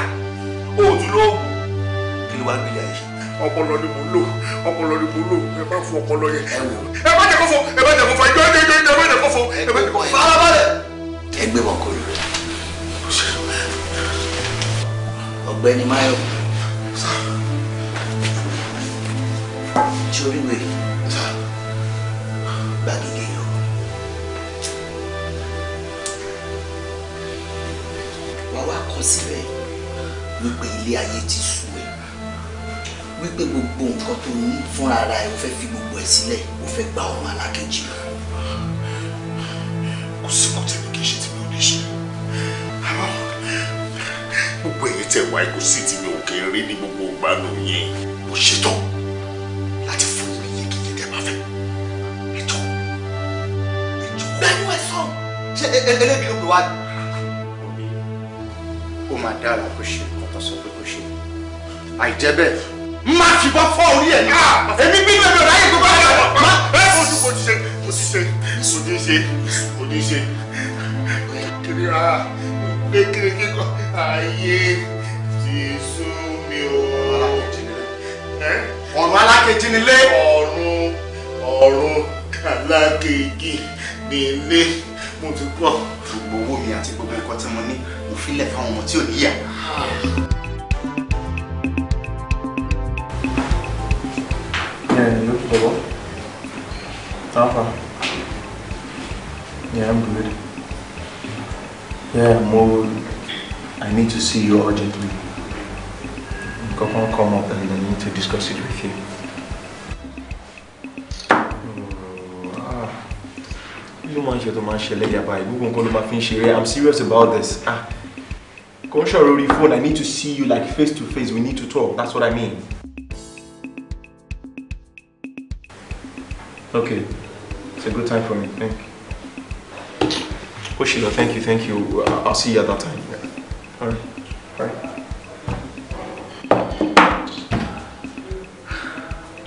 o tún lóògùn kí ló wá gbé yà yìí ọpọlọ ni mo lò ọpọlọ ni mo lò ẹ bá fún ọpọlọ yẹn ẹ bá jẹ fọfọ ẹ bá jẹ fọfọ ẹjọ ẹjọ ẹjọ ẹ bá jẹ fọfọ ẹ bá jẹ fọfọ. farabalẹ̀ ẹgbẹ́ wọn kò rí rẹ̀ ọ̀gbẹ́ni Máyọ̀ ṣoríwe gbàgede yọ. wà wá kọ sílẹ̀ wípé ilé ayé ti sú ẹ wípé gbogbo nǹkan tó ní fúnra ara ẹ o fẹ́ fi gbogbo ẹ sílẹ̀ o fẹ́ gba ọmọ alákejì lọ. kò sí kò tẹ̀lé kí n ṣe tí mo lè ṣe àmọ́ gbogbo ẹ̀yin tẹ̀ wá kò sí ti mi ò kí n rí ní gbogbo gbanú yẹn mo ṣetán láti fún mi yékéyé tẹ́ bá fẹ́ ẹjọ́ ẹjọ́. bẹ́ẹ̀ni wẹ sọ ṣe elébi ló pè wá. ó máa dára kó ṣe nǹkan sọ pé kó ṣe àìjẹ́ bẹ́ẹ̀ má fìbọn fọ́ orí ẹ̀ náà èmi bínú ẹ̀mí ọ̀rọ̀ ayé tó bá yẹ má. ẹ mo ti mo ti ṣe mo ti ṣe mo ti ṣe mo ti ṣe kiri rárá pé kiri kíkọ ayé jésù mi ò. ọ̀run alákejì nílé. ọ̀run ọ̀run alákejì nílé mo ti gbọ́. gbogbo owó mi àti gbogbo nǹkan tí mo ní mo fi lẹ̀ fáwọn ọmọ tí ò níyà. Yeah, I'm good. Yeah, Mo, I need to see you urgently. Come on, come up and I need to discuss it with you. Oh, ah. ló máa ń ṣe tó máa ń ṣẹlẹ̀ yàbá yìí gbogbo nǹkan ló i'm serious about this ah kò ń ṣọ̀rọ̀ phone i need to see you like face to face we need to talk that's what i mean. okay it's a good time for me thank you. Koshila, thank you, thank you. Uh, I'll see you at that time. Yeah. All right. All right.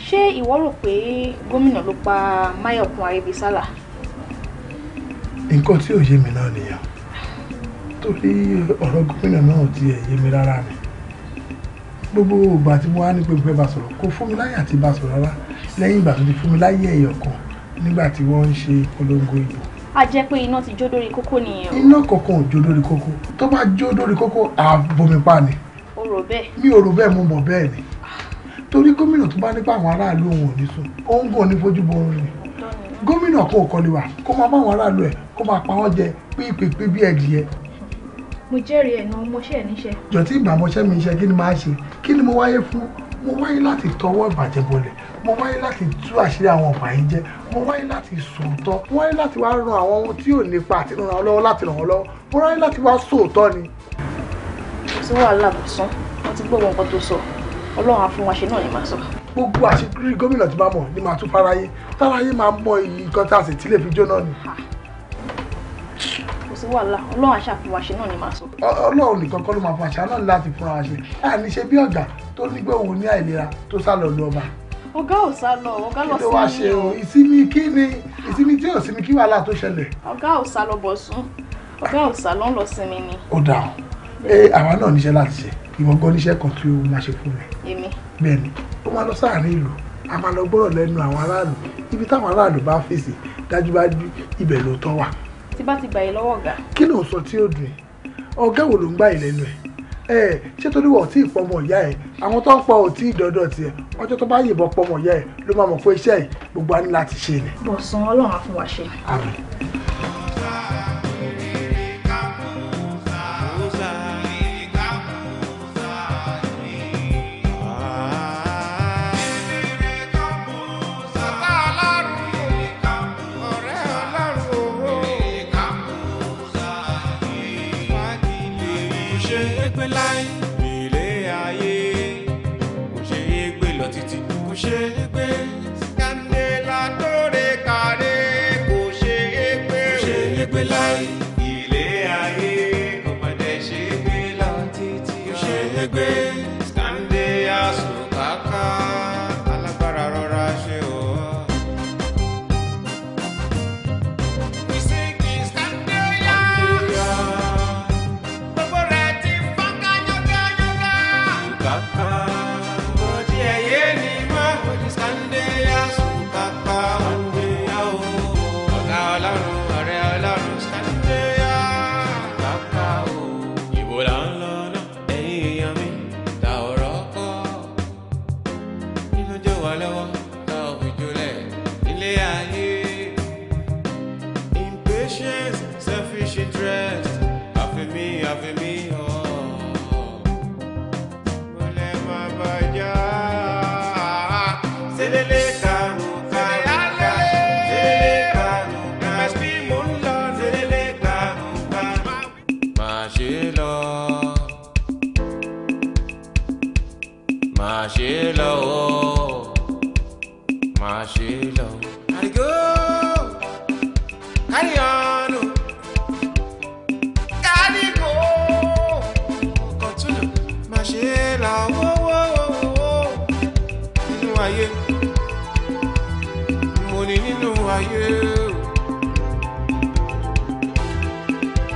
ṣé ìwọ rò pé gómìnà ló pa Máyọ̀kún Arẹ́bísálà. nǹkan tí ò yé mi náà nìyẹn torí ọ̀rọ̀ gómìnà náà ò tiẹ̀ yé mi rárá ni gbogbo ìgbà tí mo wá ní gbogbo bá sọ̀rọ̀ kò fún mi láyè àti bá sọ̀rọ̀ rárá lẹ́yìn ìgbà tó ti fún mi láyè ẹ̀yọ̀ kan nígbà tí wọ́n ń ṣe polongo ìbò a jẹ́ pé iná ti jó dórí kókó nìyẹn o. iná kankan ò jó dórí kókó tó bá jó dórí kókó àbomipa ni. o rò bẹ́ẹ̀. mi ò rò bẹ́ẹ̀ mo mọ̀ bẹ́ẹ̀ ni torí gómìnà tó bá nípa àwọn aráàlú òun ò ní sùn òun kò ní fojú bo oorun ni gómìnà kò kọ́lé wa kó máa bá àwọn aráàlú ẹ̀ kó máa pa wọ́n jẹ pípépé bí ẹ̀dìyẹ mo jẹ́rìí ẹ̀ náà níṣẹ́. jọ̀tí ìgbà mọṣẹ́ mi ṣe kí ni máa ṣe kí ni mo wáyé fún mo wáyé láti tọwọ́ ìbàjẹ́ bọlẹ̀ mo wáyé láti tú àṣírí àwọn ọ̀pá yìí jẹ́ mo wáyé láti sòótọ́ mo wáyé láti wá ran àwọn ohun tí ò nípa àti ràn án lọ́wọ́ láti ràn án lọ́wọ́ mo wáyé láti wá sòótọ́ ni. kò sí wàhálà kò sán wọn ti gbọ́ nǹkan tó sọ ọlọ́run á fún wa ṣe náà ni màá sọ. gbogbo àṣírí gómìnà tí bá mọ̀ ni màá tún fáráyé táráyé máa mọ ìlú nǹkan tá a sì ti lè fi jóná ni. kò sí wàhálà ọlọ́run á ṣàfihàn wa ṣe náà ni màá sọ. ọlọ́run nìkan kọ́ ló máa fún àṣà náà láti fúnra wa ṣe àní ṣe bí ọ̀gá tó ní pé òun ní àìlera tó sá lọ lu ọba ọgá ò sá lọ ọgá lọ sí mi. kí ló o ìsinmi kí ni ìsinmi tí ò sinmi kí wàhálà tó ṣẹlẹ̀. ọgá ò sá lọ bọ̀ sùn ọgá ò sá lọ ń lọ sinmi ni. ó dà o ee àwa náà níṣẹ́ láti ṣe ìwọ gbọ́ níṣẹ́ kan tí o máa ṣe fún mi. èmi. bẹ́ẹ̀ni ó máa lọ sáàárín ìlú a máa lọ gbọ́rọ̀ lẹ́nu àwọn aráàlú ibi táwọn aráàlú bá fèsì dájúdájú ibẹ̀ ló tọ́ wà. tí bá ti gbà yín lọ́wọ́ ọ̀gá. kí ló ń sọ tí ó dùn ọ̀gá wo ló ń gbà yín lẹ́nu ẹ̀ ẹ ṣé torí wọn ò tí ì pọmọ ìyá ẹ àwọn tó ń pọ ò tí ì dọdọ tiẹ ọjọ́ tó bá yìnbọn pọmọ ìyá ẹ ló máa mọ̀ pé iṣẹ́ yìí gbogbo á ní láti ṣe ni. bọ̀sán ọlọ́run á fún wa ṣe. àmín.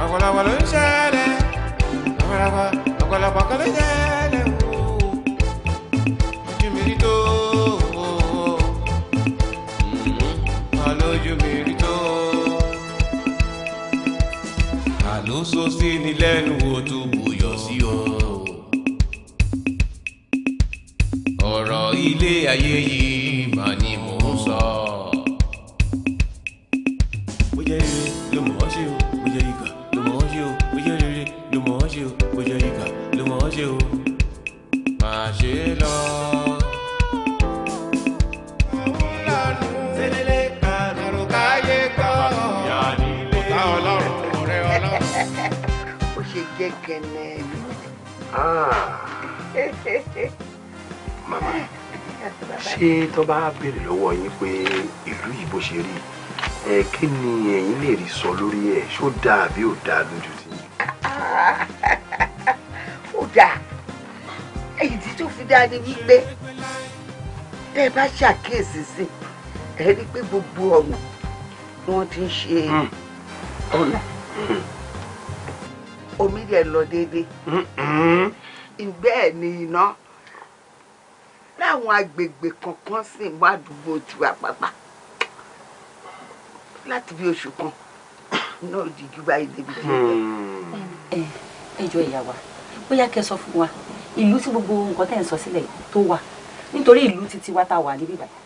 àgbàlagbà ló ń ṣẹlẹ̀ àgbàlagbà àgbàlagbà kan ló ń ṣẹlẹ̀ o ojú mi rí tó o mm-hmm. àlójú mi rí tó jẹ́ kẹ́nẹ́ bí. màmá ṣé tó bá béèrè lọ́wọ́ yín pé ìlú yìí bó ṣe rí ẹ kí ni ẹ̀yin lè rí sọ lórí ẹ̀ ṣó dáa àbí ò dáa lójú ti yín. [laughs] ó dáa ìdí tó fi dáa ni wípé tẹ́ ẹ bá ṣàkíyèsí sí ẹ rí i pé gbogbo ọ̀nà ni wọ́n ti ń ṣe ọ̀nà. Hmm. Hmm. Hmm omi rẹ̀ lọ déédéé bẹ́ẹ̀ ni iná láwọn agbègbè kankan sì ń wá àdúgbò ju àpapà láti bí oṣù kan náà dìjú báyìí débi tí ó bẹ. ẹ jọ ìyá wa bóyá kẹ́ sọ fún wa ìlú tí gbogbo nǹkan tẹ́ ń sọ sílẹ̀ tó wà nítorí ìlú títí wa tá a wà níbí báyìí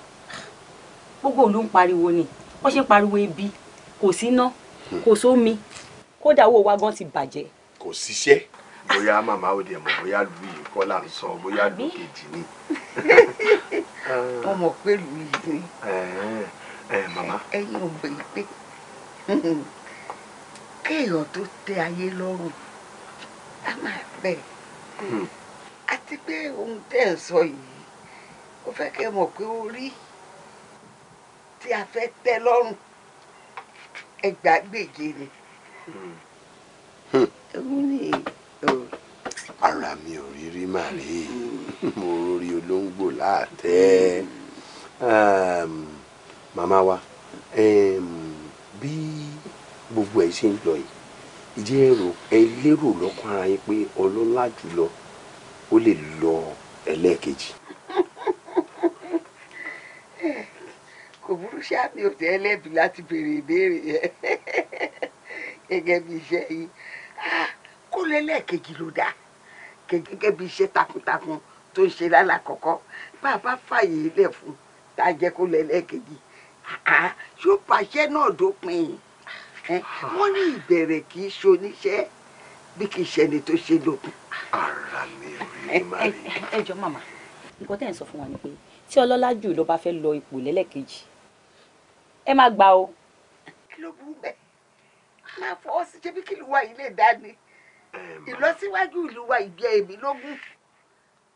gbogbo ìlú ń pariwo ni wọ́n ṣe ń pariwo ebi kò sí iná kò sómi kódà owó wa gan ti bàjẹ́ kò ṣiṣẹ́ bóyá màmá ò dẹ̀ mọ̀ bóyá lu yìí kọ́ là ń sọ bóyá lu kejì ni. wọ́n [laughs] mọ̀ pé lu yìí ni. màmá. ẹ̀yin ò mọ̀ pé kéèyàn tó tẹ ayé lọ́rùn á máa bẹ̀. Hmm. àti pé ohun tẹ́ ń sọ yìí ó fẹ́ kẹ́ mọ̀ pé orí tí a fẹ́ tẹ́ lọ́rùn ẹgbàá gbèje ni. Hmm. hmm ara mi ò rí rí mà rí [laughs] mo rórí olóńgbò láàtẹ́ màmá wa bí gbogbo ẹ̀ ṣe ń lọ yìí ìjẹ́ èrò ẹ lérò lọ́kàn ara yín pé ọlọ́lá jùlọ ó lè lọ ẹlẹ́ẹ̀kejì. kò burú ṣáà mi ò tẹ́ ẹlẹ́bi láti béèrè ìbéèrè yẹn [laughs] gẹ́gẹ́ bí iṣẹ́ yìí kó lẹ́lẹ́ẹ̀kejì ló dáa gẹ́gẹ́ bí iṣẹ́ takuntakun tó ń ṣe lálàkọ́kọ́ bá a bá fààyè lẹ̀ fún tá a jẹ́ kó lẹ́lẹ́ẹ̀kejì yóò pàṣẹ náà dópin wọ́n ní ìbẹ̀rẹ̀ kì í ṣoníṣẹ́ bí kì í ṣẹni tó ṣe lókun. ara mi rí mari. ẹ jọ màmá nǹkan tẹ́ ẹ̀ ń sọ fún wa ni pé tí ọlọ́lá jù ló bá fẹ́ lọ ipò lẹ́lẹ́kejì ẹ má gbà o. kí ló burú bẹ́ẹ̀ máa fọwọ́ sí jẹ́bí kí ìlú wa yìí lè dá ni ìlọsíwájú ìlú wa ìgbẹ́ èmi lógún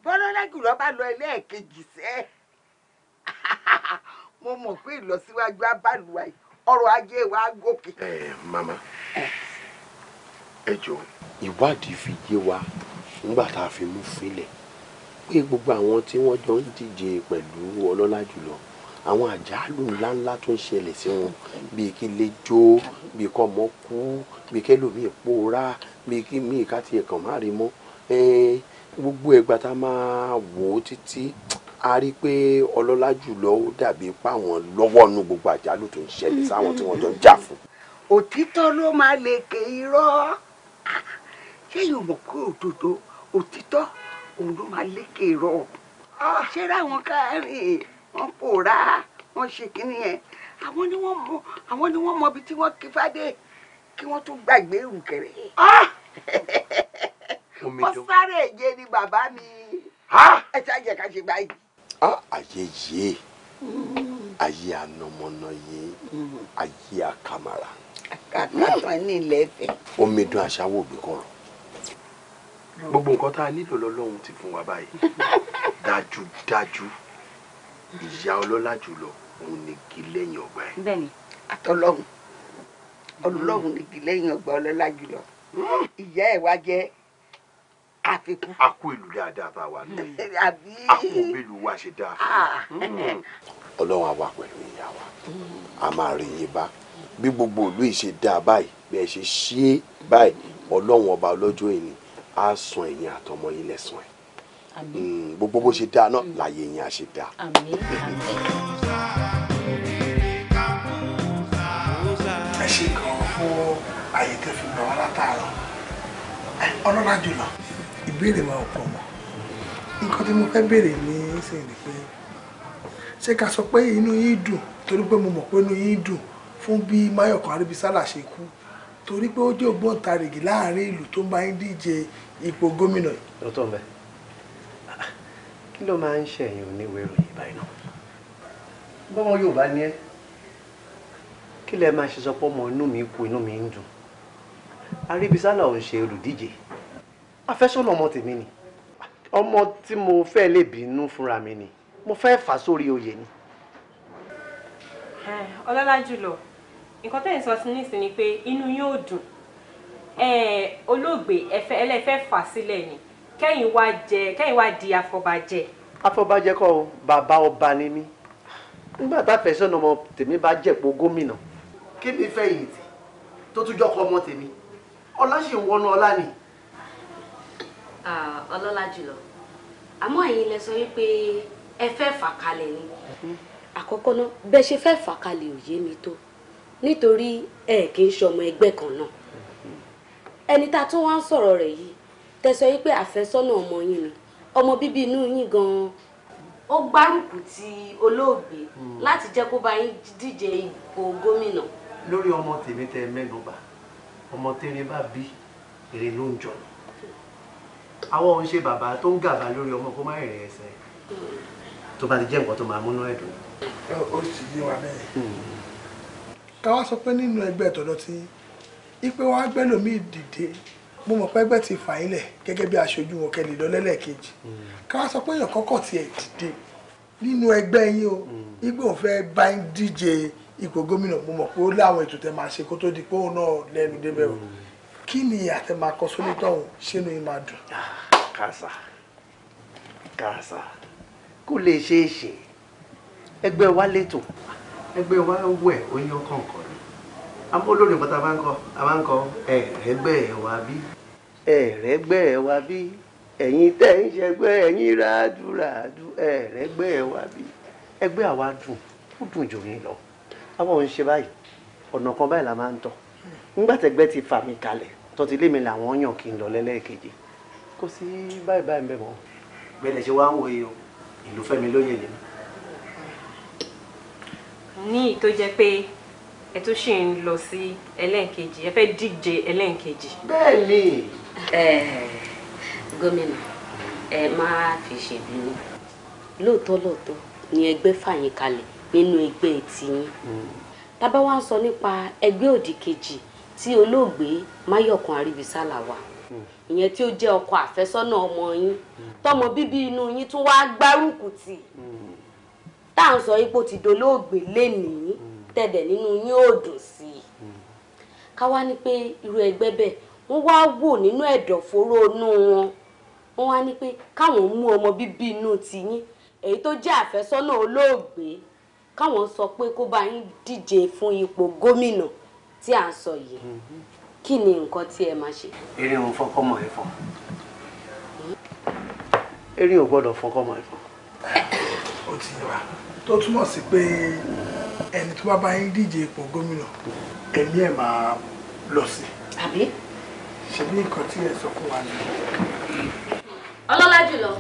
bọ́lọ́lá jùlọ bá lọ ẹlẹ́ẹ̀kejì sẹ́ [laughs] mo mọ̀ pé ìlọsíwájú abáluwa yìí ọrọ̀ ajé wa gòkè. mama ẹ ìwádìí fi yé wa nígbà tá a fi mú filẹ̀ pé gbogbo àwọn tí wọ́n jọ ń díje pẹ̀lú ọlọ́lá jùlọ àwọn àjálù ńláńlá tó ń ṣẹlẹ̀ sí wọn bíi kí lè jó bíi kọ́ ọmọ kú bíi kẹ́lòmíì pòórá bíi kí míì ká tiẹ̀ kàn má rí mọ́ gbogbo ẹgbà tá a máa wò ó títí a rí i pé ọlọ́lá jùlọ ó dàbí páwọn lọ́wọ́ nu gbogbo àjálù tó ń ṣẹlẹ̀ sáwọn tí wọ́n jọ ń jà fún. òtítọ́ ló máa lè ké irọ́ ṣé yóò mọ̀ pé òdodo òtítọ́ òun ló máa lékè irọ́ ṣé ráwọn káàárín wọ́n pòórá wọ́n ṣe kínní yẹn àwọn ni wọ́n mọ àwọn ni wọ́n mọ ibi tí wọ́n kí fádé kí wọ́n tún gbàgbé ìrùkẹ̀rẹ̀. Ah! wọ́n sáré èje ni bàbá mi ẹ ti àjẹká ṣe báyìí. Ah, ayé yìí ayé anamọ́nà yìí ayé akamara. akamara ní ilẹ̀ ẹ̀fẹ̀. omi dùn aṣáwó òbí kọ̀rọ̀ gbogbo nǹkan tá a nílò lọ́lọ́run ti fún wa báyìí [laughs] dájúdájú ìyá ọlọ́lá jùlọ òun ni igi lẹ́yìn ọgbà ẹ̀. bẹ́ẹ̀ni. àtọlọ́hún ọlọ́hún ni igi lẹ́yìn ọgbà ọlọ́lá jùlọ hmm. ìyá ẹ̀ wá jẹ́ àfikún. a kú ìlú dáadáa bá wa lọ [laughs] a kú òbílù wa ṣe dáa. Ah. Hmm. [laughs] ọlọ́run á pẹ̀lú ìyá wa a máa rí yín bá bí gbogbo ìlú yìí ṣe dáa báyìí bí ẹ ṣe ṣe báyìí ọlọ́run ọba ọlọ́jọ́ ìní á san ẹ̀yin àtọmọ yín lẹ́san ẹ̀. Mm, gbogbo bó ṣe dáa náà mm. láyé yín á ṣe dáa. ẹ ṣe kàn fún àyè tẹ fi gbà látàárọ̀ ọlọ́lá jùlọ ìbéèrè wa ò pọ̀ mọ́ nǹkan tí mo fẹ́ ní sìn ni pé ṣé ká sọ pé inú dùn torí pé mo mọ̀ pé inú dùn fún bí ṣe kú torí pé ó jẹ́ ògbóǹtarìgì láàrin ìlú tó ń díje ipò gómìnà. lọ́tọ̀ bẹ́ẹ̀. kí ló máa ń ṣẹ̀yìn oníwèé ìròyìn báyìí náà bọ́mọ Yorùbá ni ẹ́ kí lẹ máa ṣe sọ pé ọmọ inú mi kú inú mi ń dùn Arìbísálà ò ń ṣe olùdíje afẹ́sọ́nà ọmọ tèmi ni ọmọ tí mo fẹ́ lè bínú fúnra mi ni mo fẹ́ fà sórí oyè ni. ọlọ́lá jùlọ nǹkan tẹ́yìn sọ sí nísìnyí pé inú yóò dùn olóògbé ẹlẹ́fẹ́ fà sílẹ̀ ni kẹ́yìn wá jẹ kẹ́yìn wá di afọbajẹ. afọbajẹ kọ́ o bàbá ọba ni mí nígbà tá a fẹ́ sọ́nà ọmọ tèmi bá jẹ̀pọ̀ gómìnà. kí mi fẹ́ yìí tì tó tún jọkọ ọmọ tèmi ọlá ṣì ń wọnú ọlá ni. ọlọ́lá jùlọ àmọ́ ẹ̀yin lẹ sọ wípé ẹ fẹ́ fà kalẹ̀ ni mhm. àkọ́kọ́ náà bẹ́ẹ̀ ṣe fẹ́ fà kalẹ̀ òye mi tó nítorí ẹ kì í ṣọmọ ẹgbẹ́ kan náà mhm. ẹni tá a tún wá ń sọ̀rọ̀ rẹ̀ yìí tẹsọ yìí pé àfẹ́sọ́nà ọmọ yín ni ọmọ bíbí inú yín gan-an ó gbárùkù ti olóògbé hmm. láti jẹ́ kó bá yín díje ipò gómìnà. lórí ọmọ tèmi tẹ mẹ́nu bà ọmọ tèmi bá bí èrè ló ń jọ àwọn òun ṣe bàbá tó ń gàbà lórí ọmọ kó má rìn ẹsẹ̀ tó bá ti jẹ́ nǹkan tó máa múná ẹ̀dùn. ó sì yé wa bẹ́ẹ̀. Hmm. ká wá sọ pé nínú ẹgbẹ́ tọ̀dọ̀ tí wa gbẹ́lòmíì dìde mo mọ̀ pé ẹgbẹ́ ti fà í lẹ̀ gẹ́gẹ́ bí aṣojú wọn kẹ́lẹ̀ lọ lẹ́lẹ́kejì ká wá sọ pé èèyàn kọ́kọ́ tiẹ̀ dìde nínú ẹgbẹ́ yín o igbó òun fẹ́ bá ń díje ipò gómìnà mo mọ̀ pé ó láwọn ètò tẹ máa ṣe kó tó di pé òun náà lẹ́nu débẹ̀ o hmm. kí ni àtẹ máa kọ sólé tọ̀hún ṣínú yín máa dùn. Ah, kàṣà kàṣà kò lè é ṣe ẹgbẹ́ wa létò ẹgbẹ́ wa wẹ̀ oyin ọkàn kan ni àmọ́ olórin bàtà ń kọ àbá ń kọ ẹgbẹ́ bí ẹ̀rẹ́gbẹ́ wa bí ẹ̀yin tẹ́ ń ṣẹgbẹ́ ẹ̀yin ràdúràdú ẹ̀rẹ́gbẹ́ wa bí ẹgbẹ́ àwa dùn ó dùn jù yín lọ àwọn ò ń ṣe báyìí ọ̀nà kan báyìí la máa ń tọ̀ nígbà tẹ́gbẹ́ ti fà mí kalẹ̀ tọ́tí lé mi làwọn yàn kí n lọ lẹ́lẹ́kejì kò sí báyìí báyìí ń mọ́. gbẹ̀dẹ̀ ṣe wá ń wo iyo ìlú fẹ́mi lóye lèmi. ní ìtó jẹ́ pé ẹ tó ṣì ń lọ sí ẹlẹ́ǹkejì ẹ fẹ́ díje ẹlẹ́ǹkejì. bẹ́ẹ̀ ni Eh, gómìnà ẹ má fi ṣèbínú lóòótọ́ lóòótọ́ ni ẹgbẹ́ fàyín kalẹ̀ nínú ẹgbẹ́ tiyín tábà wá ń sọ nípa ẹgbẹ́ òdì kejì tí olóògbé máyọ̀kun àríbísálà wà ìyẹn tí ó jẹ́ ọkọ àfẹ́sọ́nà ọmọ yín tọmọ bíbí inú yín tún wá gbárùkù tì tá à ń sọ ipò ti dolóògbé lénìí tẹ̀dẹ̀ nínú yín ò dùn sí i ká wá ní pé irú ẹgbẹ́ bẹ́ẹ̀ wọ́n wá wò nínú ẹ̀dọ̀fóró inú wọn wọ́n wá ní pé káwọn mú ọmọ bíbí inú tiyín èyí tó jẹ́ àfẹ́sọ́nà olóògbé káwọn sọ pé kó bá yín díje fún ipò gómìnà tí à ń sọ yìí kí ni nǹkan tí ẹ máa ṣe. eré òun fọkọmọ ẹ fọ eré ò gbọ́dọ̀ fọkọmọ ẹ fọ. ó ti yẹ wa tó túmọ̀ sí pé ẹni tó bá bá yín díje ipò gómìnà ẹ̀mí ẹ̀ máa lọ sí. àbí ṣebí nǹkan tí ẹ sọ fún wa ni. ọlọ́lá jùlọ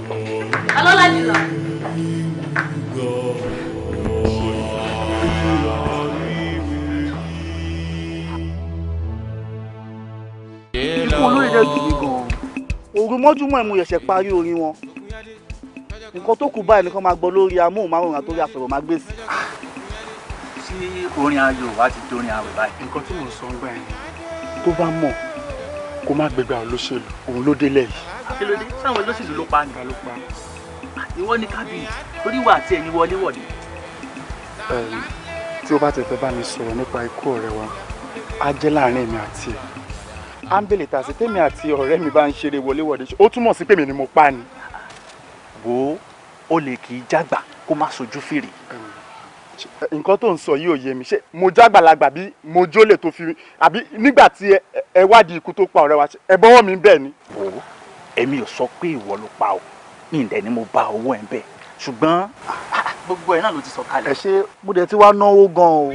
ọlọ́lá jùlọ. ikú olóyè jẹ́ gidi gan-an òru mọ́júmọ́ ẹ̀ mo ṣẹ̀ṣẹ̀ parí orin wọn nǹkan tó kù báyìí nìkan máa gbọ́ lórí amóhùnmáwòrán àtòrí àsọ̀rọ̀mágbèsì. ṣé orin ayò wa ti dorin àwẹ̀ báyìí. nǹkan tí mò ń sọ ń gbà yẹn. tó bá mọ̀ kó má gbégbá olóṣèlú òun ló délẹ̀ yìí. kí ló dé sáwọn olóṣèlú ló pa nìkan ló pa. ìwọ ni kábíyèsí lórí ìwà àti ẹni wọlé wọ̀de. tí ó bá ti fẹ́ bá mi sọ̀rọ̀ nípa ikú ọ̀rẹ́ wa á jẹ́ láàrin èmi àti ẹ̀. áńbélé tàṣí tèmi àti ọ̀rẹ́ mi bá ń ṣeré wọlé wọ̀de ó túmọ̀ sí pé mi ni mo pa ni. wo olè kì í jágbà kó má sojú fèrè. Um, nǹkan tó ń sọ yìí ò yé mi ṣé mo jágbàlagbà bí mo jólè tó fi àbí nígbà tí ẹ wádìí ikú tó pa ọ̀rẹ́ wa ẹ bọ́wọ́ mi bẹ́ẹ̀ ni. òwò èmi ò sọ pé ìwọ ló pa o ní ni mo bá owó ẹ bẹ́ẹ̀ ṣùgbọ́n ah, ah, gbogbo ẹ náà ló ti sọ kalẹ̀. ẹ ṣe mo dẹ̀ ti wá náwó gan o.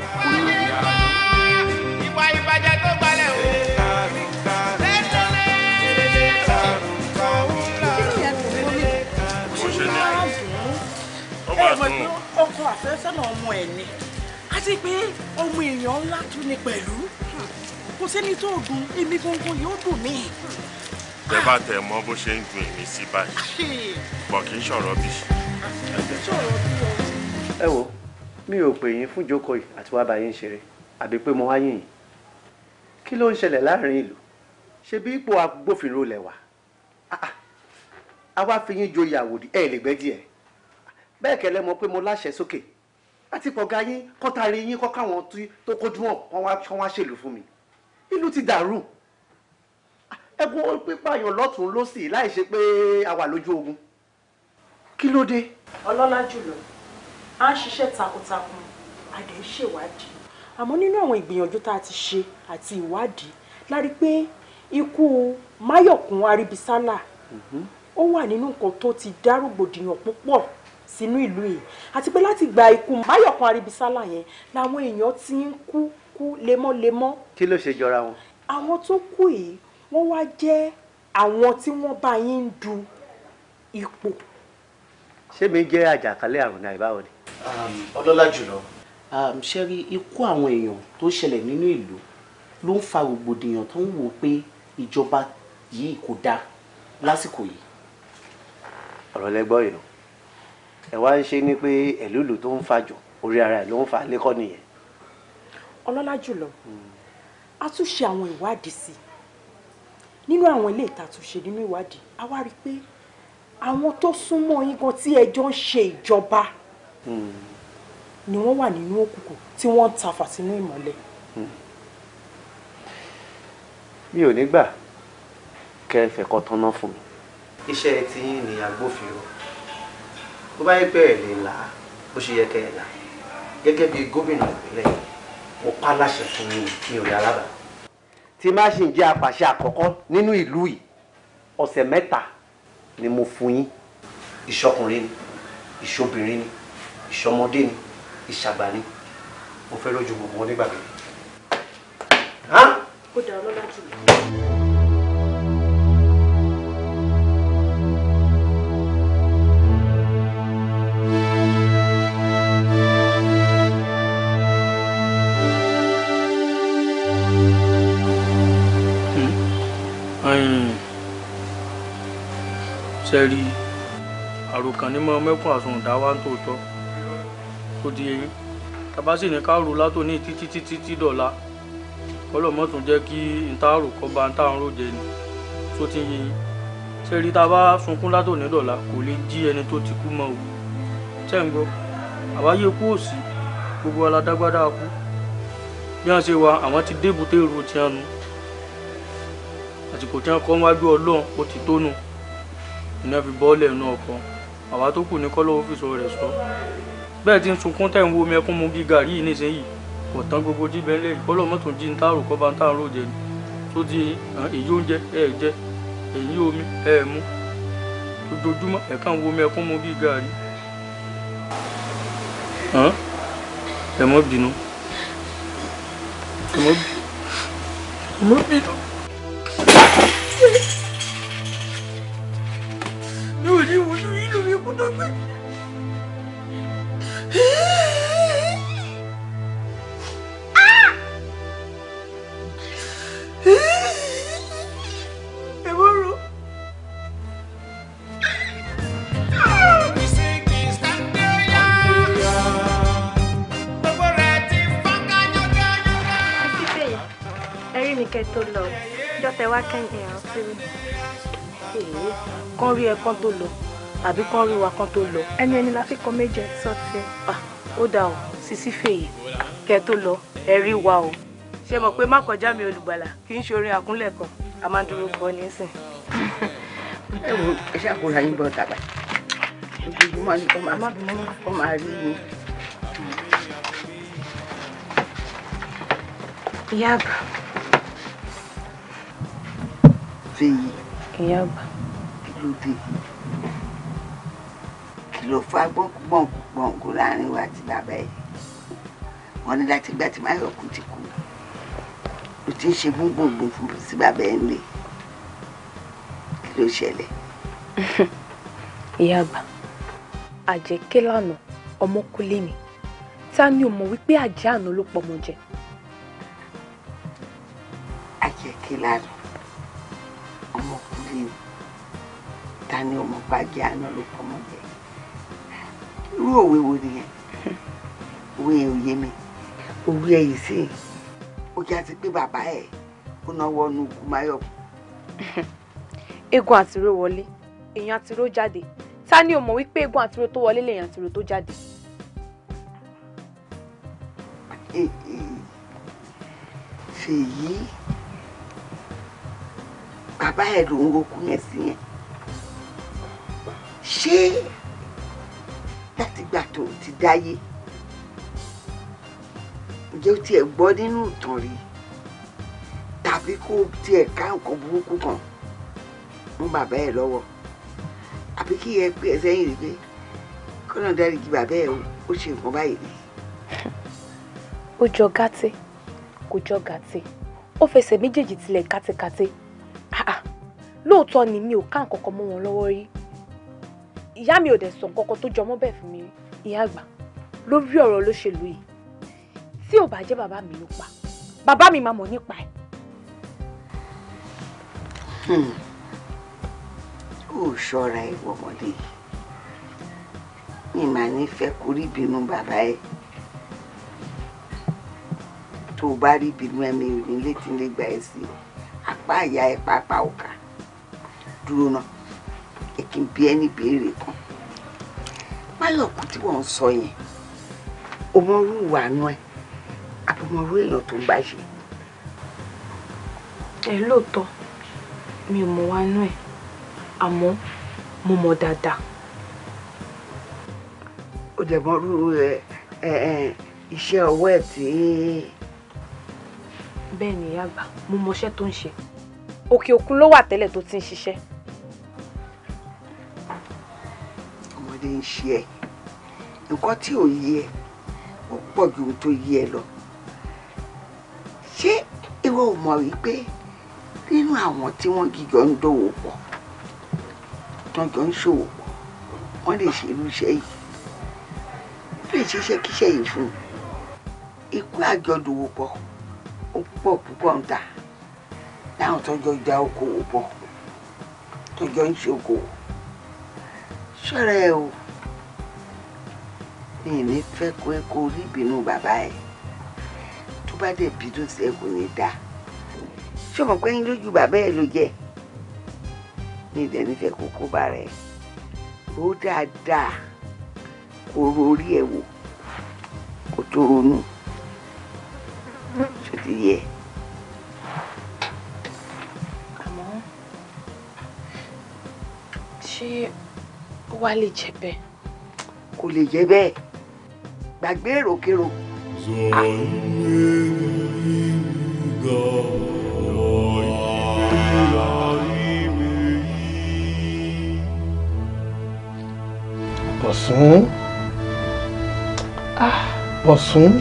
ọmọ ẹ̀ ni àti pé ọmọ èèyàn ńlá tún ni pẹ̀lú kò sẹ́ni tó dùn èmi gangan yóò dùn mí. bẹ́ẹ̀ bá ah. tẹ̀ mọ́ bó ṣe ń dùn èmi sí báyìí pọ̀ kì í ṣọ̀rọ̀ bí. ẹ wo mi ò pè yín fún jókòó yìí àti wàá bá yín ṣeré àbí pé mo wá yín yìí kí ló ń ṣẹlẹ̀ láàrin ìlú ṣe bí ipò agbófinró lẹ wà ah, ah. a wá fi yín joyè àwòdì ẹ lè gbẹ́ díẹ̀ bẹ́ẹ̀ kẹ́lẹ́ mọ̀ pé mo láṣẹ sókè. Okay láti pọ̀ga yín kọ́tàrí yín kọ́ káwọn tó kójú mọ̀ wọ́n wá ṣèlú fún mi ìlú ti dàrú ẹkún pípààyàn lọ́tún lọ́sì láì ṣe pé a wà lójú ogun kí ló dé. ọlọ́lá jùlọ a ń ṣiṣẹ́ takuntakun a dẹ̀ ń ṣèwádìí àmọ́ nínú àwọn ìgbìyànjú tá a ti ṣe àti ìwádìí la rí pé ikú máyọ̀kún arìbísálà mhm. ó wà nínú nǹkan tó ti dá púpọ̀ sínú ìlú yìí àti pé láti gba ikú máyọ̀kan arìbísálà yẹn làwọn èèyàn ti ń kú kú lemọ́lemọ́. kí ló ṣe jọra wọn. àwọn tó kú yìí wọ́n wá jẹ́ àwọn tí wọ́n bá yín ń du ipò. ṣé mi jẹ́ àjàkálẹ̀ àrùn náà ìbáwọ̀ ni. Um, ọlọ́lá jùlọ. Um, ṣe rí ikú àwọn èèyàn tó ṣẹlẹ̀ nínú ìlú ló ń fa rògbòdìyàn tó ń wò pé ìjọba yìí kò dáa lásìkò yìí. ọ̀rọ̀ lẹ yìí ẹ wá ń ṣe ni pé ẹ̀lúlù tó ń fàjọ orí ara ẹ̀ ló ń fà á lékọ́ nìyẹn. ọlọ́lá jùlọ hmm. a tún ṣe àwọn ìwádìí sí i nínú àwọn ilé ìtàtúnṣe nínú ìwádìí a wá rí i pé àwọn tó súnmọ́ yín gan tí ẹjọ́ ń ṣe ìjọba hmm. ni wọ́n wà nínú òkùnkùn tí wọ́n ń tafà sínú ìmọ́lẹ̀. Hmm. mi ò ní gbà kẹ́ ẹ fún mi. iṣẹ́ tí yín ni agbófinró bó bá yẹ pé ẹ lè là á bó ṣe yẹ kẹ ẹ là gẹ́gẹ́ bí gómìnà ìpínlẹ̀ mo pa láṣẹ fún mi mi ò yára bà. tí má ṣì ń jẹ́ apàṣẹ àkọ́kọ́ nínú ìlú yìí ọ̀sẹ̀ mẹ́ta ni mo fún yín. ìṣọkùnrin ni ìṣobìnrin ni ìṣọmọdé ni ìṣàgbà ni mo fẹ́ lójú gbogbo wọn nígbàgbé. ó dá ọlọ́lá jù lọ. sẹ́rí àròkàn ní mọ́ mẹ́kún àsun ìdáwà ń tòótọ́ tó di eyín tàbá sì ní ká látòní títí títí tí dọ̀la ọlọ́mọ tún jẹ́ kí ntaàrò kọ́ ba ntaàrò jẹ ni tó ti yin sẹ́rí tá sunkún látòní dọ̀la kò lè jí ẹni tó ti kú mọ́ o tẹ́ ń gbọ́ àbáyé kú òsì gbogbo aládágbádá kú bí wọ́n ṣe wà àwọn ti débùté èrò tiẹ̀ nu àsìkò kọ́ wájú ọlọ́run ó ti tónu iná fi bọ́ọ̀lẹ̀ inú ọkàn àwa tó kù ní kọ́lọ́ òfìsọ rẹ̀ sọ bẹ́ẹ̀ tí ń sunkún tẹ̀ ń wo omi ẹkún mu bíi gàrí yìí nísìnyí kò tán gbogbo jíbẹ̀ lẹ́yìn kọ́lọ́ mọ́tò jí ń tààrò kọ́ bá ń tààrò jẹ ni tó di èyí oúnjẹ ẹ̀ jẹ èyí omi ẹ̀ mú ojoojúmọ́ ẹ̀ka ń wo omi ẹkún mu bíi gàrí. ẹ mọ́ bínú ẹ mọ́ bínú. kán tó lọ àbí kán rí wa kán tó lọ. ẹni ẹni la fi kọ méje sọtì. Ah, ó dà o sisi fèyí kẹ tó lọ ẹ rí wa o ṣe mọ̀ pé má kọjá mi olùgbàlà kì í ṣe orin àkúnlẹ̀ kan a máa dúró kọ nísìn. ẹ wo ẹ ṣàkóra yín bọ tàbá ojoojúmọ́ ni kó máa rí mi. ìyá àgbà. fèyí. ìyá àgbà ló dé kí ló fa gbọ̀ngbọ̀ngbọ̀ngbò láàrin wa àti bàbá ẹ̀ wọ́n ní láti gbà tí máyọ̀kú ti kú ló ti ń ṣe gbọ̀ngbọ̀ngbò fún sí bàbá ẹ̀ ńlẹ̀ kí ló ṣẹlẹ̀. ìyá àgbà àjẹkẹ́ lánàá ọmọ kú lé mi ta ni o mọ̀ wípé àjẹ́ àná ló pọmọ jẹ. àjẹkẹ́ lánàá ọmọ mi ta ni ọmọ pàjẹ àná ló kọ́ mọ́ jẹ irú òwe wo nìyẹn òwe yẹn o yé mi òwe ẹ̀yìn sí i ó já sí pé bàbá ẹ̀ ó náwó ọnù kùmáyọ̀. eégún àtiró wọlé èèyàn àtiró jáde ta ni ò mọ̀ wípé eégún àtiró tó wọlé lèèyàn àtiró tó jáde. ṣèyí bàbá ẹ̀ ló ń rokú yẹn sí yẹn ṣé látìgbà tó ti dáyé ǹjẹ́ o tiẹ̀ gbọ́ nínú ìtàn rí tàbí kó o tiẹ̀ ká nǹkan burúkú kan mú bàbá ẹ lọ́wọ́ àbí kí ẹ pé ẹ sẹ́yìn rí pé kọ́nà dárí kí bàbá ẹ ó ṣe nǹkan báyìí rí. ó jọ gàtí kò jọ gàtí ó fẹsẹ̀ méjèèjì tilẹ̀ kátikáti lóòótọ́ ni mi ò ká nǹkan kan mọ́ wọn lọ́wọ́ rí ìyá mi ò dẹ̀ sọ nǹkan kan tó jọmọ́ bẹ́ẹ̀ fún mi ìyá àgbà lórí ọ̀rọ̀ olóṣèlú yìí tí ò bá jẹ́ bàbá mi ló pa bàbá mi máa mọ̀ nípa ẹ̀. Hmm. ó ṣọ́ra ẹ̀ wọ̀mọ́lé mi máa nífẹ̀ẹ́ kó rí bínú bàbá ẹ̀ tó o bá rí bínú ẹ̀mí ò létí lè gbà sí apá ìyá ẹ̀ pápá ọ̀ka dúró náà ẹ kí n bí ẹ ní ìbéèrè kan pálọ̀kù tí wọ́n ń sọ yẹn ọmọrú ìwà nú ẹ àbọmọrú èèyàn tó ń bá ṣe. ẹ lóòótọ́ mi ò mọ̀ wá nú ẹ̀ àmọ́ mo mọ̀ dáadáa. ó dẹ̀ mọ́rú iṣẹ́ ọwọ́ ẹ̀ tí. bẹ́ẹ̀ ni ìyá àgbà mo mọṣẹ́ tó ń ṣe òkè òkun ló wà tẹ́lẹ̀ tó ti ń ṣiṣẹ́ lóde ń ṣe ẹ nǹkan tí ò yé ó pọ̀ ju ohun tó yé lọ ṣé ìwọ ò mọ̀ wípé nínú àwọn tí wọ́n jìjọ ń dòwò pọ̀ tán jọ ń ṣòwò pọ̀ wọ́n lè ṣe iṣẹ́ yìí wọ́n lè ṣiṣẹ́ kíṣẹ́ yìí fún un ikú àjọdòwò pọ̀ ó pọ̀ púpọ̀ ń ta láwọn tó jọ okòwò pọ̀ tó ń ṣe okòwò ṣọ́ra ẹ o mi ní fẹ́ kó ẹ kó rí ìbínú bàbá ẹ tó bá dẹ̀ bínú sí ẹ kò ní dáa ṣé o mọ̀ pé yín lójú bàbá ẹ ló jẹ́ mi dẹ̀ ní kó kó bá rẹ̀ ó dáadáa kó rorí ẹ wò kó tó ronú ṣó ti yẹ. àmọ́ ṣé wá lè jẹ bẹ́ẹ̀. kò lè jẹ bẹ́ẹ̀ gbàgbé èròkérò. Bọ̀sún ah, Bọ̀sún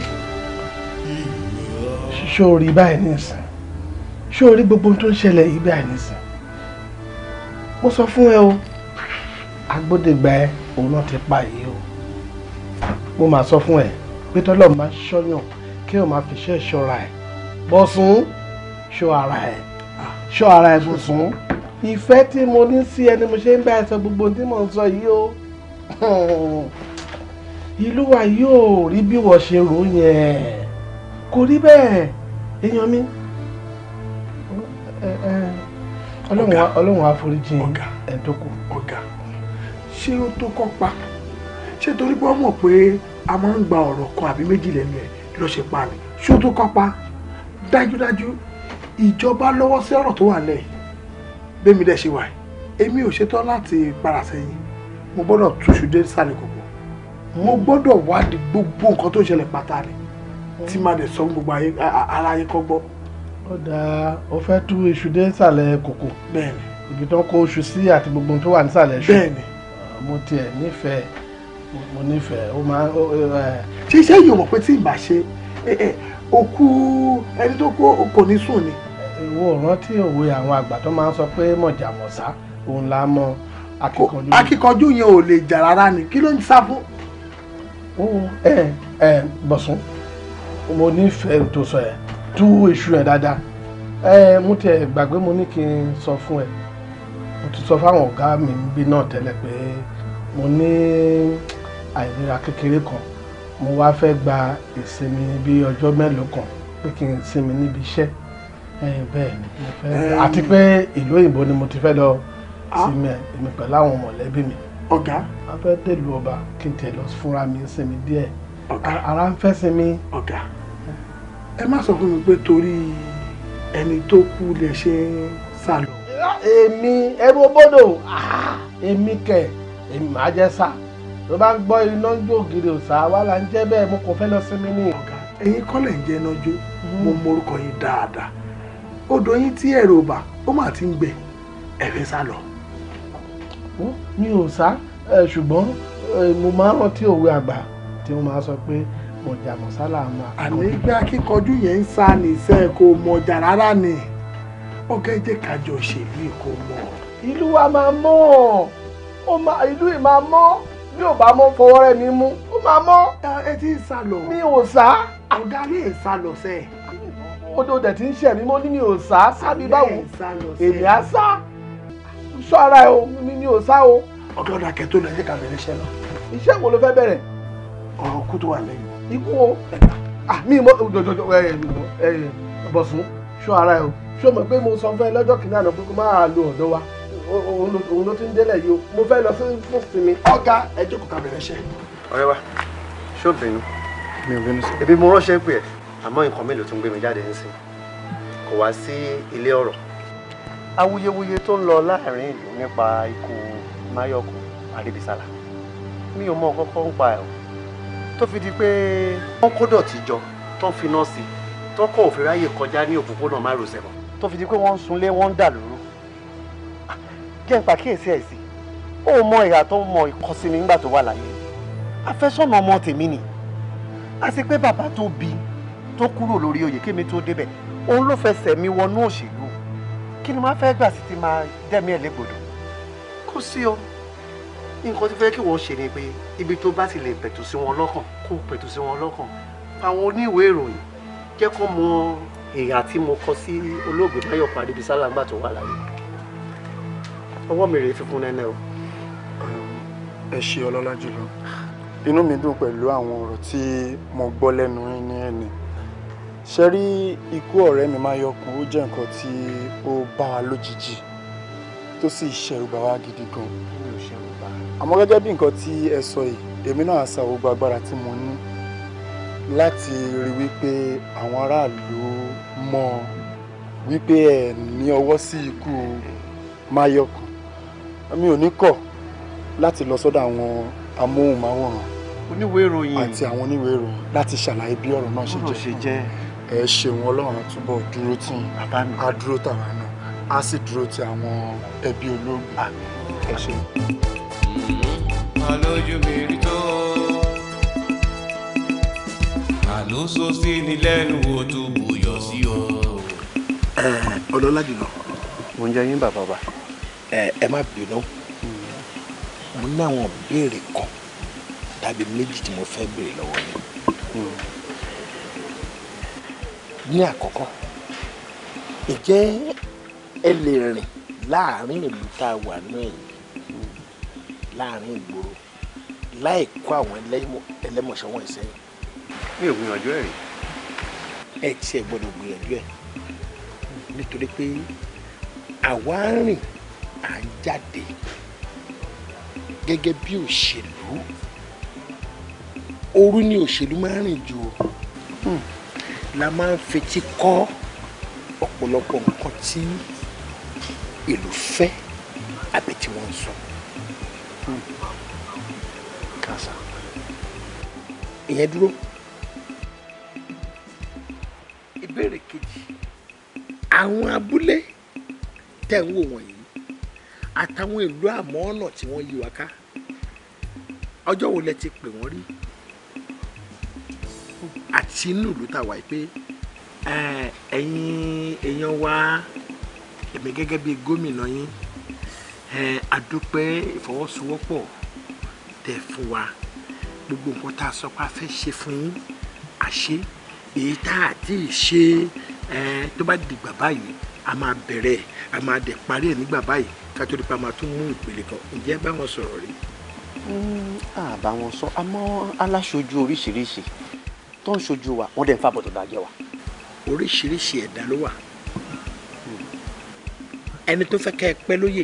ṣó rí báyìí nìsín ṣó rí gbogbo ohun tó ń ṣẹlẹ̀ yìí báyìí nìsín mo sọ fún ẹ o agbódègbà ẹ òun náà ti pa yìí o mo máa sọ fún ẹ pé tọ́lọ́ máa ṣọ́yàn kí o máa fi ṣe ìṣọ́ra ẹ bọ́ sùn ṣọ́ ara ẹ ṣọ́ ara ẹ sùn sùn ìfẹ́ tí mo ní sí ẹ mo ṣe ń bá ẹ sọ gbogbo tí mo ń sọ yìí o ìlú wa yóò rí bí wọ́n ṣe rò yẹn kò rí bẹ́ẹ̀ èèyàn mi ọlọ́run àforíjì ẹ̀ tó kù. ọ̀gá ṣé ó tó kọ́ pa ṣé torí pé wọ́n mọ̀ pé a máa ń gba ọ̀rọ̀ kan àbí méjì lẹ́nu ẹ̀ ló ṣe pa ni ṣé ó tó kọ́ pa dájúdájú ìjọba lọ́wọ́ sí ọ̀rọ̀ tó wà lẹ́yìn bẹ́mi dẹ̀ ṣe wà èmi ò ṣetán láti para sẹ́yìn mo gbọ́dọ̀ túṣu dé sálẹ̀ kòkó mo gbọ́dọ̀ wádìí gbogbo nǹkan tó ṣẹlẹ̀ pátá ni tí máa dẹ̀ sọ gbogbo aráyé kọ́ gbọ́. ó O ó fẹ́ tú iṣu dé sálẹ̀ kòkó bẹ́ẹ̀ni ibi tó kó oṣù sí àti gbogbo ohun tó wà nísàlẹ̀ iṣu bẹ́ẹ̀ni mo tiẹ̀ nífẹ̀ẹ́ mo nífẹ̀ẹ́ ó máa ń. ṣé iṣẹ́ yìí ò mọ̀ pé tí ìgbà ṣe òkú ẹni tó kó kò ní sùn ni. ìwọ rántí òwe àwọn àgbà tó máa ń sọ pé mọ̀jàmọ̀sá òun la mọ akíkanjú. akíkanjú yẹn ò lè jà rárá ni kí ló ń sá fún. ẹ ẹ bọ̀sùn mo nífẹ̀ẹ́ tó sọ ẹ̀ tú iṣu ẹ̀ dáadáa ẹ mo tiẹ̀ gbàgbé mo ní kí n sọ fún ẹ mo ti sọ fáwọn ọ̀gá mi bí náà tẹ́lẹ̀ pé. Eh, mo ní àìlera kékeré kan mo wá fẹ́ gba ìsinmi bí ọjọ́ mélòó kan pé kí n sinmi níbi iṣẹ́ bẹ́ẹ̀ ni mo fẹ́ àti pé ìlú òyìnbó ni mo ti fẹ́ lọ ah. sinmi èmi pẹ̀lú àwọn mọ̀lẹ́bí mi ọ̀gá a fẹ́ dèlú ọba kí n tẹ̀ lọ fúnra mi sinmi díẹ̀ ara ń fẹ́ sinmi. ọ̀gá ẹ má sọ fún mi pé torí ẹni tó kú lè ṣe sálọ. èmi ẹrú bọ́dọ̀ ah, èmi kẹ̀. èmi màá jẹ́ sà tó bá ń gbọ́ iná jó ògiri òsà wà là ń jẹ́ bẹ́ẹ̀ mo kò fẹ́ lọ sinmi ní. ọ̀gá ẹ̀yin ń jẹ́ iná jó dáadáa odò yín tí ẹ̀rọ bà ó mà ti ń gbẹ ẹ̀fẹ́ sá lọ. mi ò sá ṣùgbọ́n mo máa rántí òwe àgbà tí mo máa sọ pé mọ̀jà gbé yẹn ń sá ní iṣẹ́ kò mọ̀jà rárá ni jẹ́ kájọ kò mọ̀. ìlú wa máa ọ́. ó máa ìlú ì máa mọ́ bí ò bá mọ́ fọwọ́ rẹ̀ mi mú ó máa mọ́. ẹ ti ń sá lọ. mi ò sá. ọ̀gá ní ìsá lọ sẹ́. odò dẹ̀ ti ń ṣẹ̀ mí mọ́ ní mi ò sá sábì báwo èmi á sá sọ ara ẹ o mi mi ò sá o. ọ̀gá ọ̀dà kẹ́tọ́ lọ ẹ̀jẹ̀ ká bẹ̀rẹ̀ iṣẹ́ lọ. iṣẹ́ wo ló fẹ́ bẹ̀rẹ̀. ọ̀rọ̀ kú tó wà lẹ́yìn. ikú o ah, mi mọ jọjọjọ bọ̀sùn sọ ara ẹ o ṣé o pé mo sọ fún ẹ lọ́jọ́ kìnnìkan pé kó máa lo ọ̀dọ́ wa òun ló ti ń délẹ̀ yìí o mo fẹ́ lọ sí fún sinmi. ọ̀gá ẹ jókòó ká bẹ̀rẹ̀ iṣẹ́. ọ̀rẹ́ wa ṣé o bínú mi ò bínú sí. ebi mo ránṣẹ́ pé ẹ̀ àmọ́ nǹkan mélòó tó ń gbé mi jáde ń sìn kò wá sí ilé ọ̀rọ̀. awuyewuye tó ń lọ láàrin ìlú nípa ikú Máyọ̀kún Àríbísálà mi ò mọ kọ́kọ́ ń pa ẹ̀ o tó fi di pé wọ́n kó dọ̀tí jọ tó ń finá sí i tọ́kọ̀ òfin ráyè kọjá ní òpópónà márosẹ̀ mọ́ tó fi di pé wọ́n ń sunlé wọ́n ń dà lóru jẹ́ ń pàkíyèsí ẹ̀ sí ó mọ ìyá tó mọ ìkọsími nígbà tó wà láyé afẹ́sọ́nà ọmọ tèmi ni àti pé bàbá tó bí tó kúrò lórí oyè kémi tó débẹ̀ òun ló fẹsẹ̀ mi wọnú òṣèlú kí ni máa fẹ́ gbà sí ti máa dẹ́mi ẹ̀ légbodò kó sí o nǹkan tí fẹ́ kí wọ́n ṣe ni pé ibi tó bá ti lè pẹ̀tù sí wọn lọ́kàn kó pẹ̀tù sí wọn lọ́kàn àwọn oníwèé ìròyìn jẹ́ kó mọ èèyàn tí mo kọ sí olóògbé báyọ̀ parí bisálà ńgbà tó wà láyé ọwọ́ mi rèé fífún nẹ́nẹ́ o. ẹ ṣe ọlọ́lá jùlọ inú mi dùn pẹ̀lú àwọn ọ̀rọ̀ tí mo gbọ́ lẹ́nu yín ní ẹni ṣe rí ikú ọ̀rẹ́ mi máa yọkù ó jẹ́ nǹkan tí ó bá wa lójijì tó sì ṣẹ̀rù bà wá gidi gan àmọ́ gẹ́gẹ́ bí nǹkan tí ẹ sọ yìí èmi náà sa gbogbo agbára tí mo ní láti rí wípé àwọn aráàlú mọ̀ wípé ẹ ní ọwọ́ sí ikú máyọkàn mi ò ní kọ̀ láti lọ sọ́dọ̀ àwọn amóhùnmáwòrán oníwèé ìròyìn àti àwọn oníwèé ìròyìn láti ṣàlàyé bí ọ̀rọ̀ náà ṣe jẹ́ ẹ ṣeun ọlọ́run túbọ̀ dúró tì yín á dúró tàwa náà á sì dúró ti àwọn ẹbí olóògbé ẹ ṣeun. àlójú mi rí tó àló sọ sí ni lẹ́nu wo tó bùyọ̀ sí ọ. ọlọ́lá jùlọ. mo ń jẹ́ yín bàbá bàbá ẹ má bínú mo ní àwọn béèrè kan tàbí méjì tí mo fẹ́ béèrè lọ́wọ́ yín ní àkọ́kọ́ ǹjẹ́ ẹ lè rìn láàrin ìlú tá a wà náà yìí láàrin ìgboro láì kó àwọn ẹlẹ́mọ̀ṣẹ́ wọn sẹ́yìn. mi ò gbìyànjú ẹ̀ rí. ẹ tiẹ̀ gbọ́dọ̀ gbìyànjú ẹ̀ nítorí pé àwa ń rìn à ń jáde gẹ́gẹ́ bí òṣèlú òru ni òṣèlú máa ń rìn jù o hmm. la máa ń fetí kọ́ ọ̀pọ̀lọpọ̀ nǹkan tí ìlú fẹ́ àbí tí wọ́n ń sọ. Hmm. ìyẹn dúró ìbéèrè kejì àwọn abúlé tẹ̀ ń wò wọ̀nyí àtàwọn ìlú àmọ́ ọ̀nà tí wọ́n yí wa ká ọjọ́ wo lẹ ti pè wọ́n rí àti inú ìlú tá a wà pé ẹ̀yin èèyàn wa èmi gẹ́gẹ́ bíi gómìnà yín àdúpẹ́ ìfọwọ́sowọ́pọ̀ tẹ̀ fún wa gbogbo nǹkan tá a sọ pé a fẹ́ ṣe fún yín àṣe èyí tá a ti ṣe tó bá dìgbà báyìí a máa bẹ̀rẹ̀ a máa dẹ̀ parí ẹ̀ nígbà báyìí kátó nípa máa tún mú ìpele kan ǹjẹ́ bá wọn sọ̀rọ̀ rí. àbá hmm, wọn sọ àmọ́ aláṣojú oríṣiríṣi tó ń ṣojú wa wọ́n dẹ̀ ń fàbọ̀ tó dájẹ́ wa. oríṣiríṣi ẹ̀dá ló wà hmm. ẹni tó fẹ́ kẹ́ ẹ pẹ́ lóyè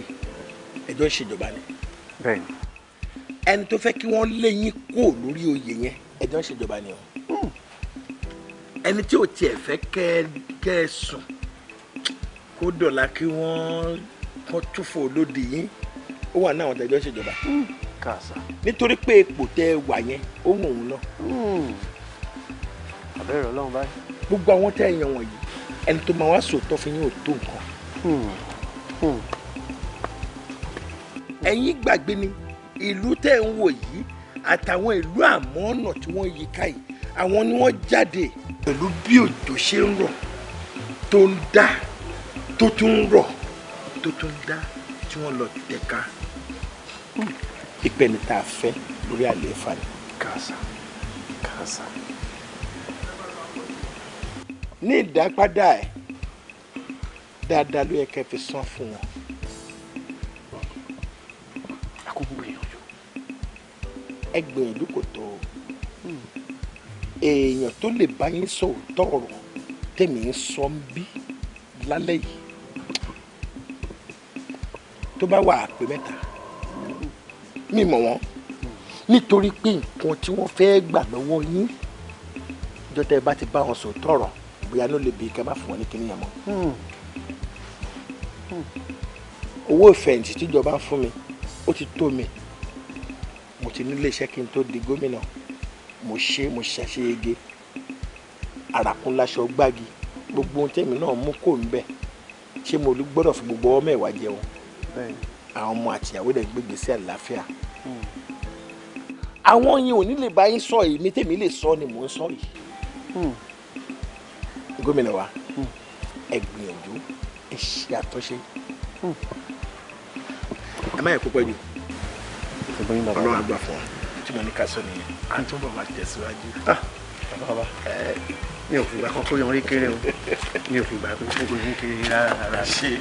ẹjọ́ ìṣèjọba ni ẹni tó fẹ́ kí wọ́n lé yín kó lórí oyè yẹn ẹjọ́ ìṣèjọba ni o hmm. ẹni tí ò tiẹ̀ fẹ́ kẹ́ ẹ sùn kó dọ̀la kí wọ́n kan túfò lóde yín ó wà náà àwọn tẹ̀jọ́ ìṣèjọba hmm, nítorí pé ipò tẹ wà yẹn ó wù òun náà. Hmm. àbẹ̀rẹ̀ ọlọ́run báyìí. gbogbo àwọn tẹ́ ẹ̀yàn wọ̀nyí ẹni tó máa wá sòótọ́ fún yín ò tó nǹkan. Hmm, ẹ̀yin gbàgbé ni ìlú tẹ́ ń wò yìí àtàwọn ìlú àmọ́ tí wọ́n yí ká yìí àwọn ni wọ́n jáde pẹ̀lú bí òjò ṣe ń rọ̀ tó ń dá tó tún ń rọ̀ tó tún dá tí wọ́n lọ tẹ̀ka hmm. ìpẹ̀lẹ̀ tá a fẹ́ lórí àlééfà ni kàṣà kàṣà. ní ìdápadà ẹ̀ dáadáa ló yẹ kẹ́ fi san fún wọn. àkókò gbìyànjú. ẹ gbìyànjú kò tó hmm. èèyàn tó lè bá yín sọ òótọ́ ọ̀rọ̀ tèmi ń sọ ń bí lálẹ́ yìí tó bá wà pé mẹ́ta mi mọ̀ wọ́n nítorí pé nǹkan tí wọ́n fẹ́ gbà lọ́wọ́ yín ìjọ tẹ́ ẹ bá ti bá wọn sọ tọrọ bóyá ló lè bí ká bá fún wọn ní kíní yẹn mọ́ hmm. Hmm. owó ìfẹ̀yìntì tíjọba ń fún mi ó ti tó mi mo ti nílé iṣẹ́ kí n tó di gómìnà mo ṣe mo ṣàṣeyege àràkún láṣọ gbági gbogbo ohun tèmi náà mú kò ń bẹ̀ ṣé mo gbọ́dọ̀ fi gbogbo ọmọ ẹ̀wà jẹun àwọn ọmọ àtìyàwó rẹ̀ gbé gbèsè àlàáfíà àwọn yìí ò ní lè bá yín sọ yìí mi tèmi lè sọ ni mò ń sọ yìí hmm. gómìnà wa hmm. ẹ gbìyànjú ẹ ṣe àtúnṣe hmm. ẹ má yẹ kó pẹ́ jù ọlọ́run àgbà fún wa tí mo ní ká sọ nìyẹn à ń túbọ̀ máa tẹ̀síwájú ah. mi ò fìgbà kan kó yan orí kéré o mi ò fìgbà kan kó yan orí kéré rárá rárá ṣe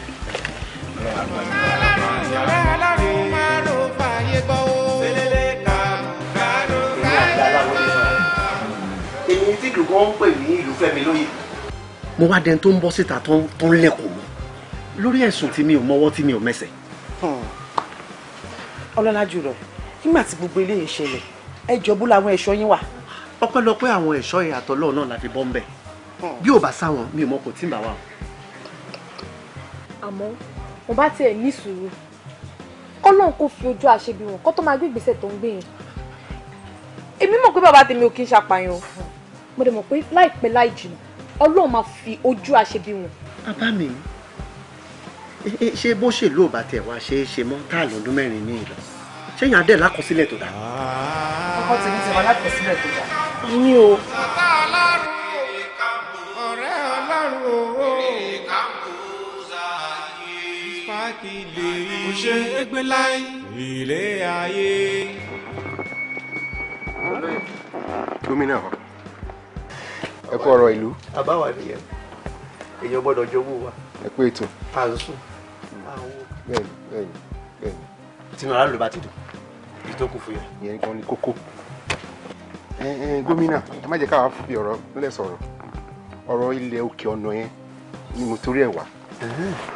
èyí tí ìlú kan ń pè ní ìlú fẹ́mi lóye. mo wá dẹni tó ń bọ́ síta tó ń lẹ́kọ̀ọ́ mọ́ lórí ẹ̀sùn tí mi ò mọwọ́ tí mi ò mẹsẹ̀. Hmm. ọlọ́lá jùlọ nígbà tí gbogbo eléyìí ṣẹlẹ̀ ẹ jọ bó làwọn ẹ̀ṣọ́ yín wà. ọpẹ́lọpẹ́ àwọn ẹ̀ṣọ́ yẹn àtọlọ́ọ̀ náà la fi bọ́ ń bẹ̀ hmm. bí ò bá sáwọn mi ò mọ kò tí ń bá wa. àmọ́ mo bá tiẹ̀ ní sùúrù ọlọ́run kò fi ojú àṣebi wọn kó tó máa gbé ìgbésẹ̀ tó ń gbé yẹn èmi mọ̀ pé bàbá tèmi ò kí ń ṣàpàyàn mo dẹ̀ mọ̀ pé láìpẹ́ láì jìnnà ọlọ́run máa fi ojú àṣebi wọn. bàbá mi ṣé bó ṣe ló bá tẹ̀ wá ṣe é ṣe mọ́ tá à lọ́dún mẹ́rin ní ìlọ ṣéyìn adé lákọsílẹ̀ tó dáa. ọkọ tèmi ti wà lákọsílẹ̀ tó dáa. mi ò. kò ṣe é gbé láì ilé ayé. gómìnà ẹ kú ọ̀rọ̀ ìlú. àbáwá nìyẹn èèyàn gbọ́dọ̀ jowó wa. ẹ pé ètò. à ń sùn. bẹ́ẹ̀ni bẹ́ẹ̀ni bẹ́ẹ̀ni. tinú aráàlú bá ti dùn ìtókù fún yẹn. ìyẹn kan ni kókó. gómìnà ẹ má jẹ́ káwa fi ọ̀rọ̀ lẹ̀ sọ̀rọ̀ ọ̀rọ̀ ilẹ̀ òkè ọ̀nà yẹn ni mo torí ẹ̀ wá.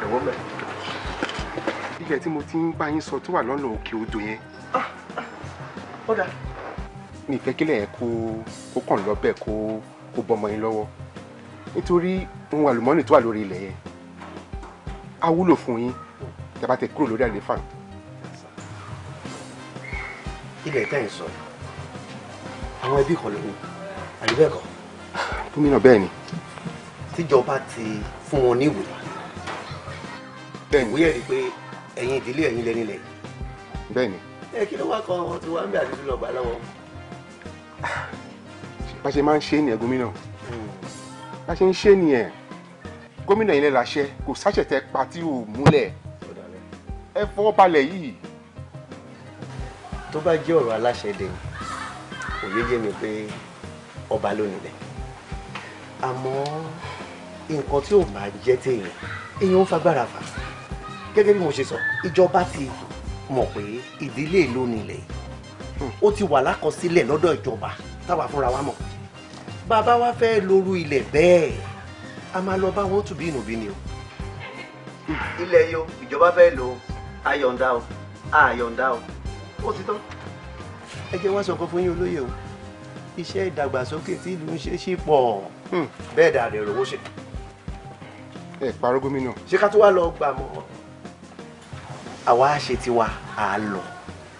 ẹ̀wọ́ bẹ́ẹ̀ gíga tí mo ti ń bá yín sọ tó wà lọ́nà òkè odò yẹn. Ah, ah. ó dà. mi ìfẹ́ kílẹ̀ ẹ̀ kó kó kàn lọ bẹ́ẹ̀ kó kó bọmọ yín lọ́wọ́ nítorí ohun àlùmọ́nì tó wà lórí ilẹ̀ yẹn á wúlò fún yín tẹ́ bá tẹ kúrò lórí àléfà. ilẹ̀ tẹ́ ẹ̀ sọ àwọn ẹbí kan ló ní àlùbẹ́ẹ̀kọ́. gómìnà bẹ́ẹ̀ ni. tíjọba ti fún wọn ní ìwé. bẹ́ẹ̀ ni ìwé ẹ̀rí pé ẹ̀yin ìdílé ẹ̀yin lẹ́ni lẹ̀. bẹ́ẹ̀ni. ẹ kí ló wá kan ọmọ tí wàá ń bẹ àdúgbò lọ gbà lọ́wọ́. bá ṣe máa ń ṣe nìyẹn gómìnà bá ṣe ń ṣe nìyẹn gómìnà ilé làṣẹ kò sáṣẹ tẹ pa tí ò múlẹ̀ ẹ fọwọ́ balẹ̀ yìí. tó bá jẹ́ ọ̀rọ̀ aláṣẹ dẹ̀ òye yé mi pé ọba ló nílẹ̀ àmọ́ nǹkan tí ò bá jẹ́ téèyàn èèyàn ń fagbára fà á gẹ́gẹ́ bí mo ṣe sọ ìjọba ti mọ̀ pé ìdílé ìlú nílẹ̀ ó ti wà lákọsílẹ̀ lọ́dọ̀ ìjọba táwa fúnra wa mọ̀ bàbá wa fẹ́ lóru ilẹ̀ bẹ́ẹ̀ a máa lọ bá wọn tù bí ìnùbí ni o. ilẹ̀ yo ìjọba fẹ́ lò ayọ̀ǹda o ayọ̀ǹda o ó ti tán. ẹ jẹ́ wá sọ kan fún yín olóyè o iṣẹ́ ìdàgbàsókè tí ìlú ń ṣe sí pọ̀ bẹ́ẹ̀ dàrẹ̀ òrówó ṣe. ẹ pàrọ̀ gómìnà. ṣé ká tó wá lọ gbàmọ̀ àwa á ṣe wa à á lọ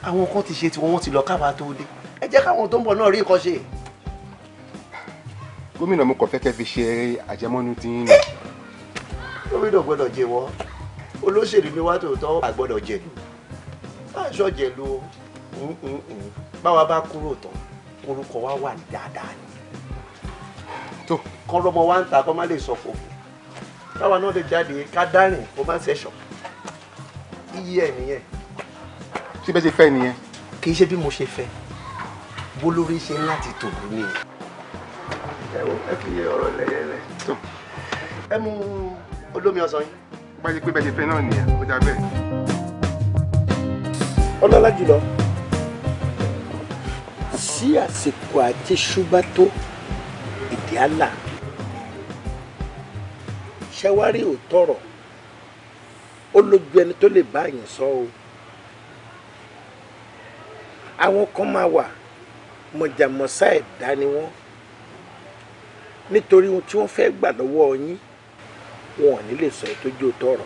àwọn kan ti ṣe tiwọn wọ́n ti lọ káwa tó dé ẹ jẹ́ káwọn tó ń bọ̀ náà rí nǹkan ṣe. gómìnà mo kàn fẹ́ kẹ́ fi ṣe àjẹmọ́nú tí ń lọ. gómìnà gbọ́dọ̀ jẹ wọ́n olóṣèlú ni wá tòótọ́ àgbọ́dọ̀ jẹ̀lú aṣọ jẹ̀lú báwa bá kúrò tán orúkọ wa wà ní dáadáa ni tó kọ́ lọ́mọ wa ń ta kọ́ má lè sọ fòfò báwa náà lè jáde ká dárìn kó má ṣẹ̀ṣọ̀ iye ẹ̀ nìyẹn. ṣé bẹ́ẹ̀ ṣe fẹ́ nìyẹn. kì í ṣe bí mo ṣe fẹ́ bólórí ṣe ń láti tòbú ni. ẹ wo ẹ fi ọ̀rọ̀ lẹ́yẹlẹ. ẹ mú olómi ọsàn yín. báyìí pé bẹ́ẹ̀ ṣe fẹ́ náà nìyẹn ó dá bẹ́ẹ̀. ọlọ́lá jùlọ sí àsìkò àti ṣúgbà tó ìdí àlà ṣẹwárí ò tọrọ ó lójú ẹni tó lè bá yín sọ o àwọn kan máa wà mọ̀jàmọ́sá ẹ̀dá ni wọ́n nítorí ohun tí wọ́n fẹ́ gbà lọ́wọ́ yín wọn ò ní lè sọ ìtọ́jú tọrọ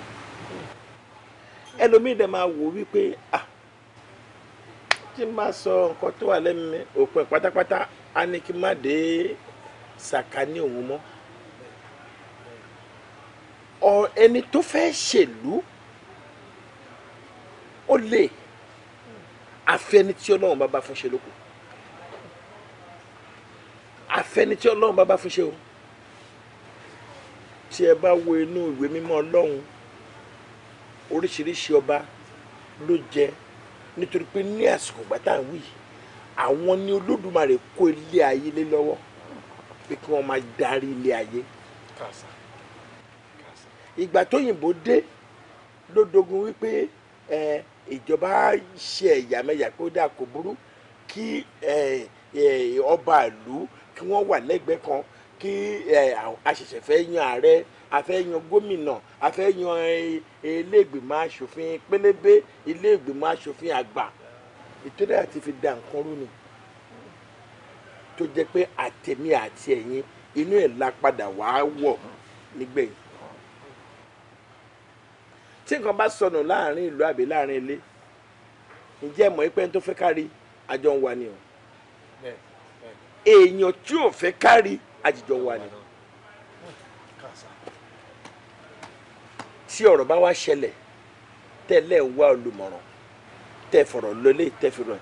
ẹlòmíì dẹ̀ máa wò wípé ah tí n bá sọ nǹkan tó wà lẹ́nu mi òpin pátápátá á ní kí n má dé sàkání òun mọ́ ẹni tó fẹ́ ṣèlú ó lè àfẹni tí ọlọ́run bá bá fún ṣe lóko àfẹni tí ọlọ́run bá bá fún ṣe o tí ẹ bá wo inú ìwé mímọ́ ọlọ́run oríṣiríṣi ọba ló jẹ nítorí pé ní àsìkò gbàtà ń wí àwọn ní olódùmarè kó ilé ayé lé lọ́wọ́ pé kí wọ́n máa darí ilé ayé ìgbà tóyìnbó dé ló dogun wípé ẹ. Eh, ìjọba ṣe ẹ̀yàmẹ̀yà pé ó dà kó burú kí ọba ìlú kí wọ́n wà lẹ́gbẹ̀ẹ́ kan kí àṣẹ̀ṣẹ̀ fẹ́ yan ààrẹ afẹ́yan gómìnà afẹ́yan ilé-ìgbìmọ̀ asòfin pélébé ilé-ìgbìmọ̀ asòfin àgbà ìtọ́jú àti fi da nǹkan rú ni tó jẹ́ pé àtẹ̀mí àti ẹ̀yin inú ẹ̀ la padà wàá wọ̀ nígbẹ̀yìn tí nǹkan bá sọnù láàrin ìlú àbí láàrin ilé ǹjẹ́ mọ̀ pé tó fẹ́ kárí àjọ ń wà ni o èèyàn tí ò fẹ́ kárí àjìjọ ń wà ni tí ọ̀rọ̀ bá wá ṣẹlẹ̀ tẹ́lẹ̀ wá olùmọ̀ràn tẹ́ fọ̀rọ̀ lólè tẹ́ fi ràn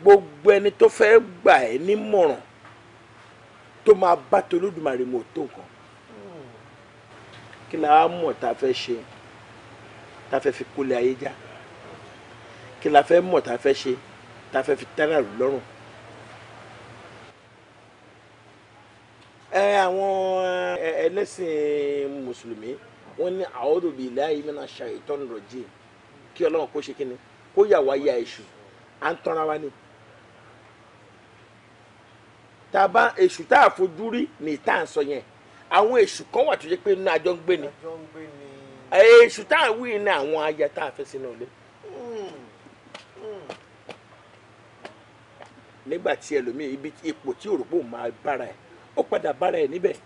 gbogbo ẹni tó fẹ́ gbà ẹ́ nímọ̀ràn tó máa bá tolódùmarè mọ̀ tó nǹkan kí la á mọ̀ tá fẹ́ ṣe tá a fẹ́ fi kólẹ̀ ayé já kí la fẹ́ mọ̀ tá a fẹ́ ṣe tá a fẹ́ fi tẹ́lẹ̀ lù lọ́rùn. ẹ àwọn ẹlẹ́sìn mùsùlùmí wọ́n ní a'udhu billahi minash shaitan rajim kí ọlọ́run kó ṣe kí ni kó yà wá ya èṣù à ń tanra wa ni. tá a bá èṣù tá a fojú rí ní ìta à ń sọ yẹn àwọn èṣù kan wà tó yẹ pé nínú àjọ ń gbé ni. àjọ ń gbé ni èṣù tá à ń wí ní àwọn aya tá a fẹ́ sínú ilé. nígbà tí ẹlòmíì ibi ipò tí òròpó máa bára ẹ̀ ó padà bára ẹ̀ níbẹ̀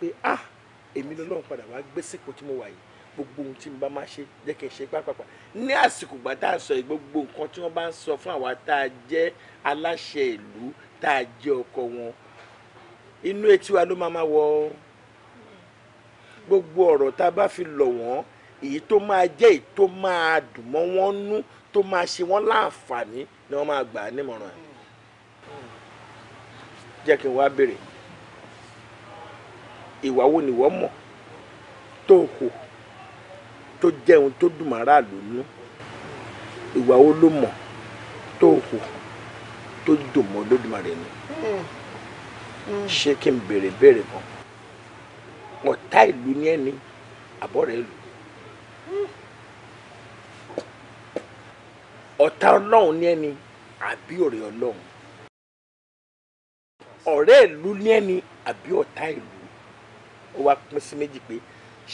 pé ah èmi lọ́lọ́run padà wá gbé sípò tí mo wà yìí gbogbo ohun tí mo bá máa ṣe jẹ́ kí n ṣe pápápá ní àsìkò gbà tá a sọ yìí gbogbo nǹkan tí wọ́n bá ń sọ fún àwa tá a jẹ́ aláṣẹ ìlú tá a jẹ́ ọkọ wọn inú etí wa ló máa máa wọ ọ́ gbogbo ọ̀rọ̀ tá a bá fi lọ̀ wọ́n èyí tó máa jẹ́ èyí tó máa dùn mọ́ wọn nú tó máa ṣe wọ́n láǹfààní ni wọ́n máa gbà á nímọ̀ràn ẹ̀ jẹ́ kí n wá béèrè ìwà wo ni wọ́n mọ̀ tó hò tó jẹ́ tó dùn mọ́ aráàlú nú ìwà wo ló mọ̀ tó hò tó dùn mọ́ Olódùmarè nú hmm. Hmm. ṣé kí n béèrè béèrè kan. Mm ọ̀tá ìlú ní ẹni àbọ̀rẹ̀ ìlú ọ̀tá ọlọ́run ní ẹni àbí ọ̀rẹ́ ọlọ́run ọ̀rẹ́ ìlú ní ẹni àbí ọ̀tá ìlú ó wá pín sí méjì pé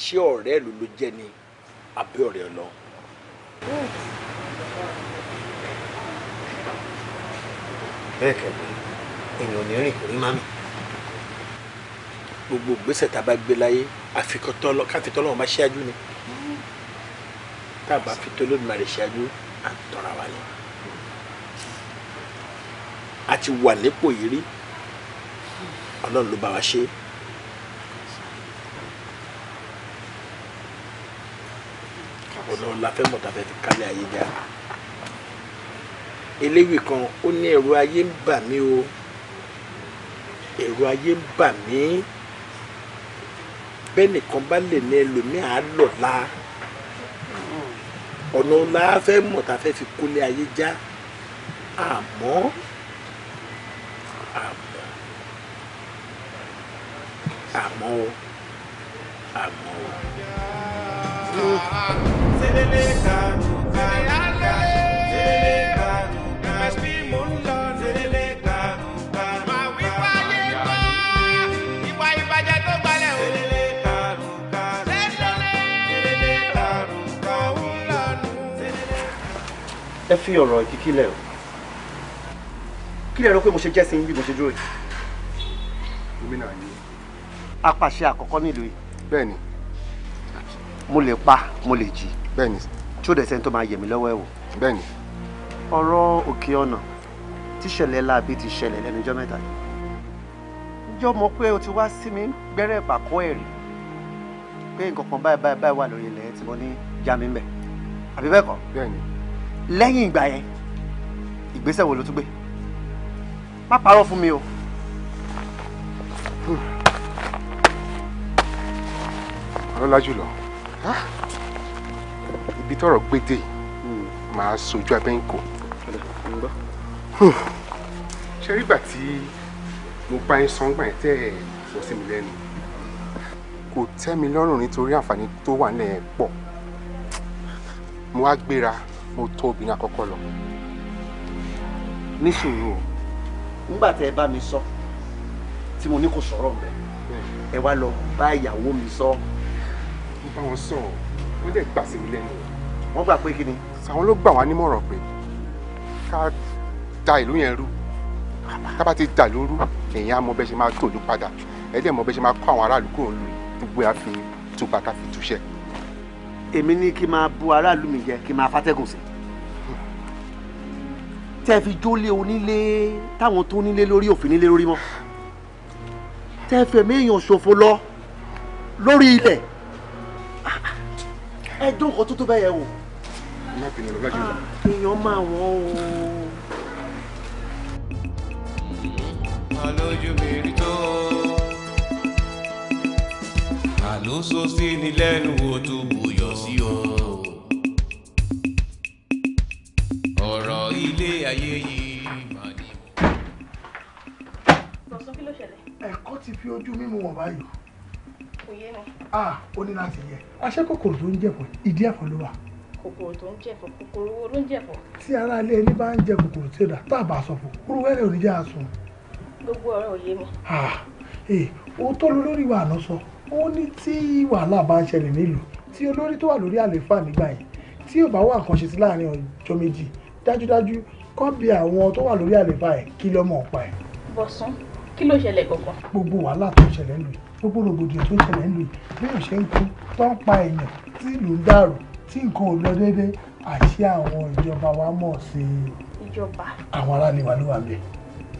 ṣé ọ̀rẹ́ ìlú ló jẹ́ ni àbí ọ̀rẹ́ ọlọ́run. bẹ́ẹ̀ kẹ́lẹ́ èèyàn ò ní rìn kò mi gbogbo gbèsè tá a bá gbé láyé káfitọ́ lọ́wọ́ máa ṣáájú ni tá a bá fitọ́ lónìí máa lè ṣáájú à ń tọ́ra wa ni a ti wà nípò yìí rí ọlọ́run ló bá wa ṣe é. ọ̀nà la fẹ́ mọ̀ tàbí fi kálẹ̀ ayé ga eléwì kan ó ní ẹ̀rù ayé ń bà mí o ẹ̀rù ayé ń bà mí bẹ́ẹ̀ nìkan bá lè ní ẹlòmíì á lọ la ọ̀nà la fẹ́ mọ̀ tá a fẹ́ fi kólé ayé já àmọ́ àmọ́ àmọ́ àmọ́. ẹ fi ọ̀rọ̀ ìkíkí lẹ̀ o kí lẹ rò pé mo ṣe jẹ́ sí bí mo ṣe dúró yìí. gómìnà yìí. apàṣẹ àkọ́kọ́ nílùú yìí. bẹ́ẹ̀ni. mo lè pa mo lè jí. bẹ́ẹ̀ni. tí ó dẹ̀ sẹ́ni tó máa yẹ̀ mí lọ́wọ́ ẹ̀ wò. bẹ́ẹ̀ni. ọ̀rọ̀ òkè ọ̀nà tíṣẹ̀lẹ̀ láabi ti ṣẹlẹ̀ lẹ́nu ọjọ́ mẹ́ta yìí. ǹjọ́ mọ̀ pé o ti wá sí mi gbẹ́rẹ́ ìpàkọ́ ẹ̀rí pé nǹkan kan báyìí báyìí wà lórí ilẹ̀ tí mo ní já mi mẹ́ àbí bẹ́ẹ̀ kọ́. bẹ́ẹ̀ni lẹ́yìn ìgbà yẹn ìgbésẹ̀ wo ló tún gbé má parọ́ fún mi o. ọlọ́lá jùlọ ibi tọ́rọ̀ gbédè máa sojú abẹ́ǹkò. ṣe rí ìgbà tí mo bá yín sọ́ngbà yẹn tẹ́ ẹ̀ sọ sí mi lẹ́nu kò tẹ́ mi lọ́rùn nítorí àǹfààní tó wà nílẹ̀ pọ̀ mo wá gbéra mo tó obìnrin àkọ́kọ́ lọ. ní sùúrù o nígbà tẹ ẹ bá mi sọ tí mo ní kò sọ̀rọ̀ mbẹ ẹ wá lọ bá ìyàwó mi sọ. mo bá wọn sọ wọn dẹ gbà sí mi lẹ́nu. wọn gbà pé kí ni. àwọn ló gbà wá nímọ̀ràn pé ká da ìlú yẹn rú ká bá ti dà lóru èèyàn á mọ bẹ́ẹ̀ ṣe máa tòlú padà ẹ̀ mọ bẹ́ẹ̀ ṣe máa kó àwọn aráàlú kúrò lórí gbogbo àfihàn tó bá ká fi túṣẹ́ èmi ní kí n máa bu aráàlú mi jẹ kí n máa fatẹ́gùn sí tẹ́ fi jólé onílé táwọn tó nílé lórí òfin nílé lórí mọ́ tẹ́ fẹ̀mí èèyàn ṣòfò lọ lórí ilẹ̀ ẹ dún tó tó bẹ́ẹ̀ yẹ wò ah, èèyàn máa wọ́n o. olójú mi rí tó o ló so sí ni lẹ́nu wo tó bùyọ̀ sí o. ọ̀rọ̀ ilé ayé yìí máa ní. sọ̀sọ́ kí ló ṣẹlẹ̀. ẹ̀kọ́ ti fi ojú mímu wọ̀n báyìí. kò yé mi. ah ó ní láti yẹ. aṣẹ́ kòkòrò tó ń jẹ̀fọ́ ìdí ẹ̀fọ́ ló wà kòkòrò tó ń jẹ̀fọ́ kòkòrò wo ló ń jẹ̀fọ́. tí ara ilé ẹni bá ń jẹ kòkòrò tí ó dà tá a bá sọ fún gbogbo ọ̀rọ̀ òye mi. Eh, ó tọ́ lórí wa àná sọ ó ní tí wàhálà bá ń ṣẹlẹ̀ nílùú tí olórí tó wà lórí àlééfà nígbà yẹn tí ò bá wà nǹkan ṣe sí láàrin ọjọ́ méjì dájúdájú kọ́ bí àwọn tó wà lórí àlééfà ẹ̀ kí ló mọ̀ pa ẹ̀. bọ̀sán kí ló ṣẹlẹ̀ kankan. gbogbo wàhálà tó ń ṣẹlẹ̀ nílùú gbogbo rògbòdìyàn tó ń ṣẹlẹ̀ nílùú bí yóò ṣe ń kú tó ń pa èèyàn tí ìlú ń dàrú tí nǹkan ò lọ déédéé àṣé àwọn ìjọba wa mọ̀ sí ìjọba. àwọn aráàlú wa ló wà bẹ́ẹ̀.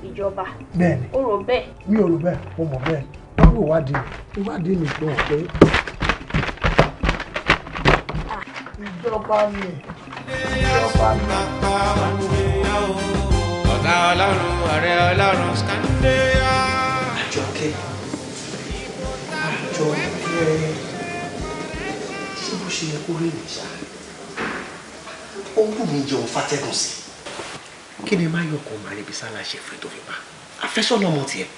ìjọba. bẹ́ẹ̀ o rò bẹ́ẹ̀. mi ò rò bẹ́ẹ̀ mo mọ̀ bẹ́ẹ̀ báwo ìwádìí ìwádìí mi fi hàn pé ìjọba mi ìjọba mi. ọ̀gá ọlọ́run ọ̀rẹ́ ọlọ́run skandeya. àjọkẹ́ àjọkẹ́ ṣé bó ṣe yẹ kó rí mi ṣá ó wù mí jẹun fàtẹ́gùn sí kí ni máyọ̀kọ̀ máa níbi sálà ṣe fún ìtòfipá àfẹ́sọ́nà ọmọ tiẹ̀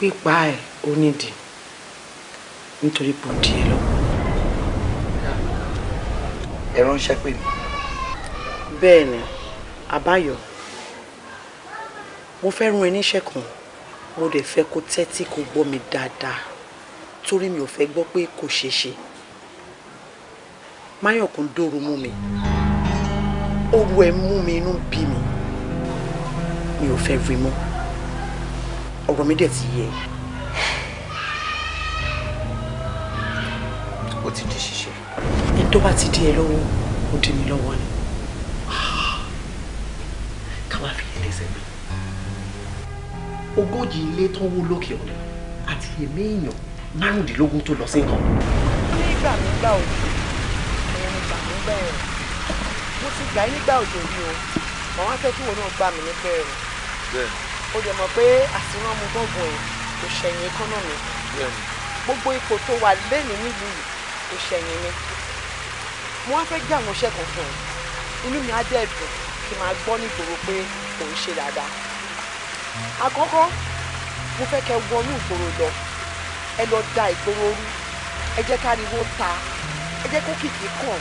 pípa ẹ̀ ó nídìí nítorí pò di ẹ lọ. ẹ ránṣẹ́ pè mí. bẹ́ẹ̀ ni àbáyọ mo fẹ́ rán ẹ níṣẹ́ kan mo dẹ̀ fẹ́ kó tẹ́tí kó gbọ́ mi dáadáa torí mi ò fẹ́ gbọ́ pé kò ṣeé ṣe máyọ̀kún dóoru mú mi ó wù mú mi inú bí mi mi ò fẹ́ rí mọ́ ọ̀rọ̀ mi dẹ̀ ti yé ó ti di ṣíṣe ẹni tó bá ti di ẹ lọ́wọ́ ó di mi lọ́wọ́ ni ká má fi yẹn lẹ́sẹ̀ mi ogójì ilé tó wó lókè ọ̀nà àti èmi èèyàn márùndínlógún tó lọ sí nǹkan. nígbà nígbà òjò ẹ̀rọ ìgbà nígbà ẹ̀rọ mo ti gbà nígbà òjò yìí o àwọn akẹ́kọ̀ọ́ náà gbà mí nígbà ẹ̀rọ. bẹ́ẹ̀ o dẹ̀ mọ̀ pé àsìrán mu gbọ̀ngàn ẹ̀ kò ṣẹ̀yìn economy gbogbo ipò tó wà lẹ́nìí nílùú yìí kò ṣẹ̀yìn ni mo wá fẹ́ gbé àwọn iṣẹ́ kan fún un inú mi á dẹ̀ dùn kí n máa gbọ́ nígboro pé kò ń ṣe dáadáa àkọ́kọ́ mo fẹ́ kẹ́ wọnú ìgboro lọ ẹ lọ da ìgboro rú ẹ jẹ́ ká ariwo ta ẹ jẹ́ kó kìkì kàn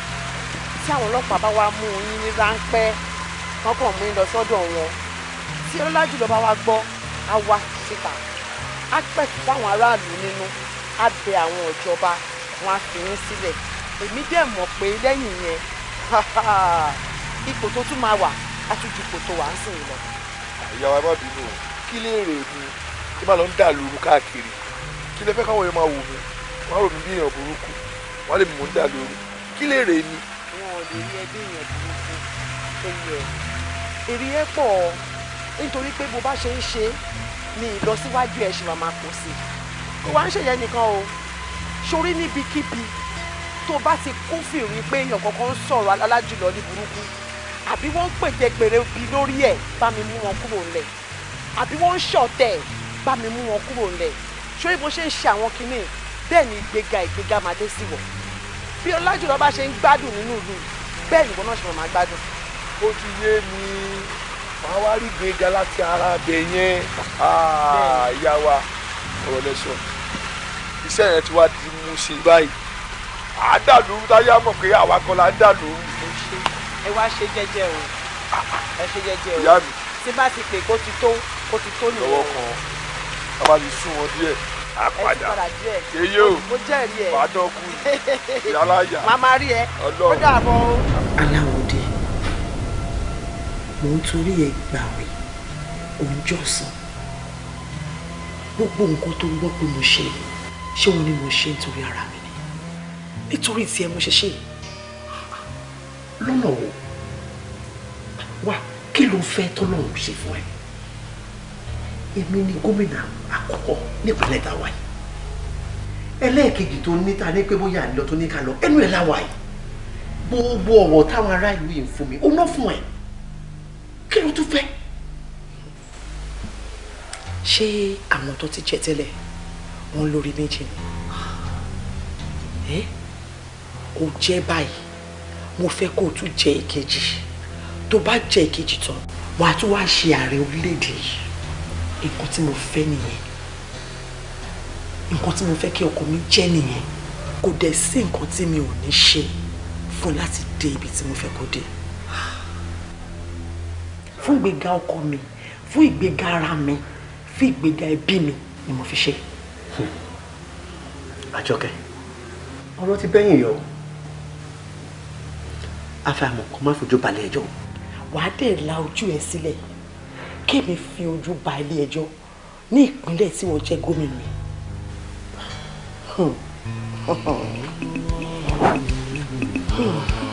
tí àwọn ọlọ́pàá bá wá mú un yín ní ráńpẹ́ wọ́n kàn mú un lọ sọ́dọ̀ wọn tí ọlọ́lá jùlọ bá wa gbọ́ a wá síta á pẹ̀sì fáwọn aráàlú nínú á bẹ àwọn ìjọba wọn á fi yín sílẹ̀ èmi dẹ̀ mọ̀ pé lẹ́yìn yẹn ipò tó tún máa wà á tún ju ipò tó wà ń sìn lọ. ìyá wa má o kí lè rè mí kí má lọ ń dà lóru káàkiri kí lè fẹ́ káwọn èèyàn máa wò mí wọ́n á rò mí bí èèyàn burúkú wọ́n á lè mú mò ń dà lóru kí lè rè mí. wọn ò lè rí ẹbí èèyàn burúkú tó èrè ẹ pọ̀ ọ́ nítorí pé bó bá ṣe ń ṣe ni ìlọsíwájú ẹ̀ ṣì máa máa kó sí i kó wá ń ṣèyẹn nìkan o sórí níbikíbi tó bá ti kún fìrí pé èèyàn kankan ń sọ̀rọ̀ alájùlọ ní burúkú àbí wọ́n ń pèjẹ pèrè bí lórí ẹ̀ bá mi mú wọn kúrò ńlẹ̀ àbí wọ́n ń ṣọ̀tẹ̀ bá mi mú wọn kúrò ńlẹ̀ sórí bó ṣe ń ṣe àwọn kinní bẹ́ẹ̀ ni ìgbéga ìgbéga máa dé sí wọ̀ bí alájùlọ bá ṣe ń gbádùn nínú ìlú bẹ́ẹ̀ ni ìwọ náà ṣe máa gbádùn. ó ti yé mi màá wá rí gbéga láti ara abẹ yẹn ah, ìyá wa ọ̀rọ̀ lẹ́sọ̀ iṣẹ́ yẹn ti wá di mú ṣe báyìí à á dà lóru táyà mọ̀ pé àwa kan là ń dà lóru. ẹ wá ṣe jẹ́jẹ́ o ẹ ṣe jẹ́jẹ́ o ìyá mi tí bá ti pè kó ti tó kó ti tó nìyẹn. lọ́wọ́ kan a máa ti sún wọn díẹ̀ àpàdà èyí o mo jẹ́rìí ẹ̀ bàdàn kù yàrá yà. màmá rí ẹ ó dàbọ̀ o. aláwọ̀ mò ń torí ẹ gbàwẹ̀ òun jọ̀sán gbogbo nǹkan tó ń gbọ́ pé mo ṣe ṣé wọn ni mo ṣe nítorí ara mi ni nítorí tiẹ̀ mo ṣe ṣe lọ́nà wo wá kí ló fẹ́ tọ́lọ́run ṣe fún ẹ èmi ni gómìnà àkọ́kọ́ nípínlẹ̀ tàwa yìí ẹlẹ́ẹ̀kejì tó ní ta ní pé bóyá àlọ́ tó ní ká lọ ẹnu ẹ̀ láwa yìí gbogbo ọ̀wọ̀ táwọn ará yìí ń fún mi ó ná fún ẹ̀ kí ló tún fẹ́. ṣé àwọn tó ti jẹ tẹ́lẹ̀ wọn lórí méjì ni ó jẹ́ báyìí mo fẹ́ kó o tún jẹ ìkejì tó bá jẹ ìkejì tán wàá tún wá ṣe ààrẹ orílẹ̀-èdè yìí nǹkan tí mo fẹ́ nìyẹn nǹkan tí mo fẹ́ kí ọkọ mi jẹ́ nìyẹn kò dẹ̀ sí nǹkan tí mi ò ní ṣe fún láti dé ibi tí mo fẹ́ kó dé fún ìgbéga ọkọ mi fún ìgbéga ara mi fún ìgbéga ẹbí mi ni mo fi ṣe. àjọkẹ́ ọ̀rọ̀ ti bẹ́yìn yọ afẹ́amọ̀ kó má fojú balẹ̀ ẹjọ́. wàá dẹ̀ la ojú ẹ sílẹ̀ kémi fi ojú ba ilé ẹjọ́ ní ìpínlẹ̀ tí wọ́n jẹ́ gómìnà Hmm. hmm. hmm.